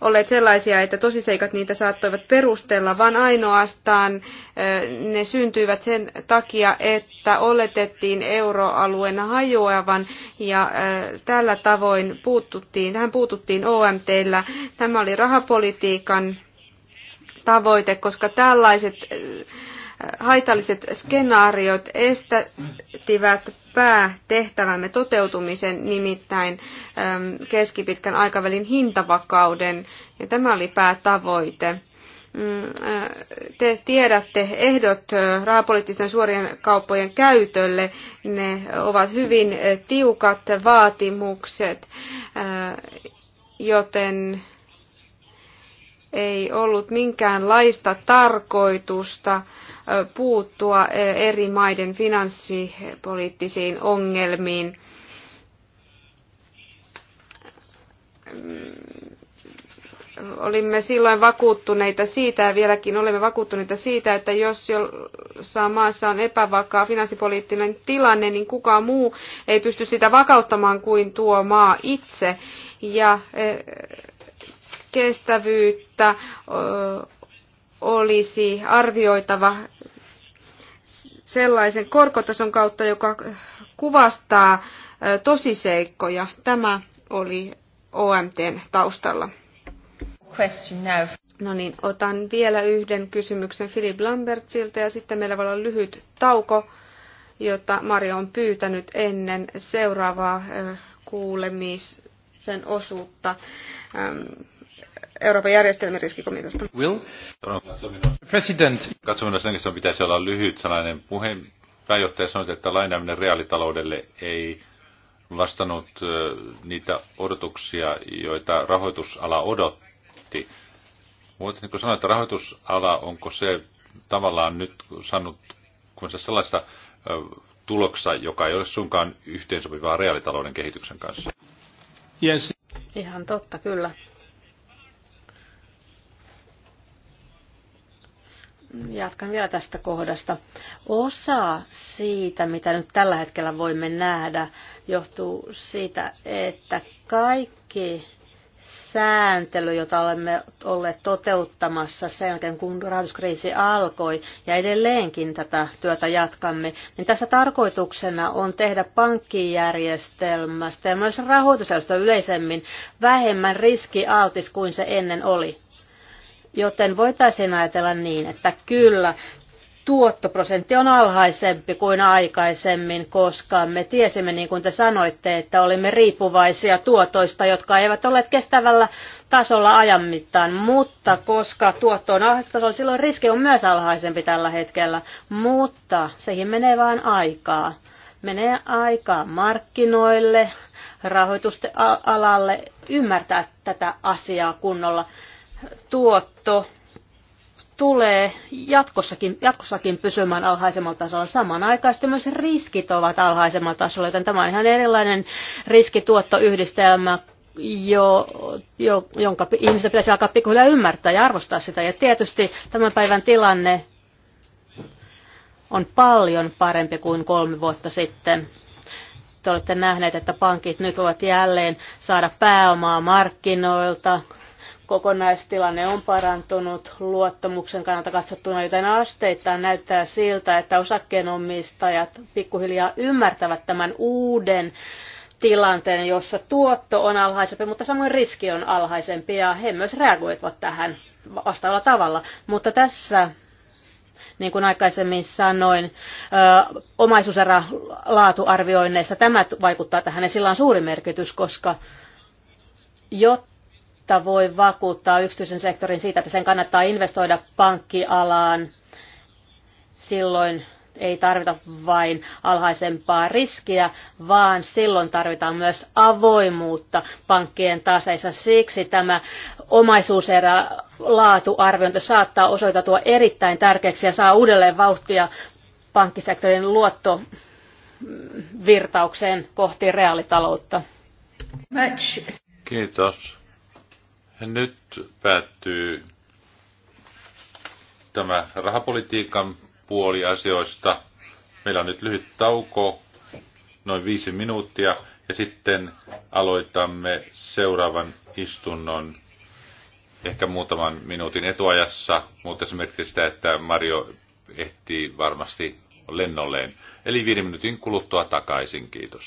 olleet sellaisia, että tosiseikat niitä saattoivat perustella, vaan ainoastaan ne syntyivät sen takia, että oletettiin euroalueen hajoavan ja tällä tavoin puututtiin, tähän puututtiin OMTllä. Tämä oli rahapolitiikan tavoite, koska tällaiset haitalliset skenaariot estävät päätehtävämme toteutumisen, nimittäin ähm, keskipitkän aikavälin hintavakauden, ja tämä oli päätavoite mm, äh, te tiedätte ehdot äh, rahapoliittisten suorien kauppojen käytölle. Ne ovat hyvin äh, tiukat vaatimukset, joten ei ollut minkäänlaista tarkoitusta puuttua e, eri maiden finanssipoliittisiin ongelmiin. Mm, olimme silloin vakuuttuneita siitä ja vieläkin olemme vakuuttuneita siitä, että jos jossain maassa on epävakaa finanssipoliittinen tilanne, niin kukaan muu ei pysty sitä vakauttamaan kuin tuo maa itse. Ja e, kestävyyttä olisi arvioitava sellaisen korkotason kautta, joka kuvastaa tosiseikkoja. Tämä oli OMTn taustalla. No niin, otan vielä yhden kysymyksen Philip Lambertsilta ja sitten meillä voi olla lyhyt tauko, jota Mario on pyytänyt ennen seuraavaa kuulemisen osuutta. Euroopan järjestelmän riskikomiteasta. Will? President. sen pitäisi olla lyhyt sanainen puhe. Pääjohtaja sanoi, että lainaaminen reaalitaloudelle ei vastannut niitä odotuksia, joita rahoitusala odotti. Mutta kuin sanoin, että rahoitusala, onko se tavallaan nyt saanut kun se sellaista tuloksa, joka ei ole suinkaan yhteensopivaa reaalitalouden kehityksen kanssa? Yes. Ihan totta, kyllä. Jatkan vielä tästä kohdasta. Osa siitä, mitä nyt tällä hetkellä voimme nähdä, johtuu siitä, että kaikki sääntely, jota olemme olleet toteuttamassa sen jälkeen, kun rahoituskriisi alkoi, ja edelleenkin tätä työtä jatkamme, niin tässä tarkoituksena on tehdä pankkijärjestelmästä ja myös rahoitusjärjestelmästä yleisemmin vähemmän riskialtis kuin se ennen oli. Joten voitaisiin ajatella niin, että kyllä, tuottoprosentti on alhaisempi kuin aikaisemmin, koska me tiesimme, niin kuin te sanoitte, että olimme riippuvaisia tuotoista, jotka eivät olleet kestävällä tasolla ajan mittaan. Mutta koska tuotto on alhaisempi, silloin riski on myös alhaisempi tällä hetkellä. Mutta sekin menee vain aikaa. Menee aikaa markkinoille, rahoitusalalle ymmärtää tätä asiaa kunnolla tuotto tulee jatkossakin, jatkossakin pysymään alhaisemmalla tasolla. Samanaikaisesti myös riskit ovat alhaisemmalla tasolla, joten tämä on ihan erilainen riskituottoyhdistelmä, jo, jo, jonka ihmisten pitäisi alkaa pikkuhiljaa ymmärtää ja arvostaa sitä. Ja tietysti tämän päivän tilanne on paljon parempi kuin kolme vuotta sitten. Te olette nähneet, että pankit nyt ovat jälleen saada pääomaa markkinoilta, kokonaistilanne on parantunut luottamuksen kannalta katsottuna, joten asteittain näyttää siltä, että osakkeenomistajat pikkuhiljaa ymmärtävät tämän uuden tilanteen, jossa tuotto on alhaisempi, mutta samoin riski on alhaisempi ja he myös reagoivat tähän vastaavalla tavalla. Mutta tässä niin kuin aikaisemmin sanoin, omaisuuserä laatuarvioinneista tämä vaikuttaa tähän ja sillä on suuri merkitys, koska jotta jotta voi vakuuttaa yksityisen sektorin siitä, että sen kannattaa investoida pankkialaan. Silloin ei tarvita vain alhaisempaa riskiä, vaan silloin tarvitaan myös avoimuutta pankkien taseissa. Siksi tämä omaisuuserä laatuarviointi saattaa osoitautua erittäin tärkeäksi ja saa uudelleen vauhtia pankkisektorin luottovirtaukseen kohti reaalitaloutta. Kiitos. Nyt päättyy tämä rahapolitiikan puoli asioista. Meillä on nyt lyhyt tauko, noin viisi minuuttia, ja sitten aloitamme seuraavan istunnon ehkä muutaman minuutin etuajassa, mutta esimerkiksi sitä, että Mario ehtii varmasti lennolleen. Eli viiden minuutin kuluttua takaisin, kiitos.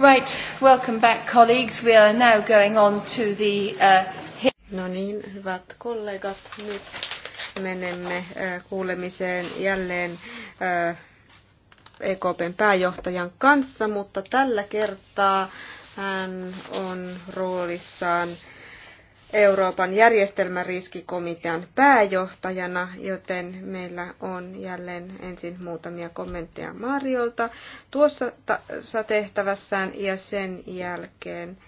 Right, welcome back colleagues. We are now going on to the... Uh... no niin, hyvät kollegat, nyt menemme uh, kuulemiseen jälleen uh, EKPn pääjohtajan kanssa, mutta tällä kertaa hän on roolissaan uh, Euroopan järjestelmäriskikomitean pääjohtajana, joten meillä on jälleen ensin muutamia kommentteja Mariolta tuossa tehtävässään ja sen jälkeen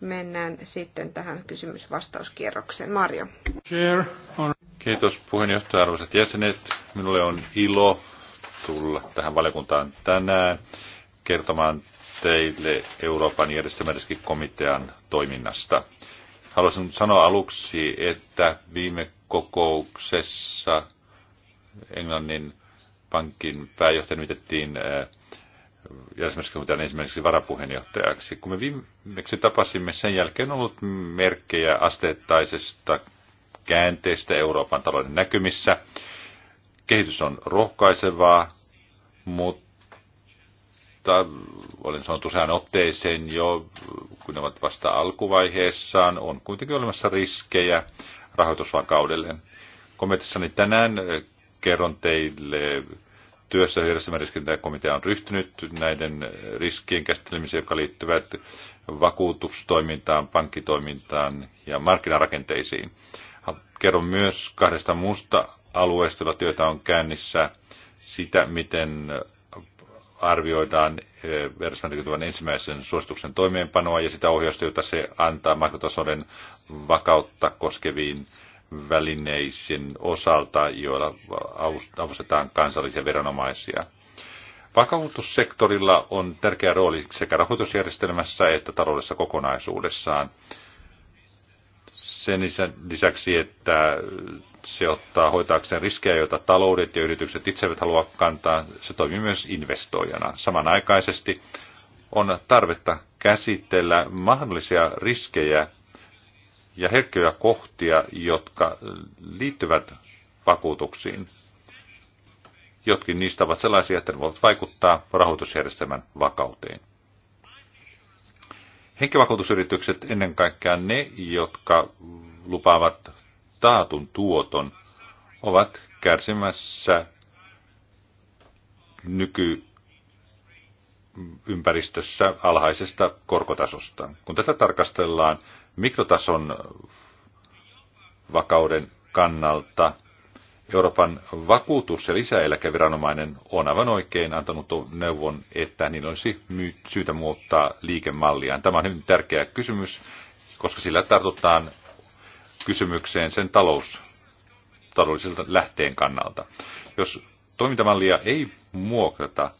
mennään sitten tähän kysymysvastauskierrokseen. Marjo. Kiitos puheenjohtaja, arvoisat jäsenet. Minulle on ilo tulla tähän valiokuntaan tänään kertomaan teille Euroopan järjestelmäriskikomitean toiminnasta. Haluaisin sanoa aluksi, että viime kokouksessa Englannin pankin pääjohtaja nimitettiin järjestelmäskomitean ensimmäiseksi varapuheenjohtajaksi. Kun me viimeksi tapasimme, sen jälkeen on ollut merkkejä asteittaisesta käänteestä Euroopan talouden näkymissä. Kehitys on rohkaisevaa, mutta mutta olen sanonut usein otteeseen jo, kun ne ovat vasta alkuvaiheessaan, on kuitenkin olemassa riskejä rahoitusvakaudelle. Kommentissani tänään eh, kerron teille työssä komitea on ryhtynyt näiden eh, riskien käsittelemiseen, jotka liittyvät vakuutustoimintaan, pankkitoimintaan ja markkinarakenteisiin. Kerron myös kahdesta muusta alueesta, jolla työtä on käynnissä, sitä, miten arvioidaan eh, Versmann ensimmäisen suosituksen toimeenpanoa ja sitä ohjausta, jota se antaa makrotasoiden vakautta koskeviin välineisiin osalta, joilla avustetaan kansallisia veronomaisia. Vakautussektorilla on tärkeä rooli sekä rahoitusjärjestelmässä että taloudessa kokonaisuudessaan sen lisäksi, että se ottaa hoitaakseen riskejä, joita taloudet ja yritykset itse eivät halua kantaa, se toimii myös investoijana. Samanaikaisesti on tarvetta käsitellä mahdollisia riskejä ja herkkyjä kohtia, jotka liittyvät vakuutuksiin. Jotkin niistä ovat sellaisia, että ne voivat vaikuttaa rahoitusjärjestelmän vakauteen. Henkivakuutusyritykset ennen kaikkea ne, jotka lupaavat taatun tuoton, ovat kärsimässä nykyympäristössä alhaisesta korkotasosta. Kun tätä tarkastellaan mikrotason vakauden kannalta, Euroopan vakuutus- ja lisäeläkeviranomainen on aivan oikein antanut neuvon, että niin olisi syytä muuttaa liikemalliaan. Tämä on hyvin tärkeä kysymys, koska sillä tartutaan kysymykseen sen talous, taloudelliselta lähteen kannalta. Jos toimintamallia ei muokata,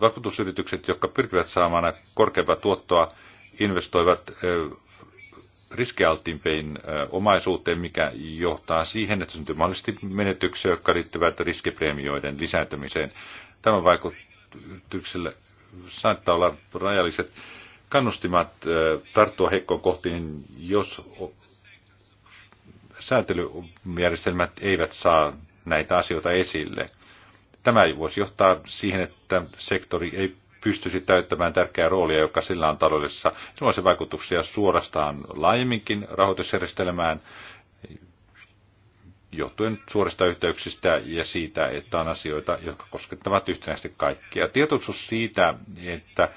vakuutusyritykset, jotka pyrkivät saamaan korkeampaa tuottoa, investoivat riskialttiimpiin omaisuuteen, mikä johtaa siihen, että syntyy mahdollisesti menetyksiä, jotka liittyvät riskipreemioiden lisääntymiseen. Tämän vaikutuksella saattaa olla rajalliset kannustimat tarttua heikkoon kohtiin, jos sääntelyjärjestelmät eivät saa näitä asioita esille. Tämä voisi johtaa siihen, että sektori ei pystyisi täyttämään tärkeää roolia, joka sillä on taloudessa. Sillä on se vaikutuksia suorastaan laajemminkin rahoitusjärjestelmään, johtuen suorista yhteyksistä ja siitä, että on asioita, jotka koskettavat yhtenäisesti kaikkia. Tietoisuus siitä, että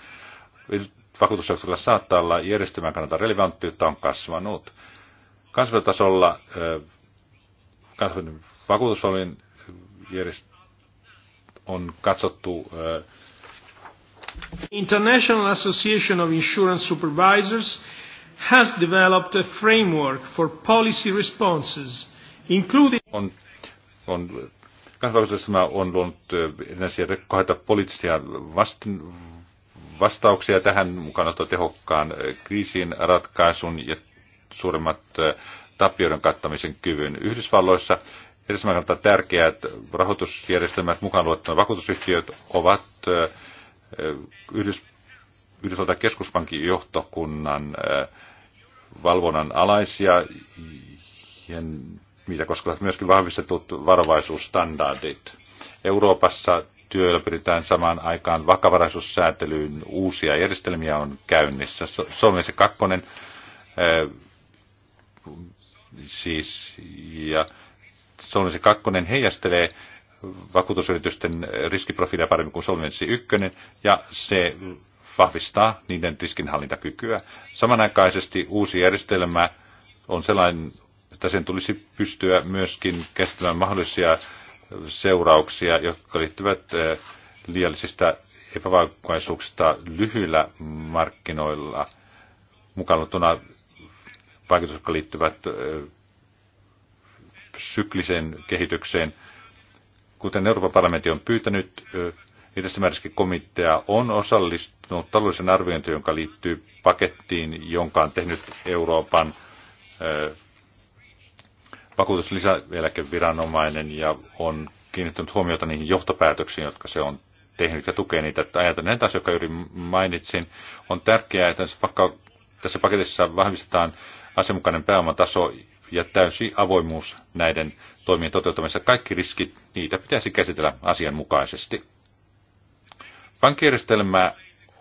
vakuutusjohtajalla saattaa olla järjestelmän kannalta relevanttiutta on kasvanut. Kansallisella kansainvälinen vakuutusvalvonnan on katsottu International Association of Insurance Supervisors has developed a framework for policy responses, including... On, on, kansallisuusjärjestelmä on luonut erinäisiä kahdeta poliittisia vasten, vastauksia tähän mukana tehokkaan kriisin ratkaisun ja suuremmat tappioiden kattamisen kyvyn. Yhdysvalloissa järjestelmän kannalta tärkeät rahoitusjärjestelmät mukaan luettuna vakuutusyhtiöt ovat Yhdysvaltain keskuspankin johtokunnan äh, valvonnan alaisia ja mitä koskevat myöskin vahvistetut varovaisuusstandardit. Euroopassa työllä pyritään samaan aikaan vakavaraisuussäätelyyn. Uusia järjestelmiä on käynnissä. Suomen se kakkonen, äh, siis, ja se kakkonen heijastelee vakuutusyritysten riskiprofiilia paremmin kuin Solvency 1, ja se vahvistaa niiden riskinhallintakykyä. Samanaikaisesti uusi järjestelmä on sellainen, että sen tulisi pystyä myöskin kestämään mahdollisia seurauksia, jotka liittyvät eh, liiallisista epävaikkaisuuksista lyhyillä markkinoilla, mukana vaikutus, jotka liittyvät eh, sykliseen kehitykseen – Kuten Euroopan parlamentti on pyytänyt, niin komitea on osallistunut taloudellisen arviointiin, joka liittyy pakettiin, jonka on tehnyt Euroopan vakuutuslisäeläkeviranomainen ja on kiinnittänyt huomiota niihin johtopäätöksiin, jotka se on tehnyt ja tukee niitä. Että ajatellen näitä asioita, jotka juuri mainitsin, on tärkeää, että tässä paketissa vahvistetaan asianmukainen pääomataso ja täysi avoimuus näiden toimien toteuttamisessa. Kaikki riskit, niitä pitäisi käsitellä asianmukaisesti. Pankkijärjestelmä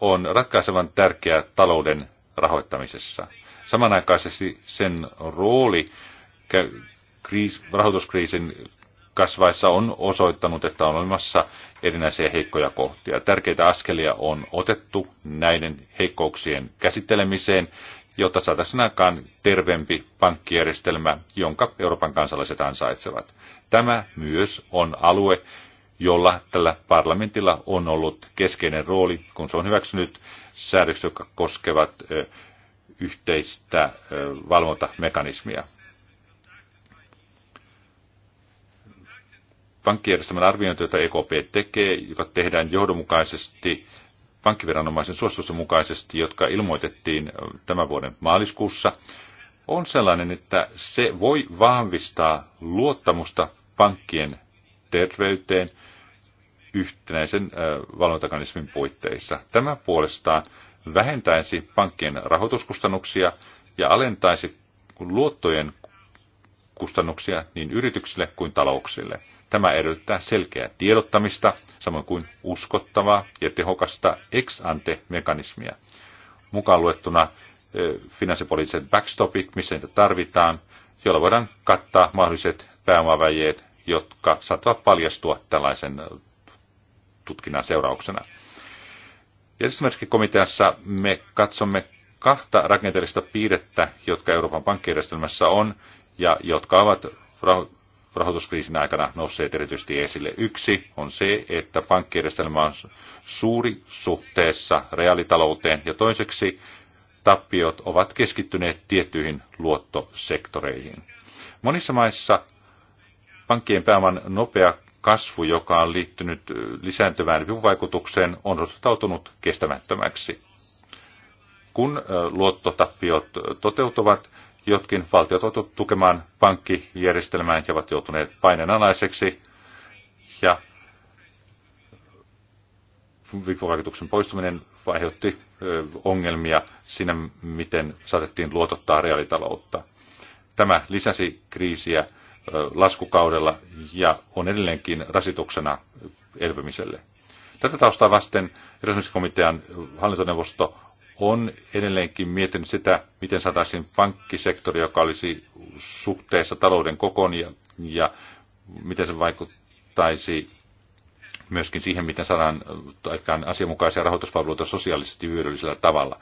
on ratkaisevan tärkeä talouden rahoittamisessa. Samanaikaisesti sen rooli rahoituskriisin kasvaessa on osoittanut, että on olemassa erinäisiä heikkoja kohtia. Tärkeitä askelia on otettu näiden heikkouksien käsittelemiseen jotta saataisiin aikaan terveempi pankkijärjestelmä, jonka Euroopan kansalaiset ansaitsevat. Tämä myös on alue, jolla tällä parlamentilla on ollut keskeinen rooli, kun se on hyväksynyt säädökset, jotka koskevat yhteistä valvontamekanismia. Pankkijärjestelmän arviointi, jota EKP tekee, joka tehdään johdonmukaisesti pankkiviranomaisen suositusten mukaisesti, jotka ilmoitettiin tämän vuoden maaliskuussa, on sellainen, että se voi vahvistaa luottamusta pankkien terveyteen yhtenäisen valvontakanismin puitteissa. Tämä puolestaan vähentäisi pankkien rahoituskustannuksia ja alentaisi luottojen kustannuksia niin yrityksille kuin talouksille. Tämä edellyttää selkeää tiedottamista, samoin kuin uskottavaa ja tehokasta ex-ante-mekanismia. Mukaan luettuna finanssipoliittiset backstopit, missä niitä tarvitaan, joilla voidaan kattaa mahdolliset pääomavajeet, jotka saattavat paljastua tällaisen tutkinnan seurauksena. Esimerkiksi komiteassa me katsomme kahta rakenteellista piirrettä, jotka Euroopan pankkijärjestelmässä on ja jotka ovat rahoituskriisin aikana nousseet erityisesti esille. Yksi on se, että pankkijärjestelmä on suuri suhteessa reaalitalouteen ja toiseksi tappiot ovat keskittyneet tiettyihin luottosektoreihin. Monissa maissa pankkien pääoman nopea kasvu, joka on liittynyt lisääntyvään vaikutukseen, on osoittautunut kestämättömäksi. Kun luottotappiot toteutuvat, jotkin valtiot ovat tukemaan pankkijärjestelmään ja ovat joutuneet paineen alaiseksi. Ja vipuvaikutuksen poistuminen aiheutti ongelmia siinä, miten saatettiin luotottaa reaalitaloutta. Tämä lisäsi kriisiä laskukaudella ja on edelleenkin rasituksena elpymiselle. Tätä taustaa vasten komitean hallintoneuvosto on edelleenkin miettinyt sitä, miten saataisiin pankkisektori, joka olisi suhteessa talouden kokoon ja, ja miten se vaikuttaisi myöskin siihen, miten saadaan aikaan asianmukaisia rahoituspalveluita sosiaalisesti hyödyllisellä tavalla.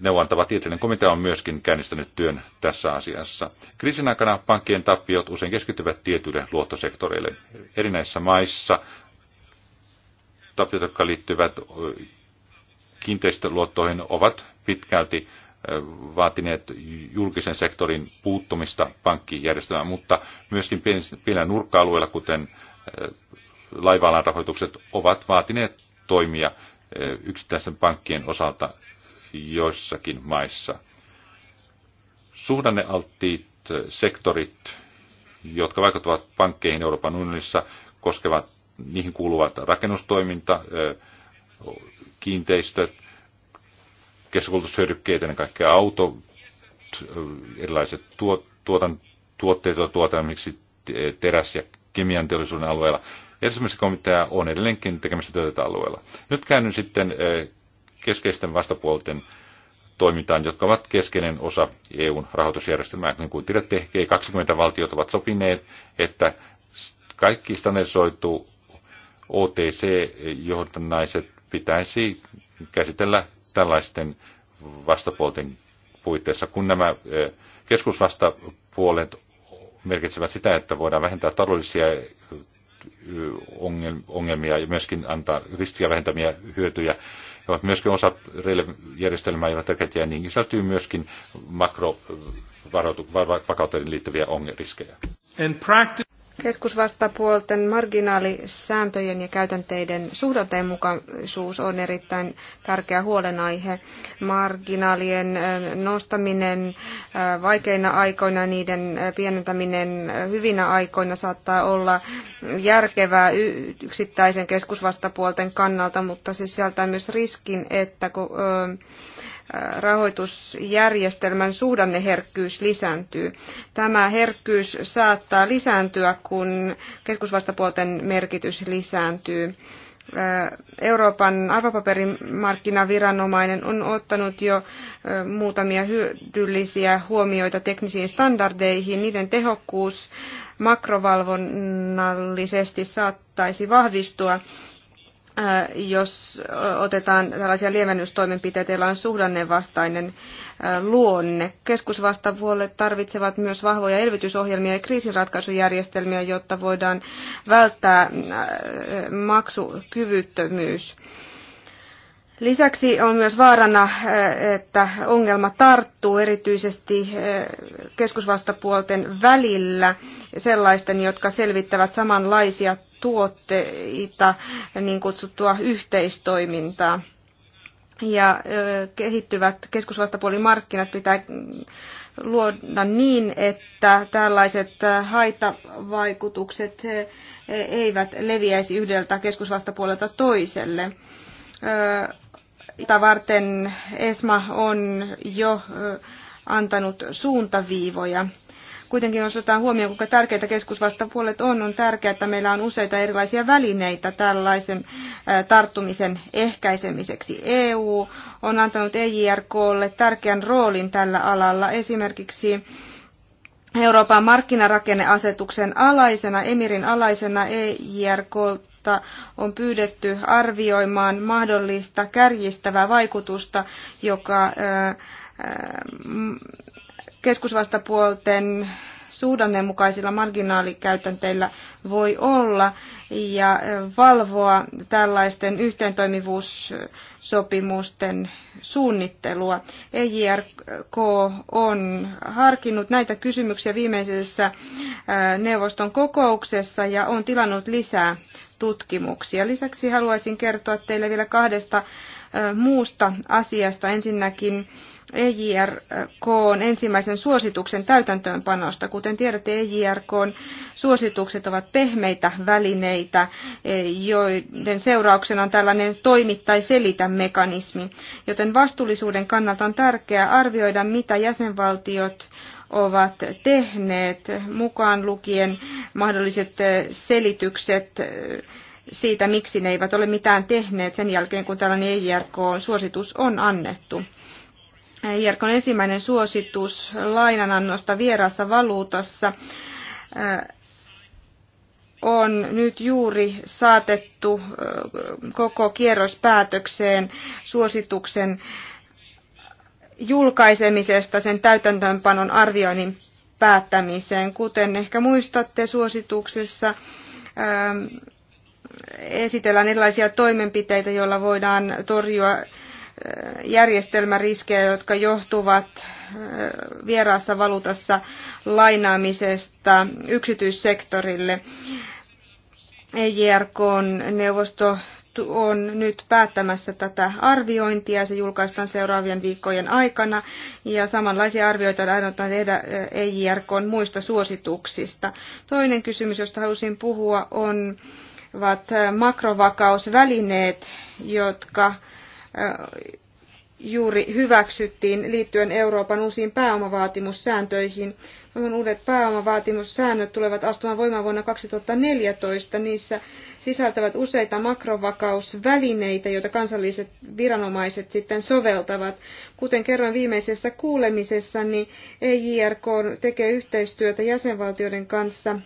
Neuvontava tieteellinen komitea on myöskin käynnistänyt työn tässä asiassa. Kriisin aikana pankkien tappiot usein keskittyvät tietyille luottosektoreille. Erinäisissä maissa tappiot, jotka liittyvät kiinteistöluottoihin ovat pitkälti vaatineet julkisen sektorin puuttumista pankkijärjestelmään, mutta myöskin pienillä nurkka-alueilla, kuten laivaalan rahoitukset, ovat vaatineet toimia yksittäisten pankkien osalta joissakin maissa. Suhdannealttiit sektorit, jotka vaikuttavat pankkeihin Euroopan unionissa, koskevat, niihin kuuluvat rakennustoiminta, kiinteistöt, keskuskultushyödykkeet, ennen kaikkea auto, erilaiset tuot, tuotan, tuotteet, joita tuotetaan miksi teräs- ja kemian teollisuuden alueella. Ensimmäisen komitea on edelleenkin tekemässä työtä alueella. Nyt käännyn sitten keskeisten vastapuolten toimintaan, jotka ovat keskeinen osa EUn rahoitusjärjestelmää. Niin kuin tiedätte, 20 valtiot ovat sopineet, että kaikki standardisoitu OTC-johdannaiset pitäisi käsitellä tällaisten vastapuolten puitteissa, kun nämä eh, keskusvastapuolet merkitsevät sitä, että voidaan vähentää taloudellisia eh, ongelmia ja myöskin antaa riskiä vähentämiä hyötyjä. ovat myöskin osa järjestelmää, eivät tärkeitä niin sisältyy myöskin makrovakauteen liittyviä riskejä. Keskusvastapuolten marginaalisääntöjen ja käytänteiden suhdanteen mukaisuus on erittäin tärkeä huolenaihe. Marginaalien nostaminen vaikeina aikoina, niiden pienentäminen hyvinä aikoina saattaa olla järkevää yksittäisen keskusvastapuolten kannalta, mutta se sisältää myös riskin, että rahoitusjärjestelmän suhdanneherkkyys lisääntyy. Tämä herkkyys saattaa lisääntyä, kun keskusvastapuolten merkitys lisääntyy. Euroopan arvopaperimarkkinaviranomainen on ottanut jo muutamia hyödyllisiä huomioita teknisiin standardeihin. Niiden tehokkuus makrovalvonnallisesti saattaisi vahvistua Äh, jos otetaan tällaisia lievennystoimenpiteitä, joilla on suhdannevastainen äh, luonne. Keskusvastapuolet tarvitsevat myös vahvoja elvytysohjelmia ja kriisinratkaisujärjestelmiä, jotta voidaan välttää äh, maksukyvyttömyys. Lisäksi on myös vaarana, äh, että ongelma tarttuu erityisesti äh, keskusvastapuolten välillä sellaisten, jotka selvittävät samanlaisia tuotteita, niin kutsuttua yhteistoimintaa. Ja äh, kehittyvät keskusvastapuolimarkkinat pitää luoda niin, että tällaiset haittavaikutukset eivät leviäisi yhdeltä keskusvastapuolelta toiselle Tätä varten ESMA on jo antanut suuntaviivoja. Kuitenkin jos otetaan huomioon, kuinka tärkeitä keskusvastapuolet on, on tärkeää, että meillä on useita erilaisia välineitä tällaisen tarttumisen ehkäisemiseksi. EU on antanut EJRKlle tärkeän roolin tällä alalla. Esimerkiksi Euroopan markkinarakenneasetuksen alaisena, Emirin alaisena EJRK on pyydetty arvioimaan mahdollista kärjistävää vaikutusta, joka keskusvastapuolten mukaisilla marginaalikäytänteillä voi olla ja valvoa tällaisten yhteentoimivuussopimusten suunnittelua. EJRK on harkinnut näitä kysymyksiä viimeisessä neuvoston kokouksessa ja on tilannut lisää tutkimuksia. Lisäksi haluaisin kertoa teille vielä kahdesta muusta asiasta. Ensinnäkin EJRK on ensimmäisen suosituksen täytäntöönpanosta. Kuten tiedätte, EJRK on suositukset ovat pehmeitä välineitä, e, joiden seurauksena on tällainen toimi tai selitä mekanismi. Joten vastuullisuuden kannalta on tärkeää arvioida, mitä jäsenvaltiot ovat tehneet, mukaan lukien mahdolliset selitykset siitä, miksi ne eivät ole mitään tehneet sen jälkeen, kun tällainen EJRK-suositus on annettu. EJRKn ensimmäinen suositus lainanannosta vieraassa valuutassa on nyt juuri saatettu koko kierrospäätökseen suosituksen julkaisemisesta sen täytäntöönpanon arvioinnin päättämiseen. Kuten ehkä muistatte, suosituksessa ähm, esitellään erilaisia toimenpiteitä, joilla voidaan torjua äh, järjestelmäriskejä, jotka johtuvat äh, vieraassa valuutassa lainaamisesta yksityissektorille. EJRK neuvosto on nyt päättämässä tätä arviointia. Se julkaistaan seuraavien viikkojen aikana ja samanlaisia arvioita ainoastaan tehdä EJRKn eh, e muista suosituksista. Toinen kysymys, josta halusin puhua, on ovat eh, makrovakausvälineet, jotka eh, juuri hyväksyttiin liittyen Euroopan uusiin pääomavaatimussääntöihin. Nämä uudet pääomavaatimussäännöt tulevat astumaan voimaan vuonna 2014. Niissä sisältävät useita makrovakausvälineitä, joita kansalliset viranomaiset sitten soveltavat. Kuten kerroin viimeisessä kuulemisessa, niin EJRK tekee yhteistyötä jäsenvaltioiden kanssa –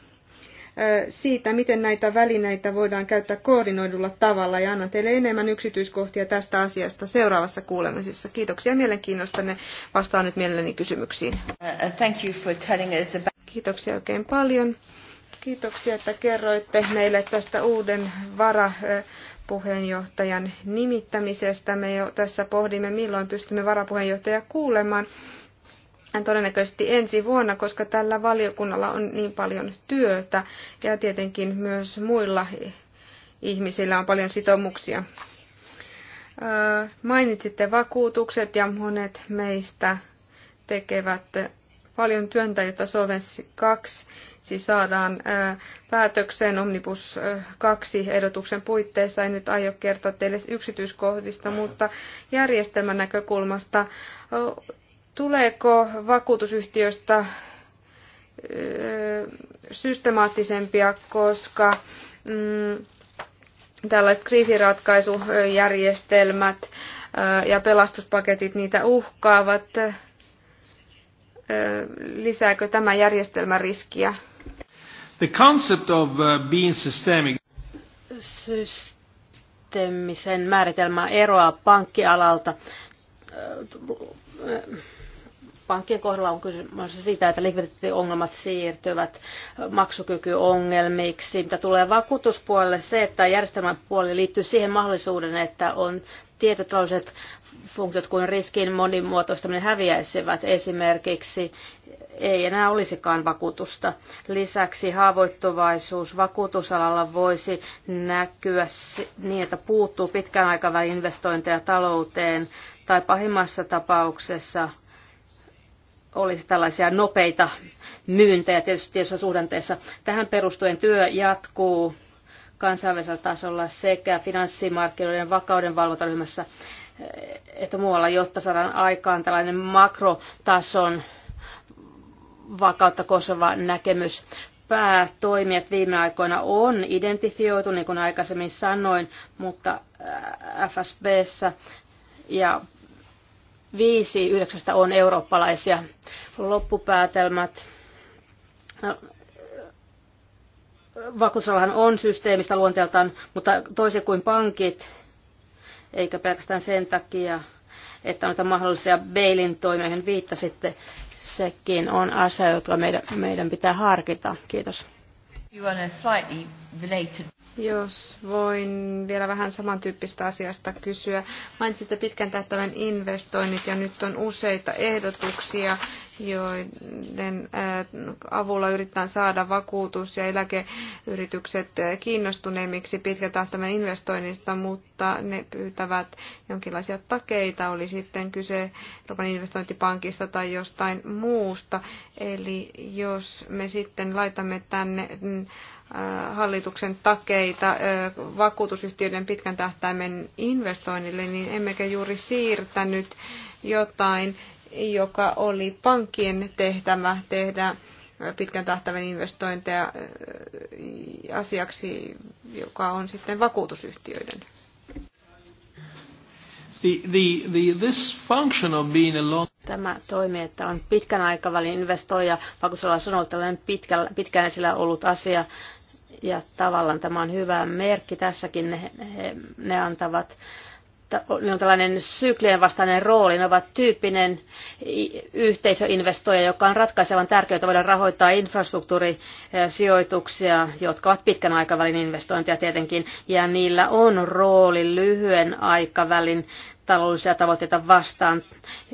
siitä, miten näitä välineitä voidaan käyttää koordinoidulla tavalla ja annan teille enemmän yksityiskohtia tästä asiasta seuraavassa kuulemisessa. Kiitoksia mielenkiinnostanne. Vastaan nyt mielelläni kysymyksiin. Uh, thank you for telling us Kiitoksia oikein paljon. Kiitoksia, että kerroitte meille tästä uuden vara puheenjohtajan nimittämisestä. Me jo tässä pohdimme, milloin pystymme varapuheenjohtajaa kuulemaan todennäköisesti ensi vuonna, koska tällä valiokunnalla on niin paljon työtä ja tietenkin myös muilla ihmisillä on paljon sitoumuksia. Mainitsitte vakuutukset ja monet meistä tekevät paljon työntä, jotta Solvenssi 2 siis saadaan päätökseen Omnibus 2 ehdotuksen puitteissa. En nyt aio kertoa teille yksityiskohdista, mutta järjestelmän näkökulmasta Tuleeko vakuutusyhtiöstä systemaattisempia, koska mm, tällaiset kriisiratkaisujärjestelmät ja pelastuspaketit niitä uhkaavat. Lisääkö tämä järjestelmä riskiä? The concept of uh, being systemic. Systeemisen määritelmä eroaa pankkialalta pankkien kohdalla on kysymys siitä, että likviditeettiongelmat siirtyvät maksukykyongelmiksi. Mitä tulee vakuutuspuolelle, se, että järjestelmän puoli liittyy siihen mahdollisuuden, että on tietyt funktiot kuin riskin monimuotoistaminen häviäisivät. Esimerkiksi ei enää olisikaan vakuutusta. Lisäksi haavoittuvaisuus vakuutusalalla voisi näkyä niin, että puuttuu pitkän aikavälin investointeja talouteen tai pahimmassa tapauksessa olisi tällaisia nopeita myyntejä tietysti tietyissä suhdanteissa. Tähän perustuen työ jatkuu kansainvälisellä tasolla sekä finanssimarkkinoiden vakauden valvontaryhmässä eh, että muualla, jotta saadaan aikaan tällainen makrotason vakautta koskeva näkemys. Päätoimijat viime aikoina on identifioitu, niin kuin aikaisemmin sanoin, mutta eh, FSBssä ja viisi yhdeksästä on eurooppalaisia. Loppupäätelmät. No, Vakuutusalahan on systeemistä luonteeltaan, mutta toisin kuin pankit, eikä pelkästään sen takia, että noita mahdollisia Beilin toimia, viittasitte, sekin on asia, jota meidän, meidän pitää harkita. Kiitos. You are a slightly related... Jos voin vielä vähän samantyyppistä asiasta kysyä. Mainitsitte pitkän tähtäimen investoinnit ja nyt on useita ehdotuksia, joiden äh, avulla yritetään saada vakuutus- ja eläkeyritykset kiinnostuneemmiksi pitkän tähtäimen investoinnista, mutta ne pyytävät jonkinlaisia takeita, oli sitten kyse Euroopan investointipankista tai jostain muusta. Eli jos me sitten laitamme tänne mm, Äh, hallituksen takeita äh, vakuutusyhtiöiden pitkän tähtäimen investoinnille, niin emmekä juuri siirtänyt jotain, joka oli pankkien tehtävä tehdä äh, pitkän tähtäimen investointeja asiaksi, joka on sitten vakuutusyhtiöiden. The, the, the, this function of being a long tämä toimi, että on pitkän aikavälin investoija, vakuutusala on että tällainen pitkä, pitkään esillä ollut asia, ja tavallaan tämä on hyvä merkki tässäkin, ne, he, ne antavat ne on tällainen syklien vastainen rooli. Ne ovat tyyppinen yhteisöinvestoija, joka on ratkaisevan tärkeää, että voidaan rahoittaa infrastruktuurisijoituksia, jotka ovat pitkän aikavälin investointia tietenkin, ja niillä on rooli lyhyen aikavälin taloudellisia tavoitteita vastaan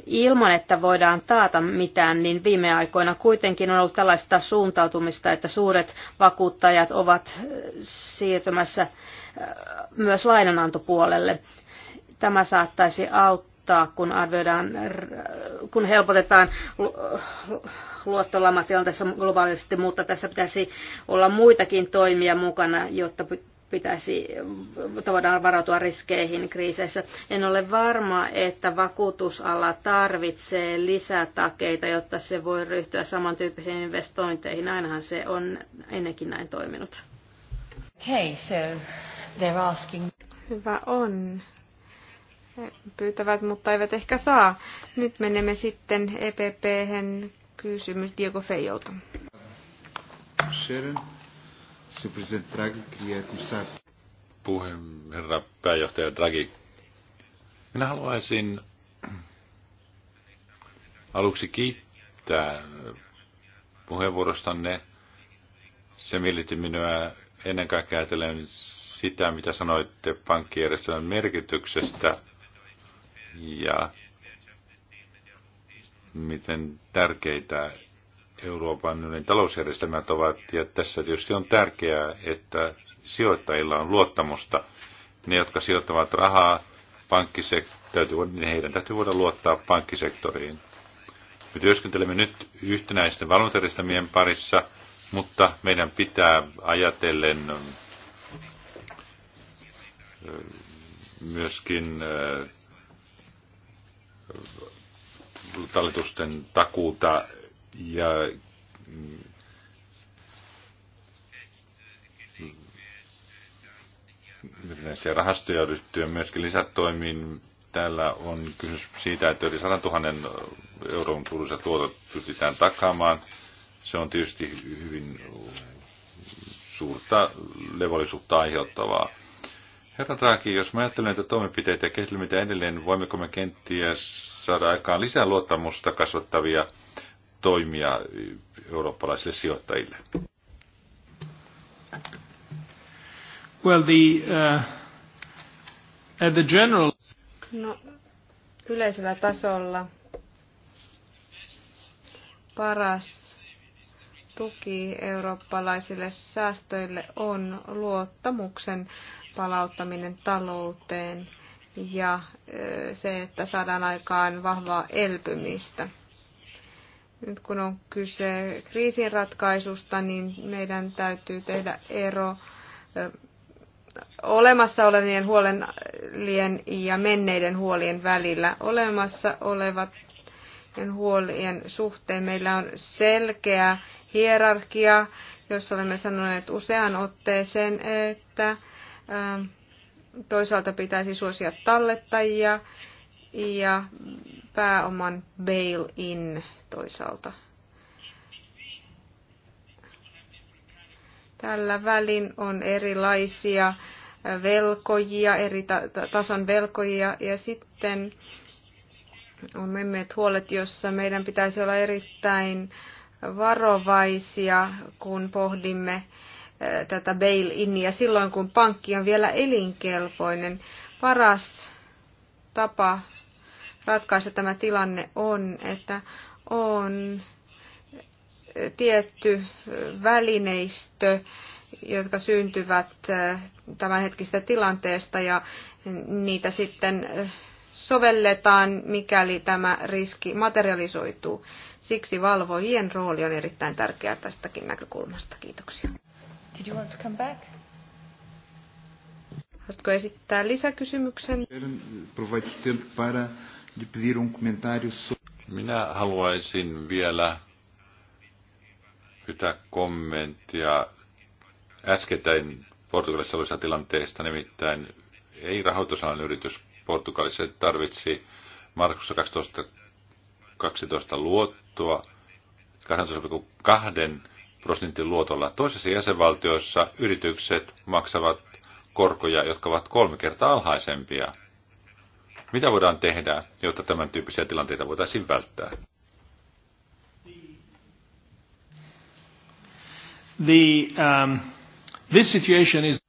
ilman, että voidaan taata mitään, niin viime aikoina kuitenkin on ollut tällaista suuntautumista, että suuret vakuuttajat ovat äh, siirtymässä äh, myös lainanantopuolelle. Tämä saattaisi auttaa, kun arvioidaan, kun helpotetaan luottolamatilanteessa globaalisti, mutta tässä pitäisi olla muitakin toimia mukana, jotta pitäisi, tavallaan varautua riskeihin kriiseissä. En ole varma, että vakuutusala tarvitsee lisätakeita, jotta se voi ryhtyä samantyyppisiin investointeihin. Ainahan se on ennenkin näin toiminut. Okay, so they're asking. Hyvä on. He pyytävät, mutta eivät ehkä saa. Nyt menemme sitten EPP-hen kysymys Diego Feijolta. Sharon. Sr. Presidente Draghi, queria começar... Puheen herra pääjohtaja Draghi, minä haluaisin aluksi kiittää puheenvuorostanne. Se miellytti minua ennen kaikkea ajatellen sitä, mitä sanoitte pankkijärjestelmän merkityksestä ja miten tärkeitä Euroopan unionin talousjärjestelmät ovat, ja tässä tietysti on tärkeää, että sijoittajilla on luottamusta. Ne, jotka sijoittavat rahaa, pankkisektoriin, niin heidän täytyy voida luottaa pankkisektoriin. Me työskentelemme nyt yhtenäisten valvontajärjestelmien parissa, mutta meidän pitää ajatellen myöskin talletusten takuuta ja näissä mm, rahastoja ryhtyy myöskin lisätoimiin. Täällä on kysymys siitä, että yli 100 000 euron suuruiset tuotot pystytään takaamaan. Se on tietysti hyvin suurta levollisuutta aiheuttavaa. Herra Draghi, jos mä ajattelen näitä toimenpiteitä ja kehitelmiä edelleen, voimmeko me kenties saada aikaan lisää luottamusta kasvattavia toimia eurooppalaisille sijoittajille? Well, the, uh, at the general... No, yleisellä tasolla paras tuki eurooppalaisille säästöille on luottamuksen palauttaminen talouteen ja se, että saadaan aikaan vahvaa elpymistä. Nyt kun on kyse kriisinratkaisusta, niin meidän täytyy tehdä ero olemassa olevien huolien ja menneiden huolien välillä. Olemassa olevat huolien suhteen meillä on selkeä hierarkia, jossa olemme sanoneet useaan otteeseen, että toisaalta pitäisi suosia tallettajia ja pääoman bail-in toisaalta. Tällä välin on erilaisia velkojia, eri tason velkojia ja sitten on menneet huolet, jossa meidän pitäisi olla erittäin varovaisia, kun pohdimme tätä bail-inia silloin, kun pankki on vielä elinkelpoinen. Paras tapa ratkaista tämä tilanne on, että on tietty välineistö, jotka syntyvät äh, tämänhetkistä tilanteesta ja niitä sitten äh, sovelletaan, mikäli tämä riski materialisoituu. Siksi valvojien rooli on erittäin tärkeä tästäkin näkökulmasta. Kiitoksia. Did you want to come back? Haluatko esittää lisäkysymyksen? Para Um Minä haluaisin vielä pyytää kommenttia äskettäin Portugalissa olevista tilanteesta, nimittäin ei rahoitusalan yritys Portugalissa tarvitsi marraskuussa 2012 luottoa 12,2 prosentin luotolla. Toisessa jäsenvaltioissa yritykset maksavat korkoja, jotka ovat kolme kertaa alhaisempia. Mitä voidaan tehdä, jotta tämän tyyppisiä tilanteita voitaisiin välttää? The, um, this situation is...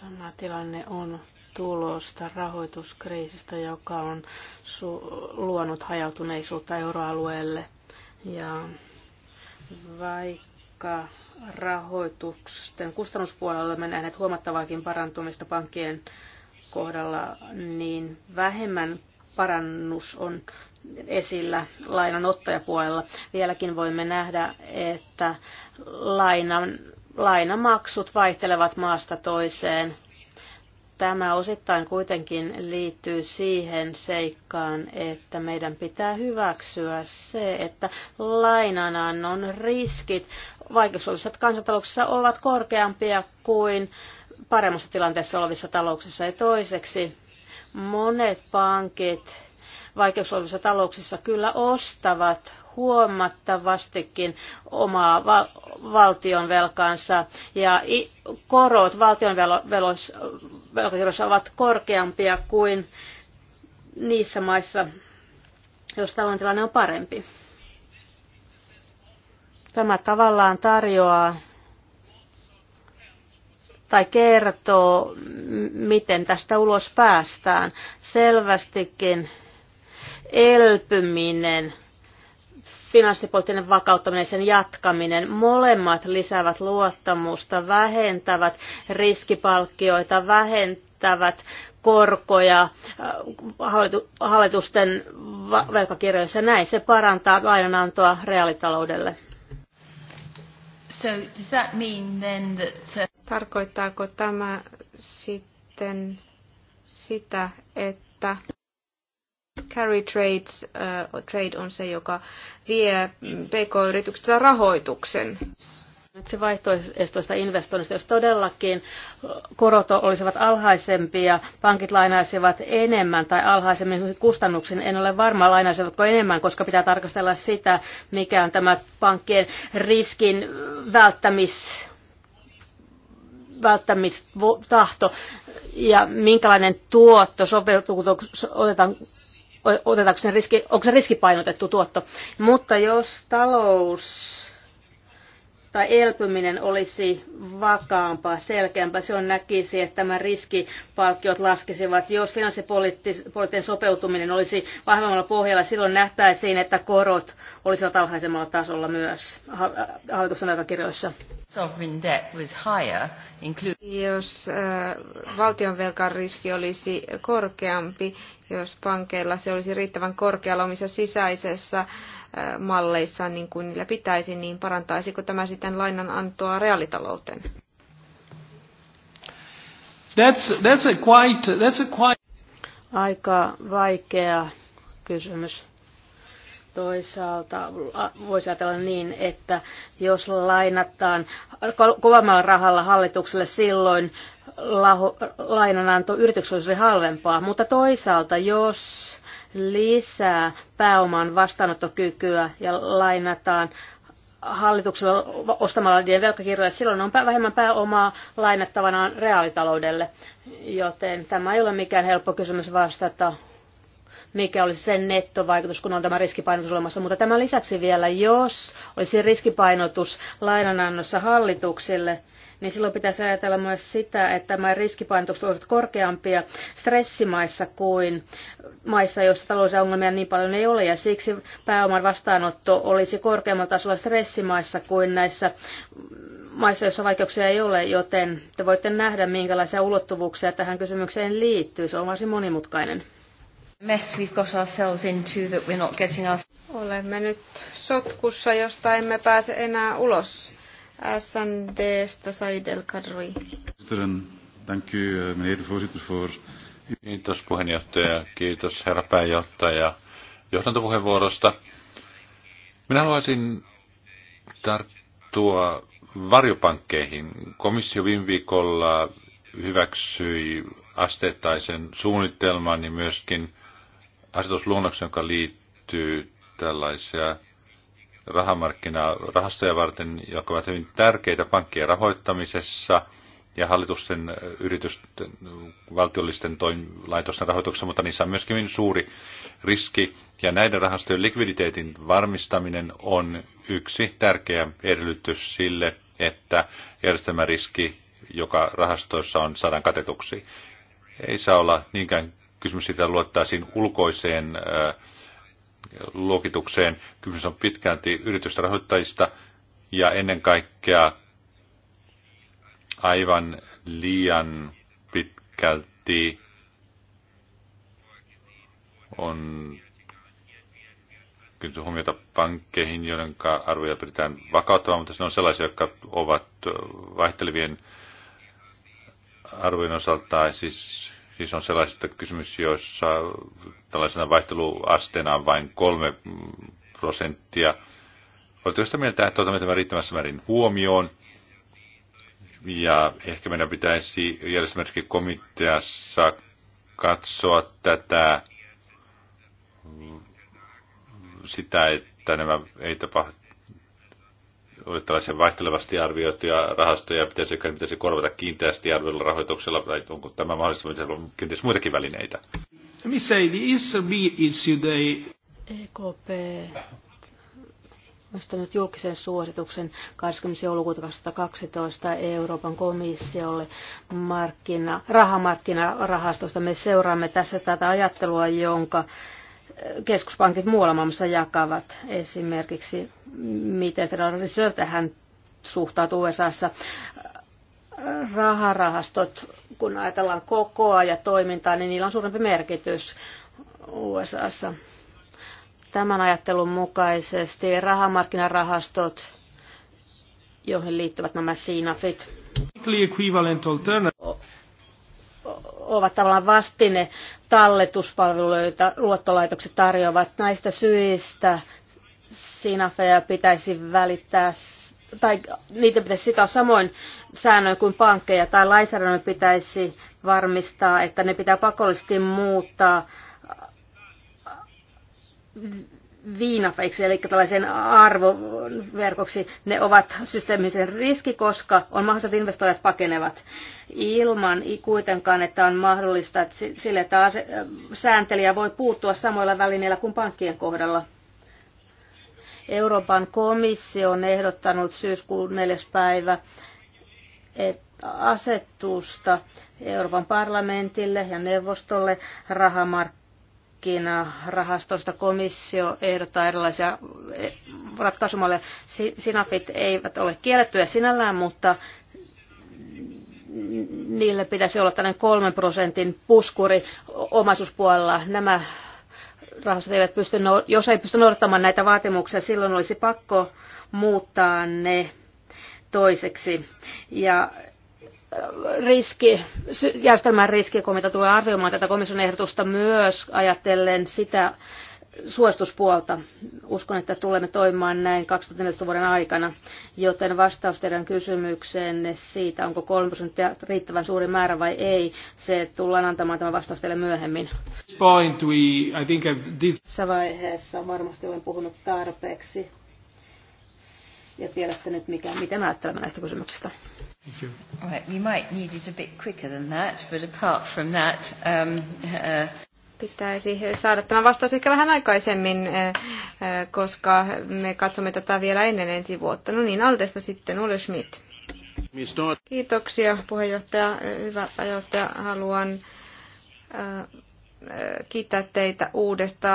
Tämä tilanne on tulosta rahoituskriisistä, joka on su- luonut hajautuneisuutta euroalueelle. Ja vaikka rahoitusten kustannuspuolella me nähneet huomattavaakin parantumista pankkien kohdalla, niin vähemmän parannus on esillä lainanottajapuolella. Vieläkin voimme nähdä, että lainan, lainamaksut vaihtelevat maasta toiseen. Tämä osittain kuitenkin liittyy siihen seikkaan, että meidän pitää hyväksyä se, että lainanannon riskit vaikeusolliset kansantalouksissa ovat korkeampia kuin paremmassa tilanteessa olevissa talouksissa. Ja toiseksi monet pankit olevissa talouksissa kyllä ostavat huomattavastikin omaa val- valtion velkaansa ja korot valtion velkakirjoissa ovat korkeampia kuin niissä maissa, jos talouden tilanne on parempi. Tämä tavallaan tarjoaa tai kertoo, miten tästä ulos päästään. Selvästikin elpyminen, finanssipoliittinen vakauttaminen ja sen jatkaminen, molemmat lisäävät luottamusta, vähentävät riskipalkkioita, vähentävät korkoja äh, hallitusten velkakirjoissa. Näin se parantaa lainanantoa reaalitaloudelle. So does that mean then that, uh... Tarkoittaako tämä sitten sitä, että carry trades, uh, trade on se, joka vie pk yrityksestä rahoituksen? Yksi vaihtoehtoista investoinnista, jos todellakin korot olisivat alhaisempia, pankit lainaisivat enemmän tai alhaisemmin kustannuksin. En ole varma, lainaisivatko enemmän, koska pitää tarkastella sitä, mikä on tämä pankkien riskin välttämis välttämistahto ja minkälainen tuotto sopeutuu, otetaan otetaanko se riski, onko se riskipainotettu tuotto. Mutta jos talous tai elpyminen olisi vakaampaa, selkeämpää. Se on näkisi, että tämä riskipalkkiot laskisivat. Jos finanssipoliittinen sopeutuminen olisi vahvemmalla pohjalla, silloin nähtäisiin, että korot olisivat alhaisemmalla tasolla myös hallituksen aikakirjoissa. Jos äh, valtionvelkan riski olisi korkeampi, jos pankeilla se olisi riittävän korkealla omissa sisäisessä äh, malleissa niin kuin niillä pitäisi, niin parantaisiko tämä sitten lainanantoa reaalitalouteen? That's, that's a quite, that's a quite... Aika vaikea kysymys. Toisaalta voisi ajatella niin, että jos lainataan kovammalla rahalla hallitukselle, silloin laho, lainananto yritykselle olisi halvempaa. Mutta toisaalta, jos lisää pääoman vastaanottokykyä ja lainataan hallituksella ostamalla velkakirjoja, silloin on vähemmän pääomaa lainattavanaan reaalitaloudelle. Joten tämä ei ole mikään helppo kysymys vastata, mikä olisi sen nettovaikutus, kun on tämä riskipainotus olemassa. Mutta tämän lisäksi vielä, jos olisi riskipainotus lainanannossa hallituksille, niin silloin pitäisi ajatella myös sitä, että nämä riskipainotukset ovat korkeampia stressimaissa kuin maissa, joissa taloudellisia ongelmia niin paljon ei ole, ja siksi pääoman vastaanotto olisi korkeammalla tasolla stressimaissa kuin näissä maissa, joissa vaikeuksia ei ole, joten te voitte nähdä, minkälaisia ulottuvuuksia tähän kysymykseen liittyy. Se on varsin monimutkainen mess we've got ourselves into that we're not getting us. Olemme nyt sotkussa, josta emme pääse enää ulos. SNDstä Saidel Kadri. Kiitos puheenjohtaja, kiitos herra pääjohtaja johdantopuheenvuorosta. Minä haluaisin tarttua varjopankkeihin. Komissio viime viikolla hyväksyi asteittaisen suunnitelman ja myöskin asetusluonnoksen, joka liittyy tällaisia rahamarkkinarahastoja varten, jotka ovat hyvin tärkeitä pankkien rahoittamisessa ja hallitusten yritysten, valtiollisten toim- laitosten rahoituksessa, mutta niissä on myöskin suuri riski. Ja näiden rahastojen likviditeetin varmistaminen on yksi tärkeä edellytys sille, että järjestelmäriski, joka rahastoissa on, saadaan katetuksi. Ei saa olla niinkään kysymys siitä, että luottaisiin ulkoiseen luokitukseen. Kysymys on pitkälti yritystä rahoittajista ja ennen kaikkea aivan liian pitkälti on kyllä huomiota pankkeihin, joiden arvoja pyritään vakauttamaan, mutta se on sellaisia, jotka ovat vaihtelevien arvojen osalta, siis Siis on sellaisista kysymys, joissa tällaisena vaihteluasteena on vain kolme prosenttia. Oletteko sitä mieltä, että otamme tämän riittävässä määrin huomioon? Ja ehkä meidän pitäisi järjestelmäksi komiteassa katsoa tätä, sitä, että nämä ei tapahdu oli tällaisia vaihtelevasti arvioituja rahastoja, pitäisikö ne pitäisi korvata kiinteästi arvioilla rahoituksella, tai onko tämä mahdollista, mutta on kenties muitakin välineitä? EKP e nostanut julkisen suosituksen 20. joulukuuta 2012 Euroopan komissiolle markkina, rahamarkkinarahastosta. Me seuraamme tässä tätä ajattelua, jonka keskuspankit muualla maailmassa jakavat esimerkiksi, miten Federal Reserve tähän suhtautuu USAssa. Raharahastot, kun ajatellaan kokoa ja toimintaa, niin niillä on suurempi merkitys USAssa. Tämän ajattelun mukaisesti rahamarkkinarahastot, joihin liittyvät nämä SINAFit, ovat tavallaan vastine talletuspalveluita luottolaitokset tarjoavat. Näistä syistä sinafeja pitäisi välittää tai niitä pitäisi sitä samoin säännöin kuin pankkeja tai lainsäädännön pitäisi varmistaa, että ne pitää pakollisesti muuttaa viinafeiksi, eli tällaisen arvoverkoksi, ne ovat systeemisen riski, koska on mahdollista, että investoijat pakenevat ilman kuitenkaan, että on mahdollista että sille, että äh, sääntelijä voi puuttua samoilla välineillä kuin pankkien kohdalla. Euroopan komissio on ehdottanut syyskuun neljäs päivä että asetusta Euroopan parlamentille ja neuvostolle rahamarkkinoille markkinarahastosta komissio ehdottaa erilaisia e, ratkaisumalle. Sinapit eivät ole kiellettyjä sinällään, mutta niille pitäisi olla tällainen kolmen prosentin puskuri omaisuuspuolella. Nämä rahastot eivät pysty, no, jos ei pysty noudattamaan näitä vaatimuksia, silloin olisi pakko muuttaa ne toiseksi. Ja riski, järjestelmän riskikomitea tulee arvioimaan tätä komission ehdotusta myös ajatellen sitä suostuspuolta. Uskon, että tulemme toimimaan näin 2014 vuoden aikana, joten vastaus teidän kysymykseenne siitä, onko 3 prosenttia riittävän suuri määrä vai ei, se tullaan antamaan tämä vastaus teille myöhemmin. Point we, I think Tässä vaiheessa varmasti olen puhunut tarpeeksi ja tiedätte nyt, mikä, miten ajattelemme näistä kysymyksistä. Thank you. Right, we might need it a bit quicker than that, but apart from that... Um, uh... Pitäisi eh, saada tämä vastaus ehkä vähän aikaisemmin, eh, eh, koska me katsomme tätä vielä ennen ensi vuotta. No niin, Altesta sitten Ulle Schmidt. Kiitoksia puheenjohtaja. Hyvä puheenjohtaja. Haluan kiittää teitä uudesta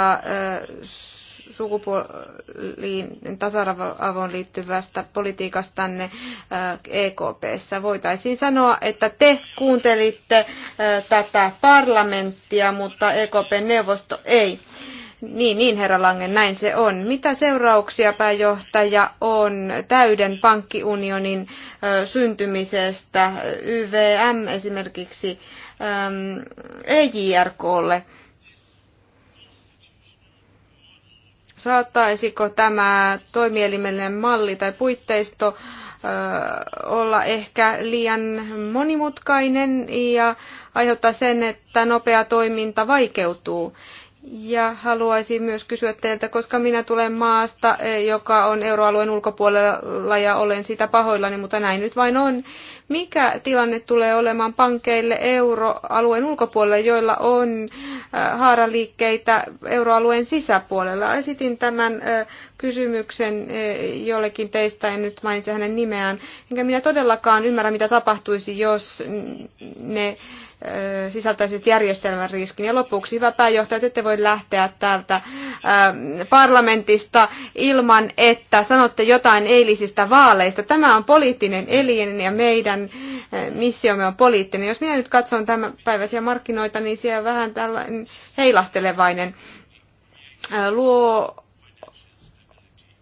sukupuoliin tasa-arvoon liittyvästä politiikastanne äh, EKPssä. Voitaisiin sanoa, että te kuuntelitte äh, tätä parlamenttia, mutta ekp neuvosto ei. Niin, niin herra Langen, näin se on. Mitä seurauksia pääjohtaja on täyden pankkiunionin äh, syntymisestä YVM esimerkiksi äm, EJRKlle? Saattaisiko tämä toimielimellinen malli tai puitteisto olla ehkä liian monimutkainen ja aiheuttaa sen, että nopea toiminta vaikeutuu. Ja haluaisin myös kysyä teiltä, koska minä tulen maasta, e, joka on euroalueen ulkopuolella ja olen sitä pahoillani, mutta näin nyt vain on, mikä tilanne tulee olemaan pankeille euroalueen ulkopuolella, joilla on äh, haaraliikkeitä euroalueen sisäpuolella. Esitin tämän äh, kysymyksen äh, jollekin teistä, en nyt mainitse hänen nimeään, enkä minä todellakaan ymmärrä, mitä tapahtuisi, jos ne sisältäisivät järjestelmän riskin. Ja lopuksi, hyvä pääjohtaja, että ette voi lähteä täältä parlamentista ilman, että sanotte jotain eilisistä vaaleista. Tämä on poliittinen elin ja meidän missiomme on poliittinen. Jos minä nyt katson tämän päiväisiä markkinoita, niin siellä vähän tällainen heilahtelevainen luo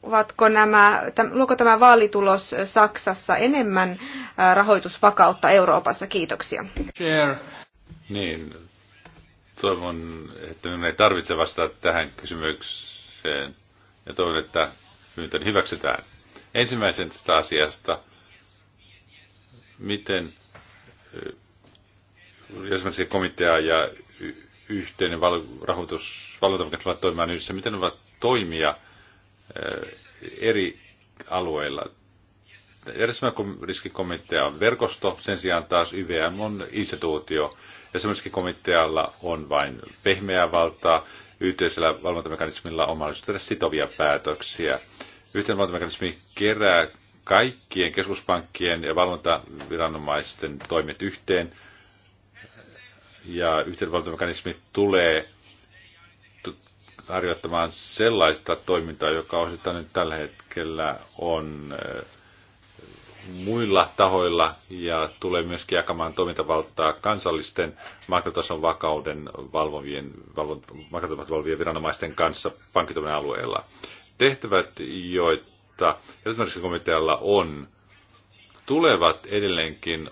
Ovatko nämä, luoko tämä vaalitulos Saksassa enemmän äh, rahoitusvakautta Euroopassa? Kiitoksia. Share. Niin, toivon, että minun ei tarvitse vastata tähän kysymykseen ja toivon, että pyyntöni hyväksytään. Ensimmäisen tästä asiasta, miten äh, esimerkiksi komitea ja yhteinen rahoitus, valuutamekanismi ovat toimimaan yhdessä, miten ne ovat toimia, eri alueilla. Järjestelmäriskikomitea on verkosto, sen sijaan taas YVM on instituutio. Järjestelmäriskikomitealla on vain pehmeää valtaa, yhteisellä valvontamekanismilla on mahdollisuus tehdä sitovia päätöksiä. Yhteinen valvontamekanismi kerää kaikkien keskuspankkien ja valvontaviranomaisten toimet yhteen, ja yhteinen valvontamekanismi tulee harjoittamaan sellaista toimintaa, joka osittain nyt tällä hetkellä on eh, muilla tahoilla ja tulee myöskin jakamaan toimintavaltaa kansallisten makrotason vakauden valvovien, valvon, valvovien viranomaisten kanssa pankkitoiminnan alueella. Tehtävät, joita esimerkiksi komitealla on, tulevat edelleenkin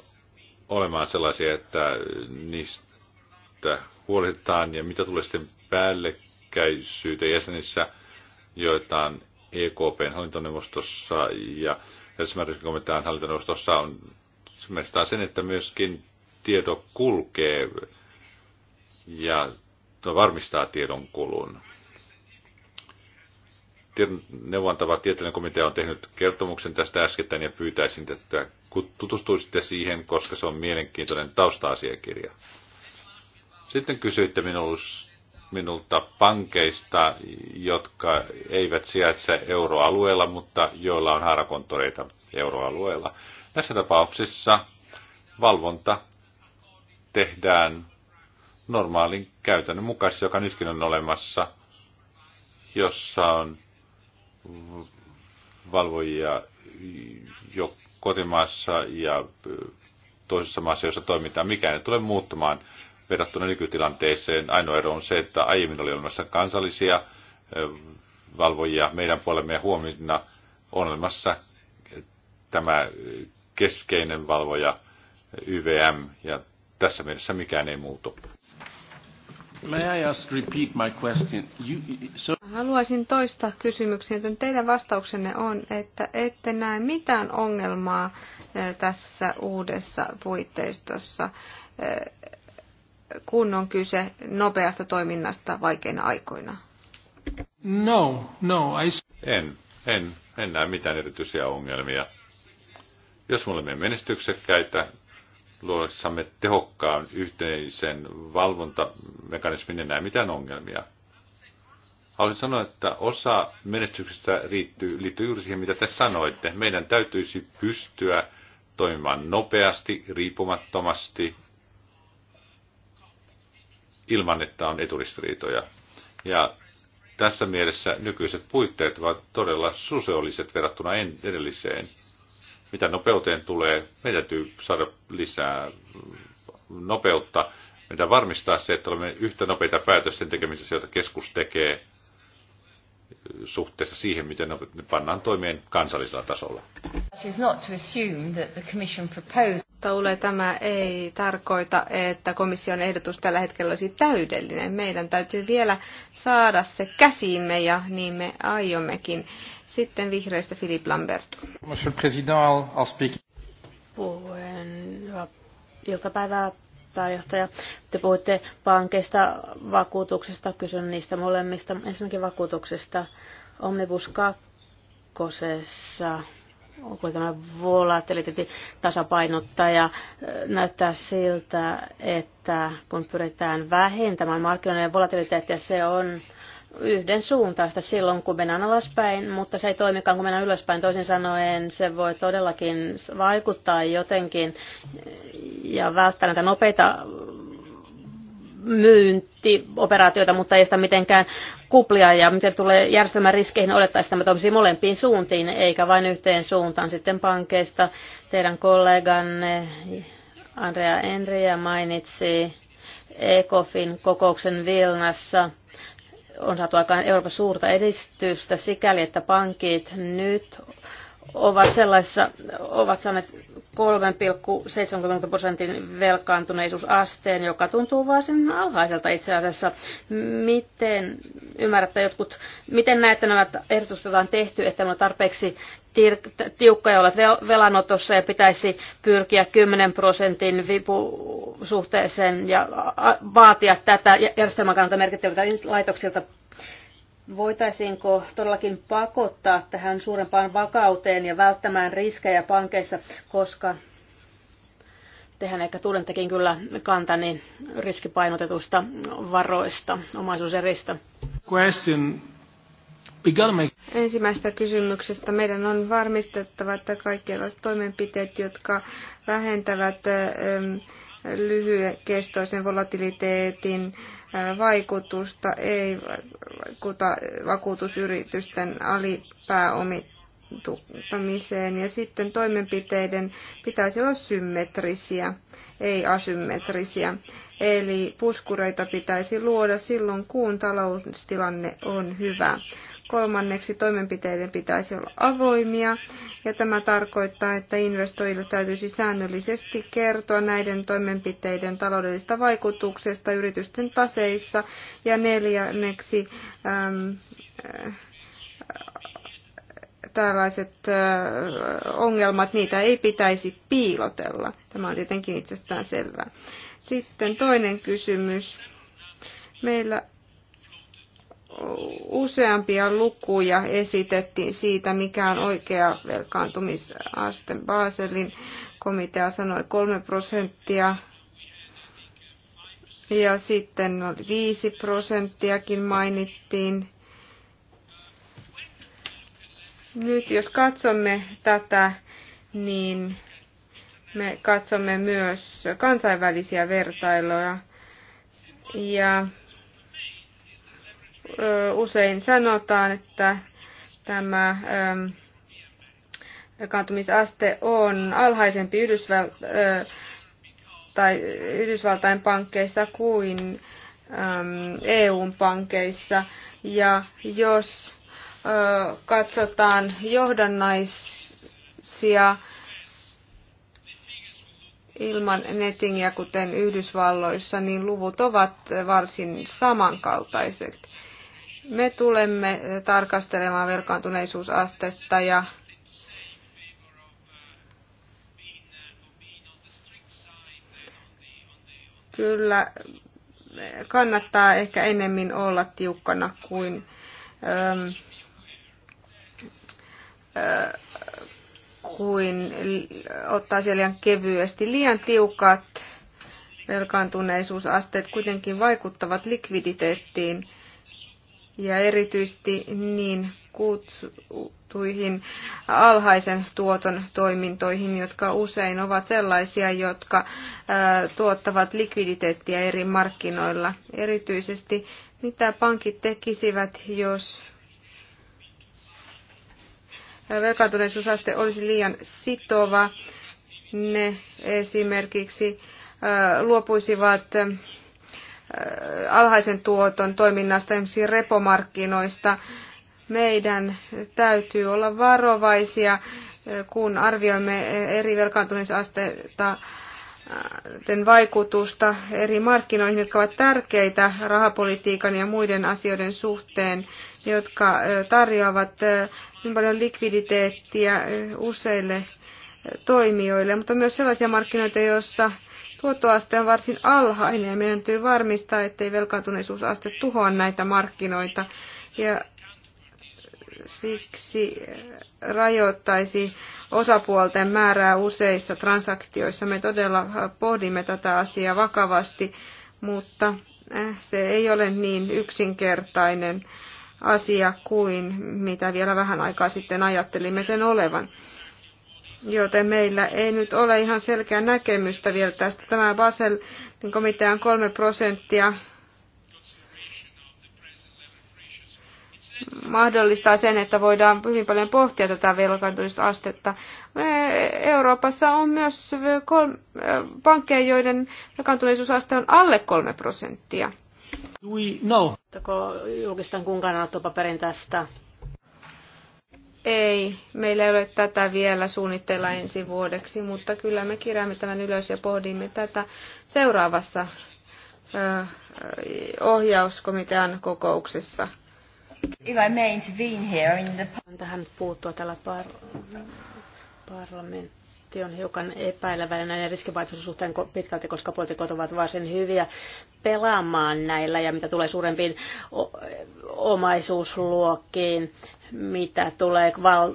olemaan sellaisia, että niistä huolehditaan ja mitä tulee sitten päälle päällekkäisyyttä jäsenissä, joita on EKPn hallintoneuvostossa ja esimerkiksi komitean hallintoneuvostossa on mielestäni sen, että myöskin tieto kulkee ja varmistaa tiedon kulun. Neuvontava tieteellinen komitea on tehnyt kertomuksen tästä äskettäin ja pyytäisin, että tutustuisitte siihen, koska se on mielenkiintoinen tausta-asiakirja. Sitten kysyitte minulle minulta pankeista, jotka eivät sijaitse euroalueella, mutta joilla on haarakonttoreita euroalueella. Tässä tapauksessa valvonta tehdään normaalin käytännön mukaisesti, joka nytkin on olemassa, jossa on valvojia jo kotimaassa ja toisessa maassa, jossa toimitaan. Mikään ei tule muuttumaan verrattuna nykytilanteeseen. Ainoa ero on se, että aiemmin oli olemassa kansallisia valvojia meidän puolemme ja huomenna on olemassa tämä keskeinen valvoja YVM ja tässä mielessä mikään ei muutu. Haluaisin toistaa kysymyksen, joten teidän vastauksenne on, että ette näe mitään ongelmaa tässä uudessa puitteistossa kun on kyse nopeasta toiminnasta vaikeina aikoina? No, no, I... En, en, en näe mitään erityisiä ongelmia. Jos me olemme menestyksekkäitä, luossamme tehokkaan yhteisen valvontamekanismin, en näe mitään ongelmia. Haluaisin sanoa, että osa menestyksestä riittyy liittyy juuri siihen, mitä te sanoitte. Meidän täytyisi pystyä toimimaan nopeasti, riippumattomasti, ilman, että on eturistiriitoja. Ja tässä mielessä nykyiset puitteet ovat todella suseolliset verrattuna edelliseen. Mitä nopeuteen tulee, meidän täytyy saada lisää nopeutta. Meidän varmistaa se, että olemme yhtä nopeita päätösten tekemisessä, joita keskus tekee, suhteessa siihen, miten ne pannaan toimeen kansallisella tasolla. Taule, tämä ei tarkoita, että komission ehdotus tällä hetkellä olisi täydellinen. Meidän täytyy vielä saada se käsiimme ja niin me aiommekin. Sitten vihreistä Philip Lambert. Monsieur le Président, I'll speak. Puhuen iltapäivää pääjohtaja. Te puhuitte pankeista, vakuutuksesta, kysyn niistä molemmista. Ensinnäkin vakuutuksesta Omnibus 2. Onko tämä volatiliteetti tasapainottaja? Näyttää siltä, että kun pyritään vähentämään markkinoiden volatiliteettia, se on yhden suuntaista silloin, kun mennään alaspäin, mutta se ei toimikaan, kun mennään ylöspäin. Toisin sanoen se voi todellakin vaikuttaa jotenkin ja välttää näitä nopeita myyntioperaatioita, mutta ei sitä mitenkään kuplia ja miten tulee järjestelmän riskeihin olettaisiin tämä toimisi molempiin suuntiin, eikä vain yhteen suuntaan sitten pankeista. Teidän kolleganne Andrea Enriä mainitsi ECOFin kokouksen Vilnassa – on saatu aikaan Euroopan suurta edistystä sikäli, että pankit nyt ovat sellaisessa, ovat saaneet 3,70 prosentin velkaantuneisuusasteen, joka tuntuu varsin alhaiselta itse asiassa. Miten ymmärrätte jotkut, miten näette nämä ehdotukset, on tehty, että ne on tarpeeksi tiukkoja olla velanotossa ja pitäisi pyrkiä 10 prosentin vipusuhteeseen ja vaatia tätä järjestelmän kannalta merkittäviltä laitoksilta voitaisiinko todellakin pakottaa tähän suurempaan vakauteen ja välttämään riskejä pankeissa, koska tehän ehkä tunnettekin kyllä kantani riskipainotetusta varoista, omaisuuseristä. Question. Make... Ensimmäisestä kysymyksestä meidän on varmistettava, että kaikki toimenpiteet, jotka vähentävät lyhytkestoisen volatiliteetin vaikutusta ei vaikuta vakuutusyritysten alipääomittamiseen. Ja sitten toimenpiteiden pitäisi olla symmetrisiä, ei asymmetrisiä. Eli puskureita pitäisi luoda silloin, kun taloustilanne on hyvä. Kolmanneksi toimenpiteiden pitäisi olla avoimia ja tämä tarkoittaa, että investoijille täytyisi säännöllisesti kertoa näiden toimenpiteiden taloudellisesta vaikutuksesta yritysten taseissa ja neljänneksi äm, äh, tällaiset äh, ongelmat, niitä ei pitäisi piilotella. Tämä on tietenkin itsestään selvää. Sitten toinen kysymys. Meillä useampia lukuja esitettiin siitä, mikä on oikea velkaantumisaste. Baselin komitea sanoi 3 prosenttia ja sitten oli 5 prosenttiakin mainittiin. Nyt jos katsomme tätä, niin me katsomme myös kansainvälisiä vertailuja. Ja usein sanotaan, että tämä kaantumisaste on alhaisempi Yhdysval- tai Yhdysvaltain pankkeissa kuin EUn pankeissa. Ja jos katsotaan johdannaisia ilman nettingiä, kuten Yhdysvalloissa, niin luvut ovat varsin samankaltaiset. Me tulemme eh, tarkastelemaan velkaantuneisuusastetta ja kyllä eh, kannattaa ehkä enemmän olla tiukkana kuin ähm, äh, kuin ottaa siellä liian kevyesti. Liian tiukat velkaantuneisuusasteet kuitenkin vaikuttavat likviditeettiin ja erityisesti niin kutsutuihin alhaisen tuoton toimintoihin, jotka usein ovat sellaisia, jotka tuottavat likviditeettiä eri markkinoilla. Erityisesti mitä pankit tekisivät, jos velkaantuneisuusaste olisi liian sitova. Ne esimerkiksi luopuisivat alhaisen tuoton toiminnasta, esimerkiksi repomarkkinoista. Meidän täytyy olla varovaisia, kun arvioimme eri velkaantumisasteita vaikutusta eri markkinoihin, jotka ovat tärkeitä rahapolitiikan ja muiden asioiden suhteen, jotka tarjoavat niin paljon likviditeettiä useille toimijoille, mutta myös sellaisia markkinoita, joissa Tuottoaste on varsin alhainen ja meidän täytyy varmistaa, ettei velkaantuneisuusaste tuhoa näitä markkinoita. Ja siksi rajoittaisi osapuolten määrää useissa transaktioissa. Me todella pohdimme tätä asiaa vakavasti, mutta se ei ole niin yksinkertainen asia kuin mitä vielä vähän aikaa sitten ajattelimme sen olevan joten meillä ei nyt ole ihan selkeää näkemystä vielä tästä. Tämä Basel komitean kolme prosenttia mahdollistaa sen, että voidaan hyvin paljon pohtia tätä velkaantumisastetta. Euroopassa on myös kolme, pankkeja, joiden velkaantuneisuusaste on alle kolme prosenttia. We know. Julkistan kunkaan tästä ei, meillä ei ole tätä vielä suunnitteilla ensi vuodeksi, mutta kyllä me kirjaamme tämän ylös ja pohdimme tätä seuraavassa ohjauskomitean kokouksessa. If I may intervene here in the... Tähän puuttua tällä par- parlamentti. Parlamentti on hiukan epäileväinen näiden riskivaihtoisuuden suhteen pitkälti, koska poliitikot ovat varsin hyviä pelaamaan näillä ja mitä tulee suurempiin omaisuusluokkiin, mitä tulee val-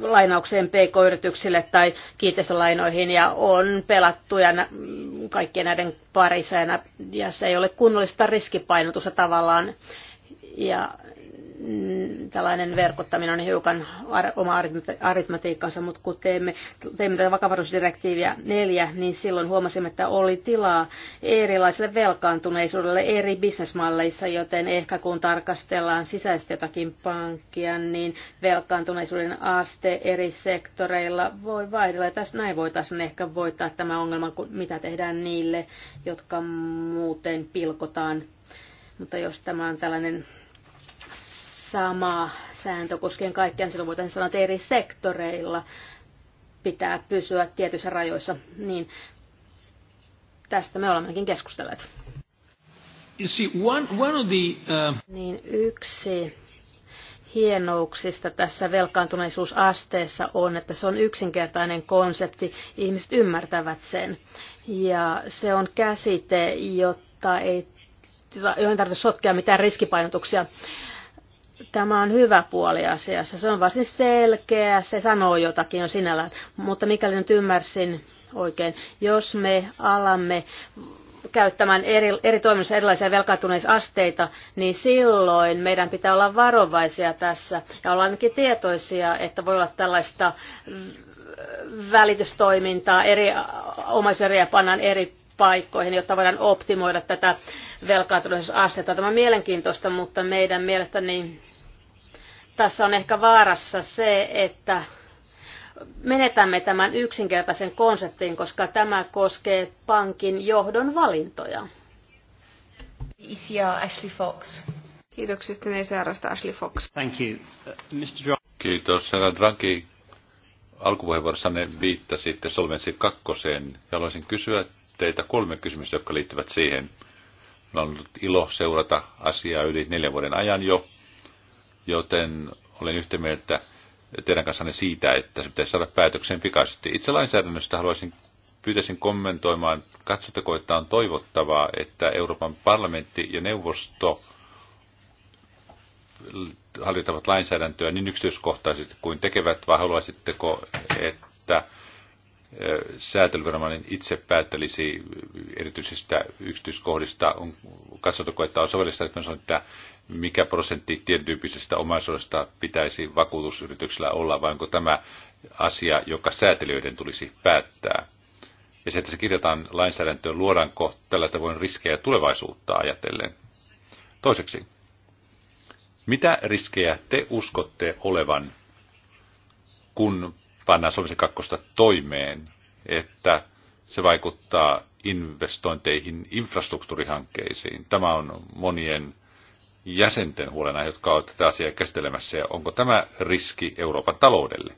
lainaukseen pk-yrityksille tai kiinteistölainoihin ja on pelattuja kaikkien näiden parissa ja se ei ole kunnollista riskipainotusta tavallaan ja Mm, tällainen verkottaminen on hiukan oma aritmatiikkansa, mutta kun teemme, teemme tätä vakavaruusdirektiiviä neljä, niin silloin huomasimme, että oli tilaa erilaiselle velkaantuneisuudelle eri bisnesmalleissa, joten ehkä kun tarkastellaan sisäisesti jotakin pankkia, niin velkaantuneisuuden aste eri sektoreilla voi vaihdella. tässä näin voitaisiin ehkä voittaa tämä ongelma, kun mitä tehdään niille, jotka muuten pilkotaan mutta jos tämä on tällainen sama sääntö koskien kaikkia, niin silloin voitaisiin sanoa, että eri sektoreilla pitää pysyä tietyissä rajoissa, niin tästä me olemmekin keskustelleet. You see, one, one of the, uh... Niin yksi hienouksista tässä velkaantuneisuusasteessa on, että se on yksinkertainen konsepti, ihmiset ymmärtävät sen. Ja se on käsite, jotta ei, ei tarvitse sotkea mitään riskipainotuksia. Tämä on hyvä puoli asiassa. Se on varsin selkeä, se sanoo jotakin jo sinällään. Mutta mikäli nyt ymmärsin oikein, jos me alamme käyttämään eri, eri toiminnassa erilaisia velkaantuneisasteita, niin silloin meidän pitää olla varovaisia tässä ja olla ainakin tietoisia, että voi olla tällaista välitystoimintaa, eri omaisuuden pannaan eri paikkoihin, jotta voidaan optimoida tätä velkaantuneisuusastetta. Tämä on mielenkiintoista, mutta meidän mielestäni tässä on ehkä vaarassa se, että menetämme tämän yksinkertaisen konseptin, koska tämä koskee pankin johdon valintoja. ECR uh, Ashley Fox. Kiitoksia sitten ECRstä Ashley Fox. Thank you. Uh, Mr. Dr- Kiitos. Herra Draghi, alkupuheenvuorossanne viittasitte Solvenssi kakkoseen haluaisin kysyä teitä kolme kysymystä, jotka liittyvät siihen. Minulla on ollut ilo seurata asiaa yli neljän vuoden ajan jo joten olen yhtä mieltä teidän kanssanne siitä, että se pitäisi saada päätökseen pikaisesti. Itse lainsäädännöstä haluaisin, pyytäisin kommentoimaan, katsotteko, että on toivottavaa, että Euroopan parlamentti ja neuvosto harjoittavat lainsäädäntöä niin yksityiskohtaisesti kuin tekevät, vai haluaisitteko, että säätelyviranomainen itse päättelisi erityisistä yksityiskohdista, on, että on sovellista, että, on, että mikä prosentti tietyn tyyppisestä omaisuudesta pitäisi vakuutusyrityksellä olla, vai onko tämä asia, joka säätelijöiden tulisi päättää. Ja se, että se kirjataan lainsäädäntöön, luodaanko tällä tavoin riskejä tulevaisuutta ajatellen. Toiseksi, mitä riskejä te uskotte olevan, kun pannaan Suomisen kakkosta toimeen, että se vaikuttaa investointeihin infrastruktuurihankkeisiin? Tämä on monien jäsenten huolena, jotka ovat tätä asiaa käsittelemässä, ja onko tämä riski Euroopan taloudelle?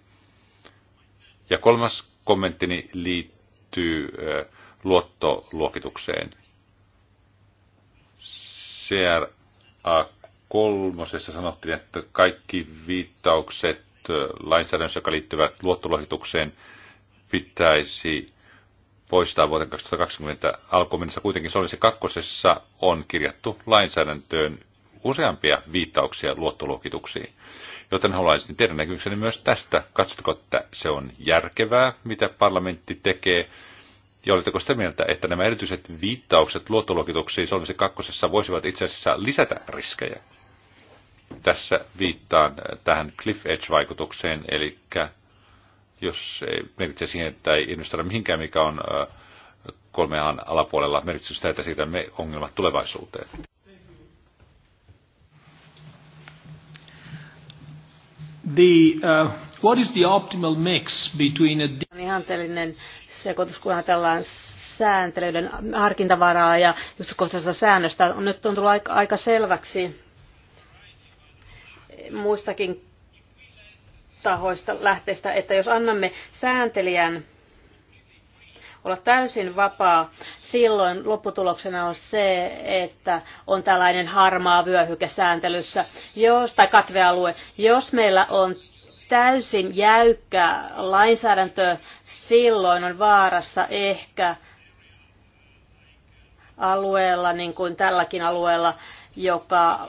Ja kolmas kommenttini liittyy luottoluokitukseen. CRA kolmosessa sanottiin, että kaikki viittaukset lainsäädännössä, jotka liittyvät luottoluokitukseen, pitäisi poistaa vuoteen 2020 alkuun mennessä. Kuitenkin se kakkosessa on kirjattu lainsäädäntöön useampia viittauksia luottoluokituksiin. Joten haluaisin teidän näkemyksenne myös tästä. Katsotteko, että se on järkevää, mitä parlamentti tekee? Ja oletteko sitä mieltä, että nämä erityiset viittaukset luottoluokituksiin Solvency kakkosessa voisivat itse asiassa lisätä riskejä? Tässä viittaan tähän cliff edge-vaikutukseen, eli jos merkitsee siihen, että ei investoida mihinkään, mikä on kolmeaan alapuolella, merkitsee sitä, että siitä me ongelmat tulevaisuuteen. the, uh, what is the optimal mix between a... Ihanteellinen sekoitus, kun ajatellaan sääntelyiden harkintavaraa ja just kohtaista säännöstä. Nyt on tullut aika, aika selväksi muistakin tahoista lähteistä, että jos annamme sääntelijän olla täysin vapaa, silloin lopputuloksena on se, että on tällainen harmaa vyöhyke sääntelyssä jos, tai katvealue. Jos meillä on täysin jäykkä lainsäädäntö, silloin on vaarassa ehkä alueella, niin kuin tälläkin alueella, joka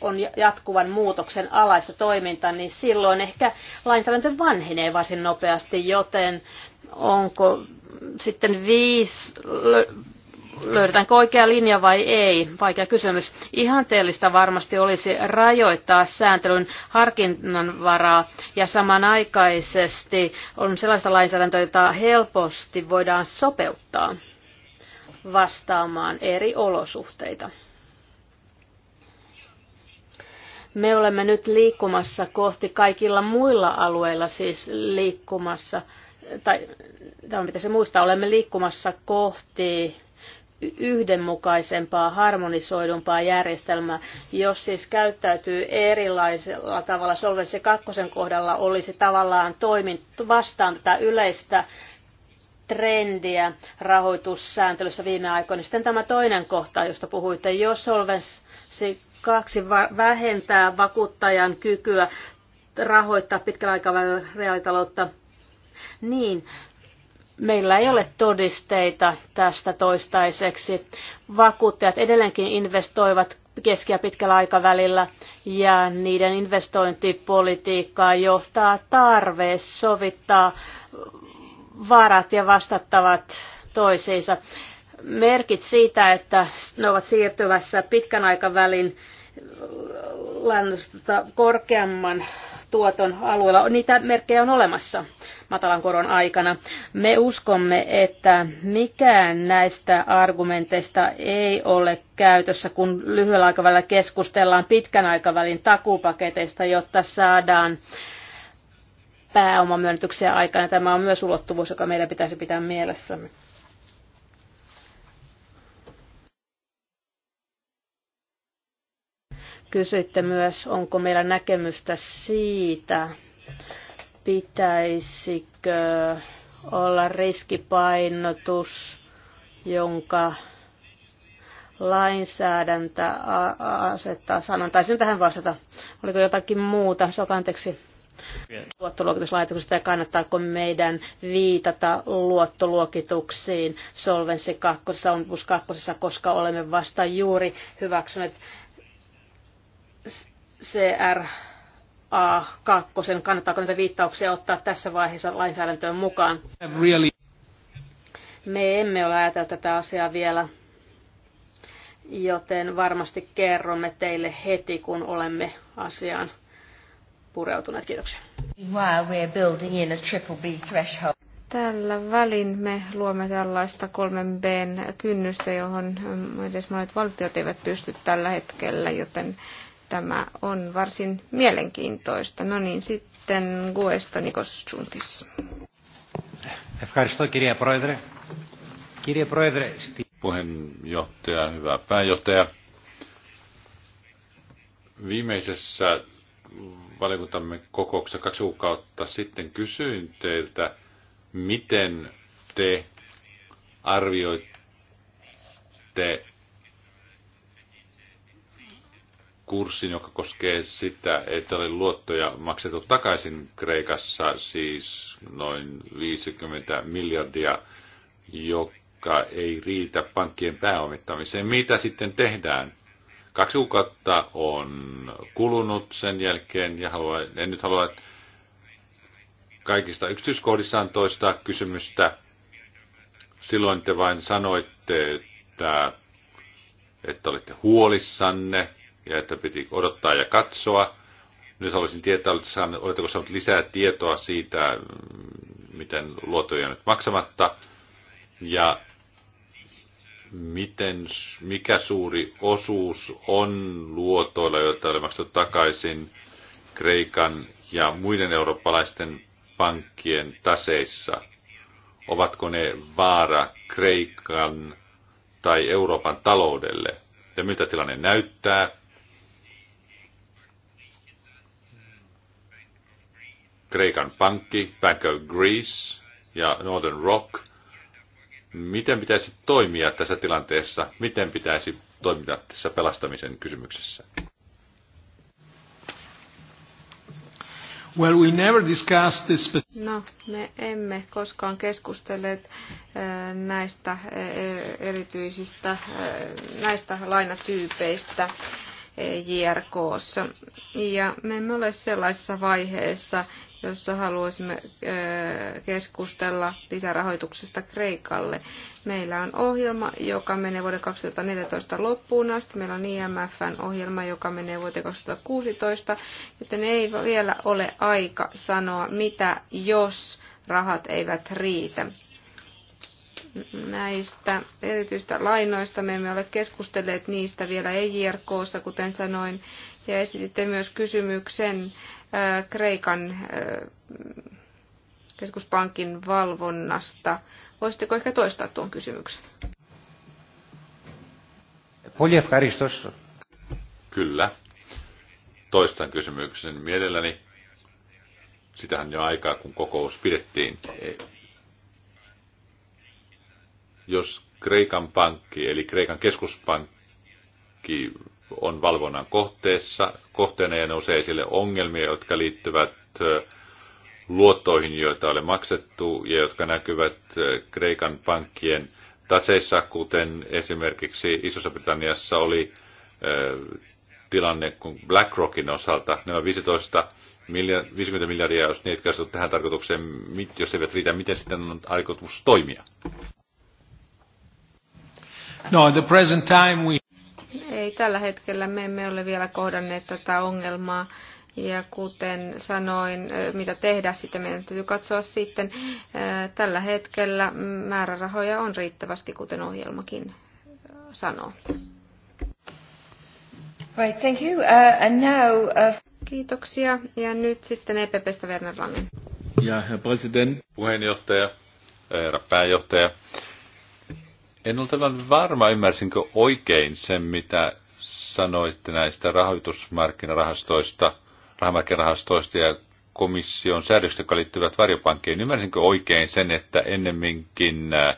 on jatkuvan muutoksen alaista toimintaa, niin silloin ehkä lainsäädäntö vanhenee varsin nopeasti, joten onko sitten viisi, löydetäänkö oikea linja vai ei? Vaikea kysymys. Ihanteellista varmasti olisi rajoittaa sääntelyn harkinnanvaraa ja samanaikaisesti on sellaista lainsäädäntöä, jota helposti voidaan sopeuttaa vastaamaan eri olosuhteita. Me olemme nyt liikkumassa kohti kaikilla muilla alueilla siis liikkumassa tai tämä pitäisi muistaa, olemme liikkumassa kohti yhdenmukaisempaa, harmonisoidumpaa järjestelmää. Jos siis käyttäytyy erilaisella tavalla Solvenssi kakkosen kohdalla, olisi tavallaan toimin vastaan tätä yleistä trendiä rahoitussääntelyssä viime aikoina. Sitten tämä toinen kohta, josta puhuitte, jos Solvenssi kaksi vähentää vakuuttajan kykyä rahoittaa pitkällä aikavälillä reaalitaloutta niin, meillä ei ole todisteita tästä toistaiseksi. Vakuuttajat edelleenkin investoivat keski- ja pitkällä aikavälillä ja niiden investointipolitiikkaa johtaa tarve sovittaa varat ja vastattavat toisiinsa. Merkit siitä, että ne ovat siirtyvässä pitkän aikavälin lännestä korkeamman tuoton alueella. Niitä merkkejä on olemassa matalan koron aikana. Me uskomme, että mikään näistä argumenteista ei ole käytössä, kun lyhyellä aikavälillä keskustellaan pitkän aikavälin takuupaketeista, jotta saadaan pääomamyönnytyksiä aikana. Tämä on myös ulottuvuus, joka meidän pitäisi pitää mielessämme. Kysyitte myös, onko meillä näkemystä siitä, pitäisikö olla riskipainotus, jonka lainsäädäntö asettaa sanan. Taisin tähän vastata. Oliko jotakin muuta? Soka, anteeksi. Luottoluokituslaitoksesta ja kannattaako meidän viitata luottoluokituksiin Solvenssi 2, Olympus 2, koska olemme vasta juuri hyväksyneet CR A2, kannattaako näitä viittauksia ottaa tässä vaiheessa lainsäädäntöön mukaan? Me emme ole ajatelleet tätä asiaa vielä, joten varmasti kerromme teille heti, kun olemme asiaan pureutuneet. Kiitoksia. Tällä välin me luomme tällaista 3 b kynnystä, johon edes monet valtiot eivät pysty tällä hetkellä, joten Tämä on varsin mielenkiintoista. No niin, sitten Guesta Nikos Tsuntis. Puheenjohtaja, hyvä pääjohtaja. Viimeisessä valiokuntamme kokouksessa kaksi kuukautta sitten kysyin teiltä, miten te arvioitte kurssin, joka koskee sitä, että oli luottoja maksettu takaisin Kreikassa, siis noin 50 miljardia, joka ei riitä pankkien pääomittamiseen. Mitä sitten tehdään? Kaksi kuukautta on kulunut sen jälkeen ja haluan, en nyt halua kaikista yksityiskohdissaan toistaa kysymystä. Silloin te vain sanoitte, että, että olette huolissanne ja että piti odottaa ja katsoa. Nyt haluaisin tietää, oletko saanut lisää tietoa siitä, miten luotoja on nyt maksamatta ja miten, mikä suuri osuus on luotoilla, joita oli maksettu takaisin Kreikan ja muiden eurooppalaisten pankkien taseissa. Ovatko ne vaara Kreikan tai Euroopan taloudelle? Ja miltä tilanne näyttää? Kreikan pankki, Bank of Greece ja Northern Rock. Miten pitäisi toimia tässä tilanteessa? Miten pitäisi toimia tässä pelastamisen kysymyksessä? Well, we never discussed this no, me emme koskaan keskustelleet äh, näistä äh, erityisistä, äh, näistä lainatyypeistä JRKssa. Ja me emme ole sellaisessa vaiheessa, jossa haluaisimme keskustella lisärahoituksesta Kreikalle. Meillä on ohjelma, joka menee vuoden 2014 loppuun asti. Meillä on IMFn ohjelma, joka menee vuoteen 2016, joten ei vielä ole aika sanoa, mitä jos rahat eivät riitä. Näistä erityistä lainoista me emme ole keskustelleet niistä vielä EJRKssa, kuten sanoin, ja esititte myös kysymyksen Kreikan eh, keskuspankin valvonnasta. Voisitteko ehkä toistaa tuon kysymyksen? Kyllä. Toistan kysymyksen mielelläni. Sitähän jo aikaa, kun kokous pidettiin. Jos Kreikan pankki, eli Kreikan keskuspankki, on valvonnan kohteessa, kohteena ja nousee esille ongelmia, jotka liittyvät luottoihin, joita ole maksettu ja jotka näkyvät Kreikan pankkien taseissa, kuten esimerkiksi Isossa-Britanniassa oli tilanne kun BlackRockin osalta. Nämä 15 miljard, 50 miljardia, jos ne eivät tähän tarkoitukseen, jos eivät riitä, miten sitten on aikotus toimia? No, at the present time we ei tällä hetkellä, me emme ole vielä kohdanneet tätä ongelmaa. Ja kuten sanoin, mitä tehdä sitten, meidän täytyy katsoa sitten. Tällä hetkellä määrärahoja on riittävästi, kuten ohjelmakin sanoo. Right, thank you. Uh, and now, uh... Kiitoksia. Ja nyt sitten EPPstä Werner Langen. Ja herra president, puheenjohtaja, herra pääjohtaja. En ole tämän varma, ymmärsinkö oikein sen, mitä sanoitte näistä rahoitusmarkkinarahastoista, rahamarkkinarahastoista ja komission säädöksistä, jotka liittyvät varjopankkiin. Ymmärsinkö oikein sen, että ennemminkin äh,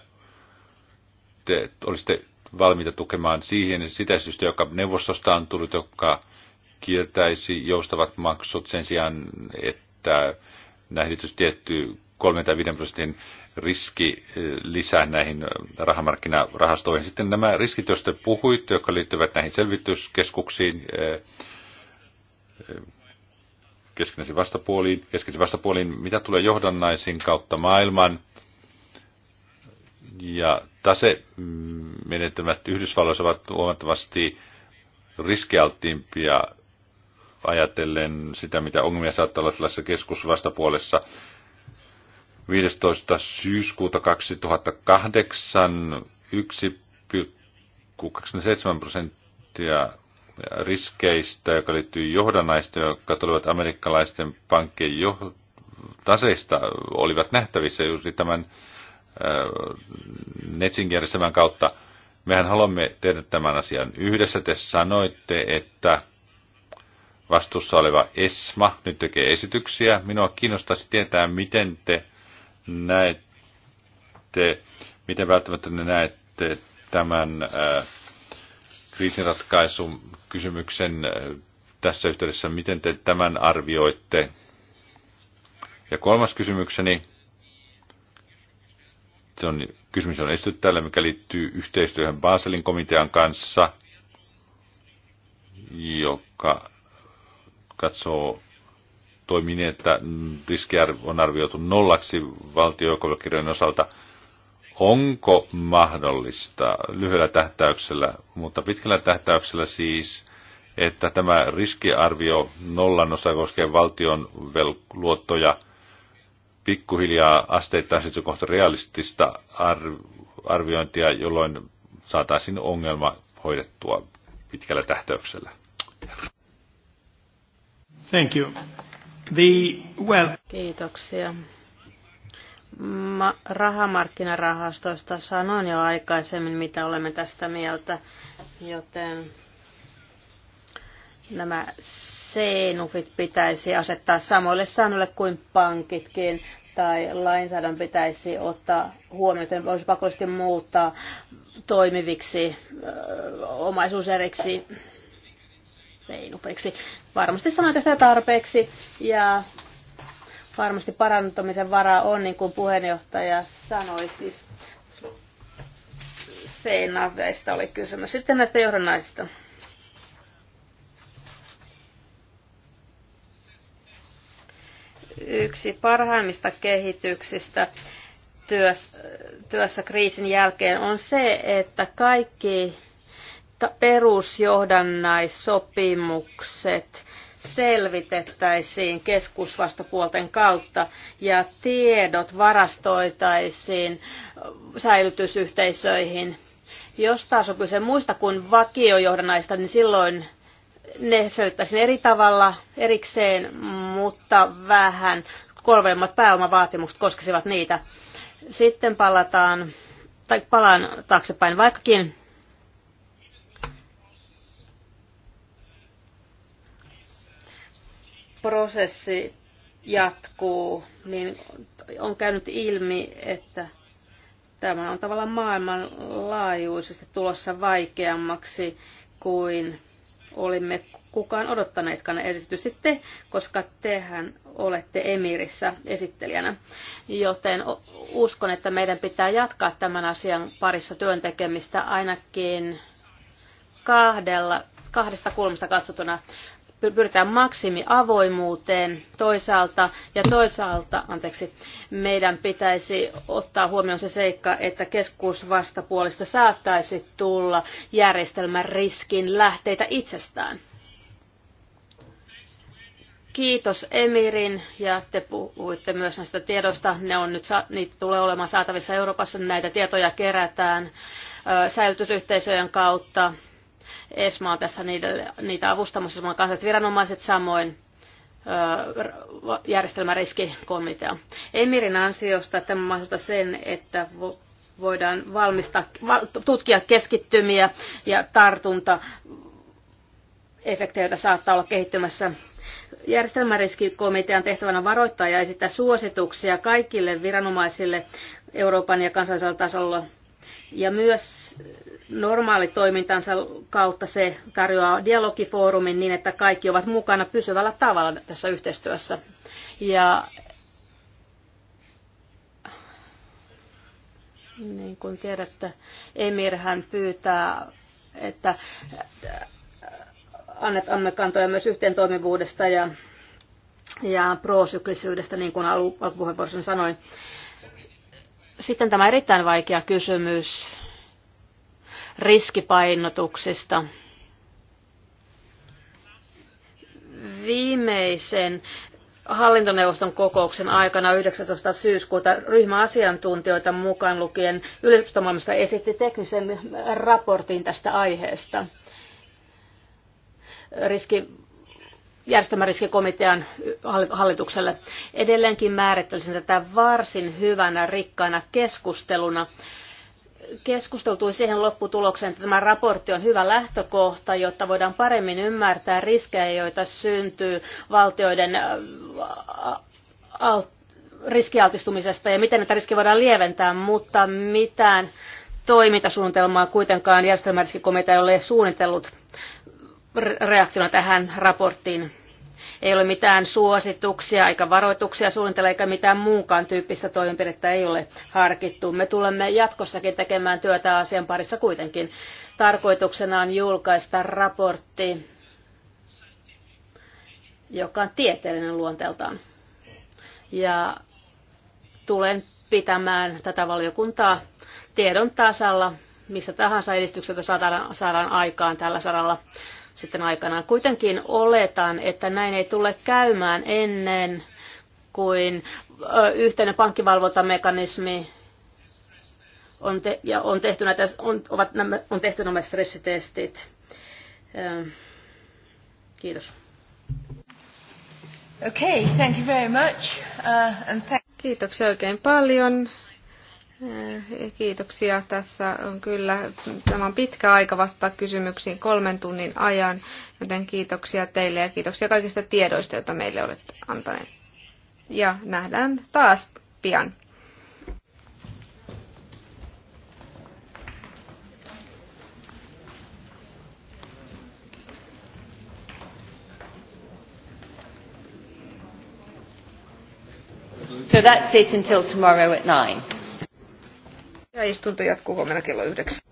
te olisitte valmiita tukemaan siihen sitä syystä, joka neuvostosta on tullut, joka kieltäisi joustavat maksut sen sijaan, että nähdytys tietty 35 prosentin riski eh, lisää näihin eh, rahamarkkinarahastoihin. Sitten nämä riskit, joista puhuit, jotka liittyvät näihin selvityskeskuksiin, eh, keskinäisiin vastapuoliin, keskinäisiin vastapuoliin, mitä tulee johdannaisiin kautta maailman, ja mm, menetelmät Yhdysvalloissa ovat huomattavasti riskialttiimpia ajatellen sitä, mitä ongelmia saattaa olla tällaisessa keskusvastapuolessa. 15. syyskuuta 2008 1,27 prosenttia riskeistä, joka liittyy johdannaista, jotka tulivat amerikkalaisten pankkien jo- taseista, olivat nähtävissä juuri tämän Netsin järjestelmän kautta. Mehän haluamme tehdä tämän asian yhdessä. Te sanoitte, että vastuussa oleva ESMA nyt tekee esityksiä. Minua kiinnostaisi tietää, miten te näette, miten välttämättä ne näette tämän äh, kriisinratkaisun kysymyksen äh, tässä yhteydessä, miten te tämän arvioitte? Ja kolmas kysymykseni, se on, kysymys on esitetty täällä, mikä liittyy yhteistyöhön Baselin komitean kanssa, joka katsoo toimii niin, että riski on arvioitu nollaksi valtiojoukkovelkirjojen osalta. Onko mahdollista lyhyellä tähtäyksellä, mutta pitkällä tähtäyksellä siis, että tämä riskiarvio nollan osa koskee valtion luottoja pikkuhiljaa asteittain sitten kohta realistista arviointia, jolloin saataisiin ongelma hoidettua pitkällä tähtäyksellä. Thank you. The, well. Kiitoksia. Ma- rahamarkkinarahastoista sanoin jo aikaisemmin, mitä olemme tästä mieltä, joten nämä seenufit pitäisi asettaa samoille säännöille kuin pankitkin tai lainsäädännön pitäisi ottaa huomioon, että voisi pakollisesti muuttaa toimiviksi omaisuuseriksi reilupeiksi. Varmasti sanoin tästä tarpeeksi ja varmasti parantamisen varaa on, niin kuin puheenjohtaja sanoi, siis seinäveistä oli kysymys. Sitten näistä johdonnaisista. Yksi parhaimmista kehityksistä työssä, työssä kriisin jälkeen on se, että kaikki perusjohdannaissopimukset selvitettäisiin keskusvastapuolten kautta ja tiedot varastoitaisiin säilytysyhteisöihin. Jos taas on kyse muista kuin vakiojohdannaista, niin silloin ne selvittäisiin eri tavalla erikseen, mutta vähän korveimmat pääomavaatimukset koskisivat niitä. Sitten palataan, tai palaan taaksepäin, vaikkakin prosessi jatkuu, niin on käynyt ilmi, että tämä on tavallaan maailmanlaajuisesti tulossa vaikeammaksi kuin olimme kukaan odottaneetkaan, erityisesti te, koska tehän olette Emirissä esittelijänä. Joten uskon, että meidän pitää jatkaa tämän asian parissa työntekemistä ainakin kahdella, kahdesta kulmasta katsottuna pyritään maksimiavoimuuteen toisaalta ja toisaalta anteeksi, meidän pitäisi ottaa huomioon se seikka, että keskusvastapuolista saattaisi tulla järjestelmän riskin lähteitä itsestään. Kiitos Emirin ja te puhuitte myös näistä tiedoista. Ne on nyt, niitä tulee olemaan saatavissa Euroopassa. Näitä tietoja kerätään säilytysyhteisöjen kautta ESMA on tässä niitä, niitä avustamassa, samoin kansalliset viranomaiset samoin järjestelmäriskikomitea. Emirin ansiosta tämä mahdollistaa sen, että voidaan valmistaa, tutkia keskittymiä ja tartunta efektejä, joita saattaa olla kehittymässä. Järjestelmäriskikomitean tehtävänä varoittaa ja esittää suosituksia kaikille viranomaisille Euroopan ja kansallisella tasolla – ja myös normaalitoimintansa kautta se tarjoaa dialogifoorumin niin, että kaikki ovat mukana pysyvällä tavalla tässä yhteistyössä. Ja niin kuin tiedätte, Emir hän pyytää, että annamme kantoja myös yhteen toimivuudesta ja, ja prosyklisyydestä, niin kuin alkupuheenvuorossa sanoin. Sitten tämä erittäin vaikea kysymys riskipainotuksista. Viimeisen hallintoneuvoston kokouksen aikana 19. syyskuuta ryhmä asiantuntijoita mukaan lukien yliopistomaailmasta esitti teknisen raportin tästä aiheesta. Riski järjestelmäriskikomitean hallitukselle. Edelleenkin määrittelisin tätä varsin hyvänä, rikkaana keskusteluna. Keskusteltui siihen lopputulokseen, että tämä raportti on hyvä lähtökohta, jotta voidaan paremmin ymmärtää riskejä, joita syntyy valtioiden äh, riskialtistumisesta ja miten näitä riskejä voidaan lieventää, mutta mitään toimintasuunnitelmaa kuitenkaan järjestelmäriskikomitea ei ole suunnitellut reaktiona tähän raporttiin. Ei ole mitään suosituksia, eikä varoituksia suunnitella, eikä mitään muunkaan tyyppistä toimenpidettä ei ole harkittu. Me tulemme jatkossakin tekemään työtä asian parissa kuitenkin. Tarkoituksena on julkaista raportti, joka on tieteellinen luonteeltaan. Ja tulen pitämään tätä valiokuntaa tiedon tasalla missä tahansa edistyksestä saadaan, saadaan aikaan tällä saralla sitten aikanaan. Kuitenkin oletan, että näin ei tule käymään ennen kuin yhteinen pankkivalvontamekanismi on, te, ja on tehty, näitä, on, ovat nämä, on tehty nämä stressitestit. Kiitos. Okay, thank you very much. Uh, and thank- Kiitoksia oikein paljon Eh, kiitoksia. Tässä on kyllä, tämä on pitkä aika vastata kysymyksiin kolmen tunnin ajan, joten kiitoksia teille ja kiitoksia kaikista tiedoista, joita meille olette antaneet. Ja nähdään taas pian. So that's it until tomorrow at nine. Ja istunto jatkuu huomenna kello yhdeksän.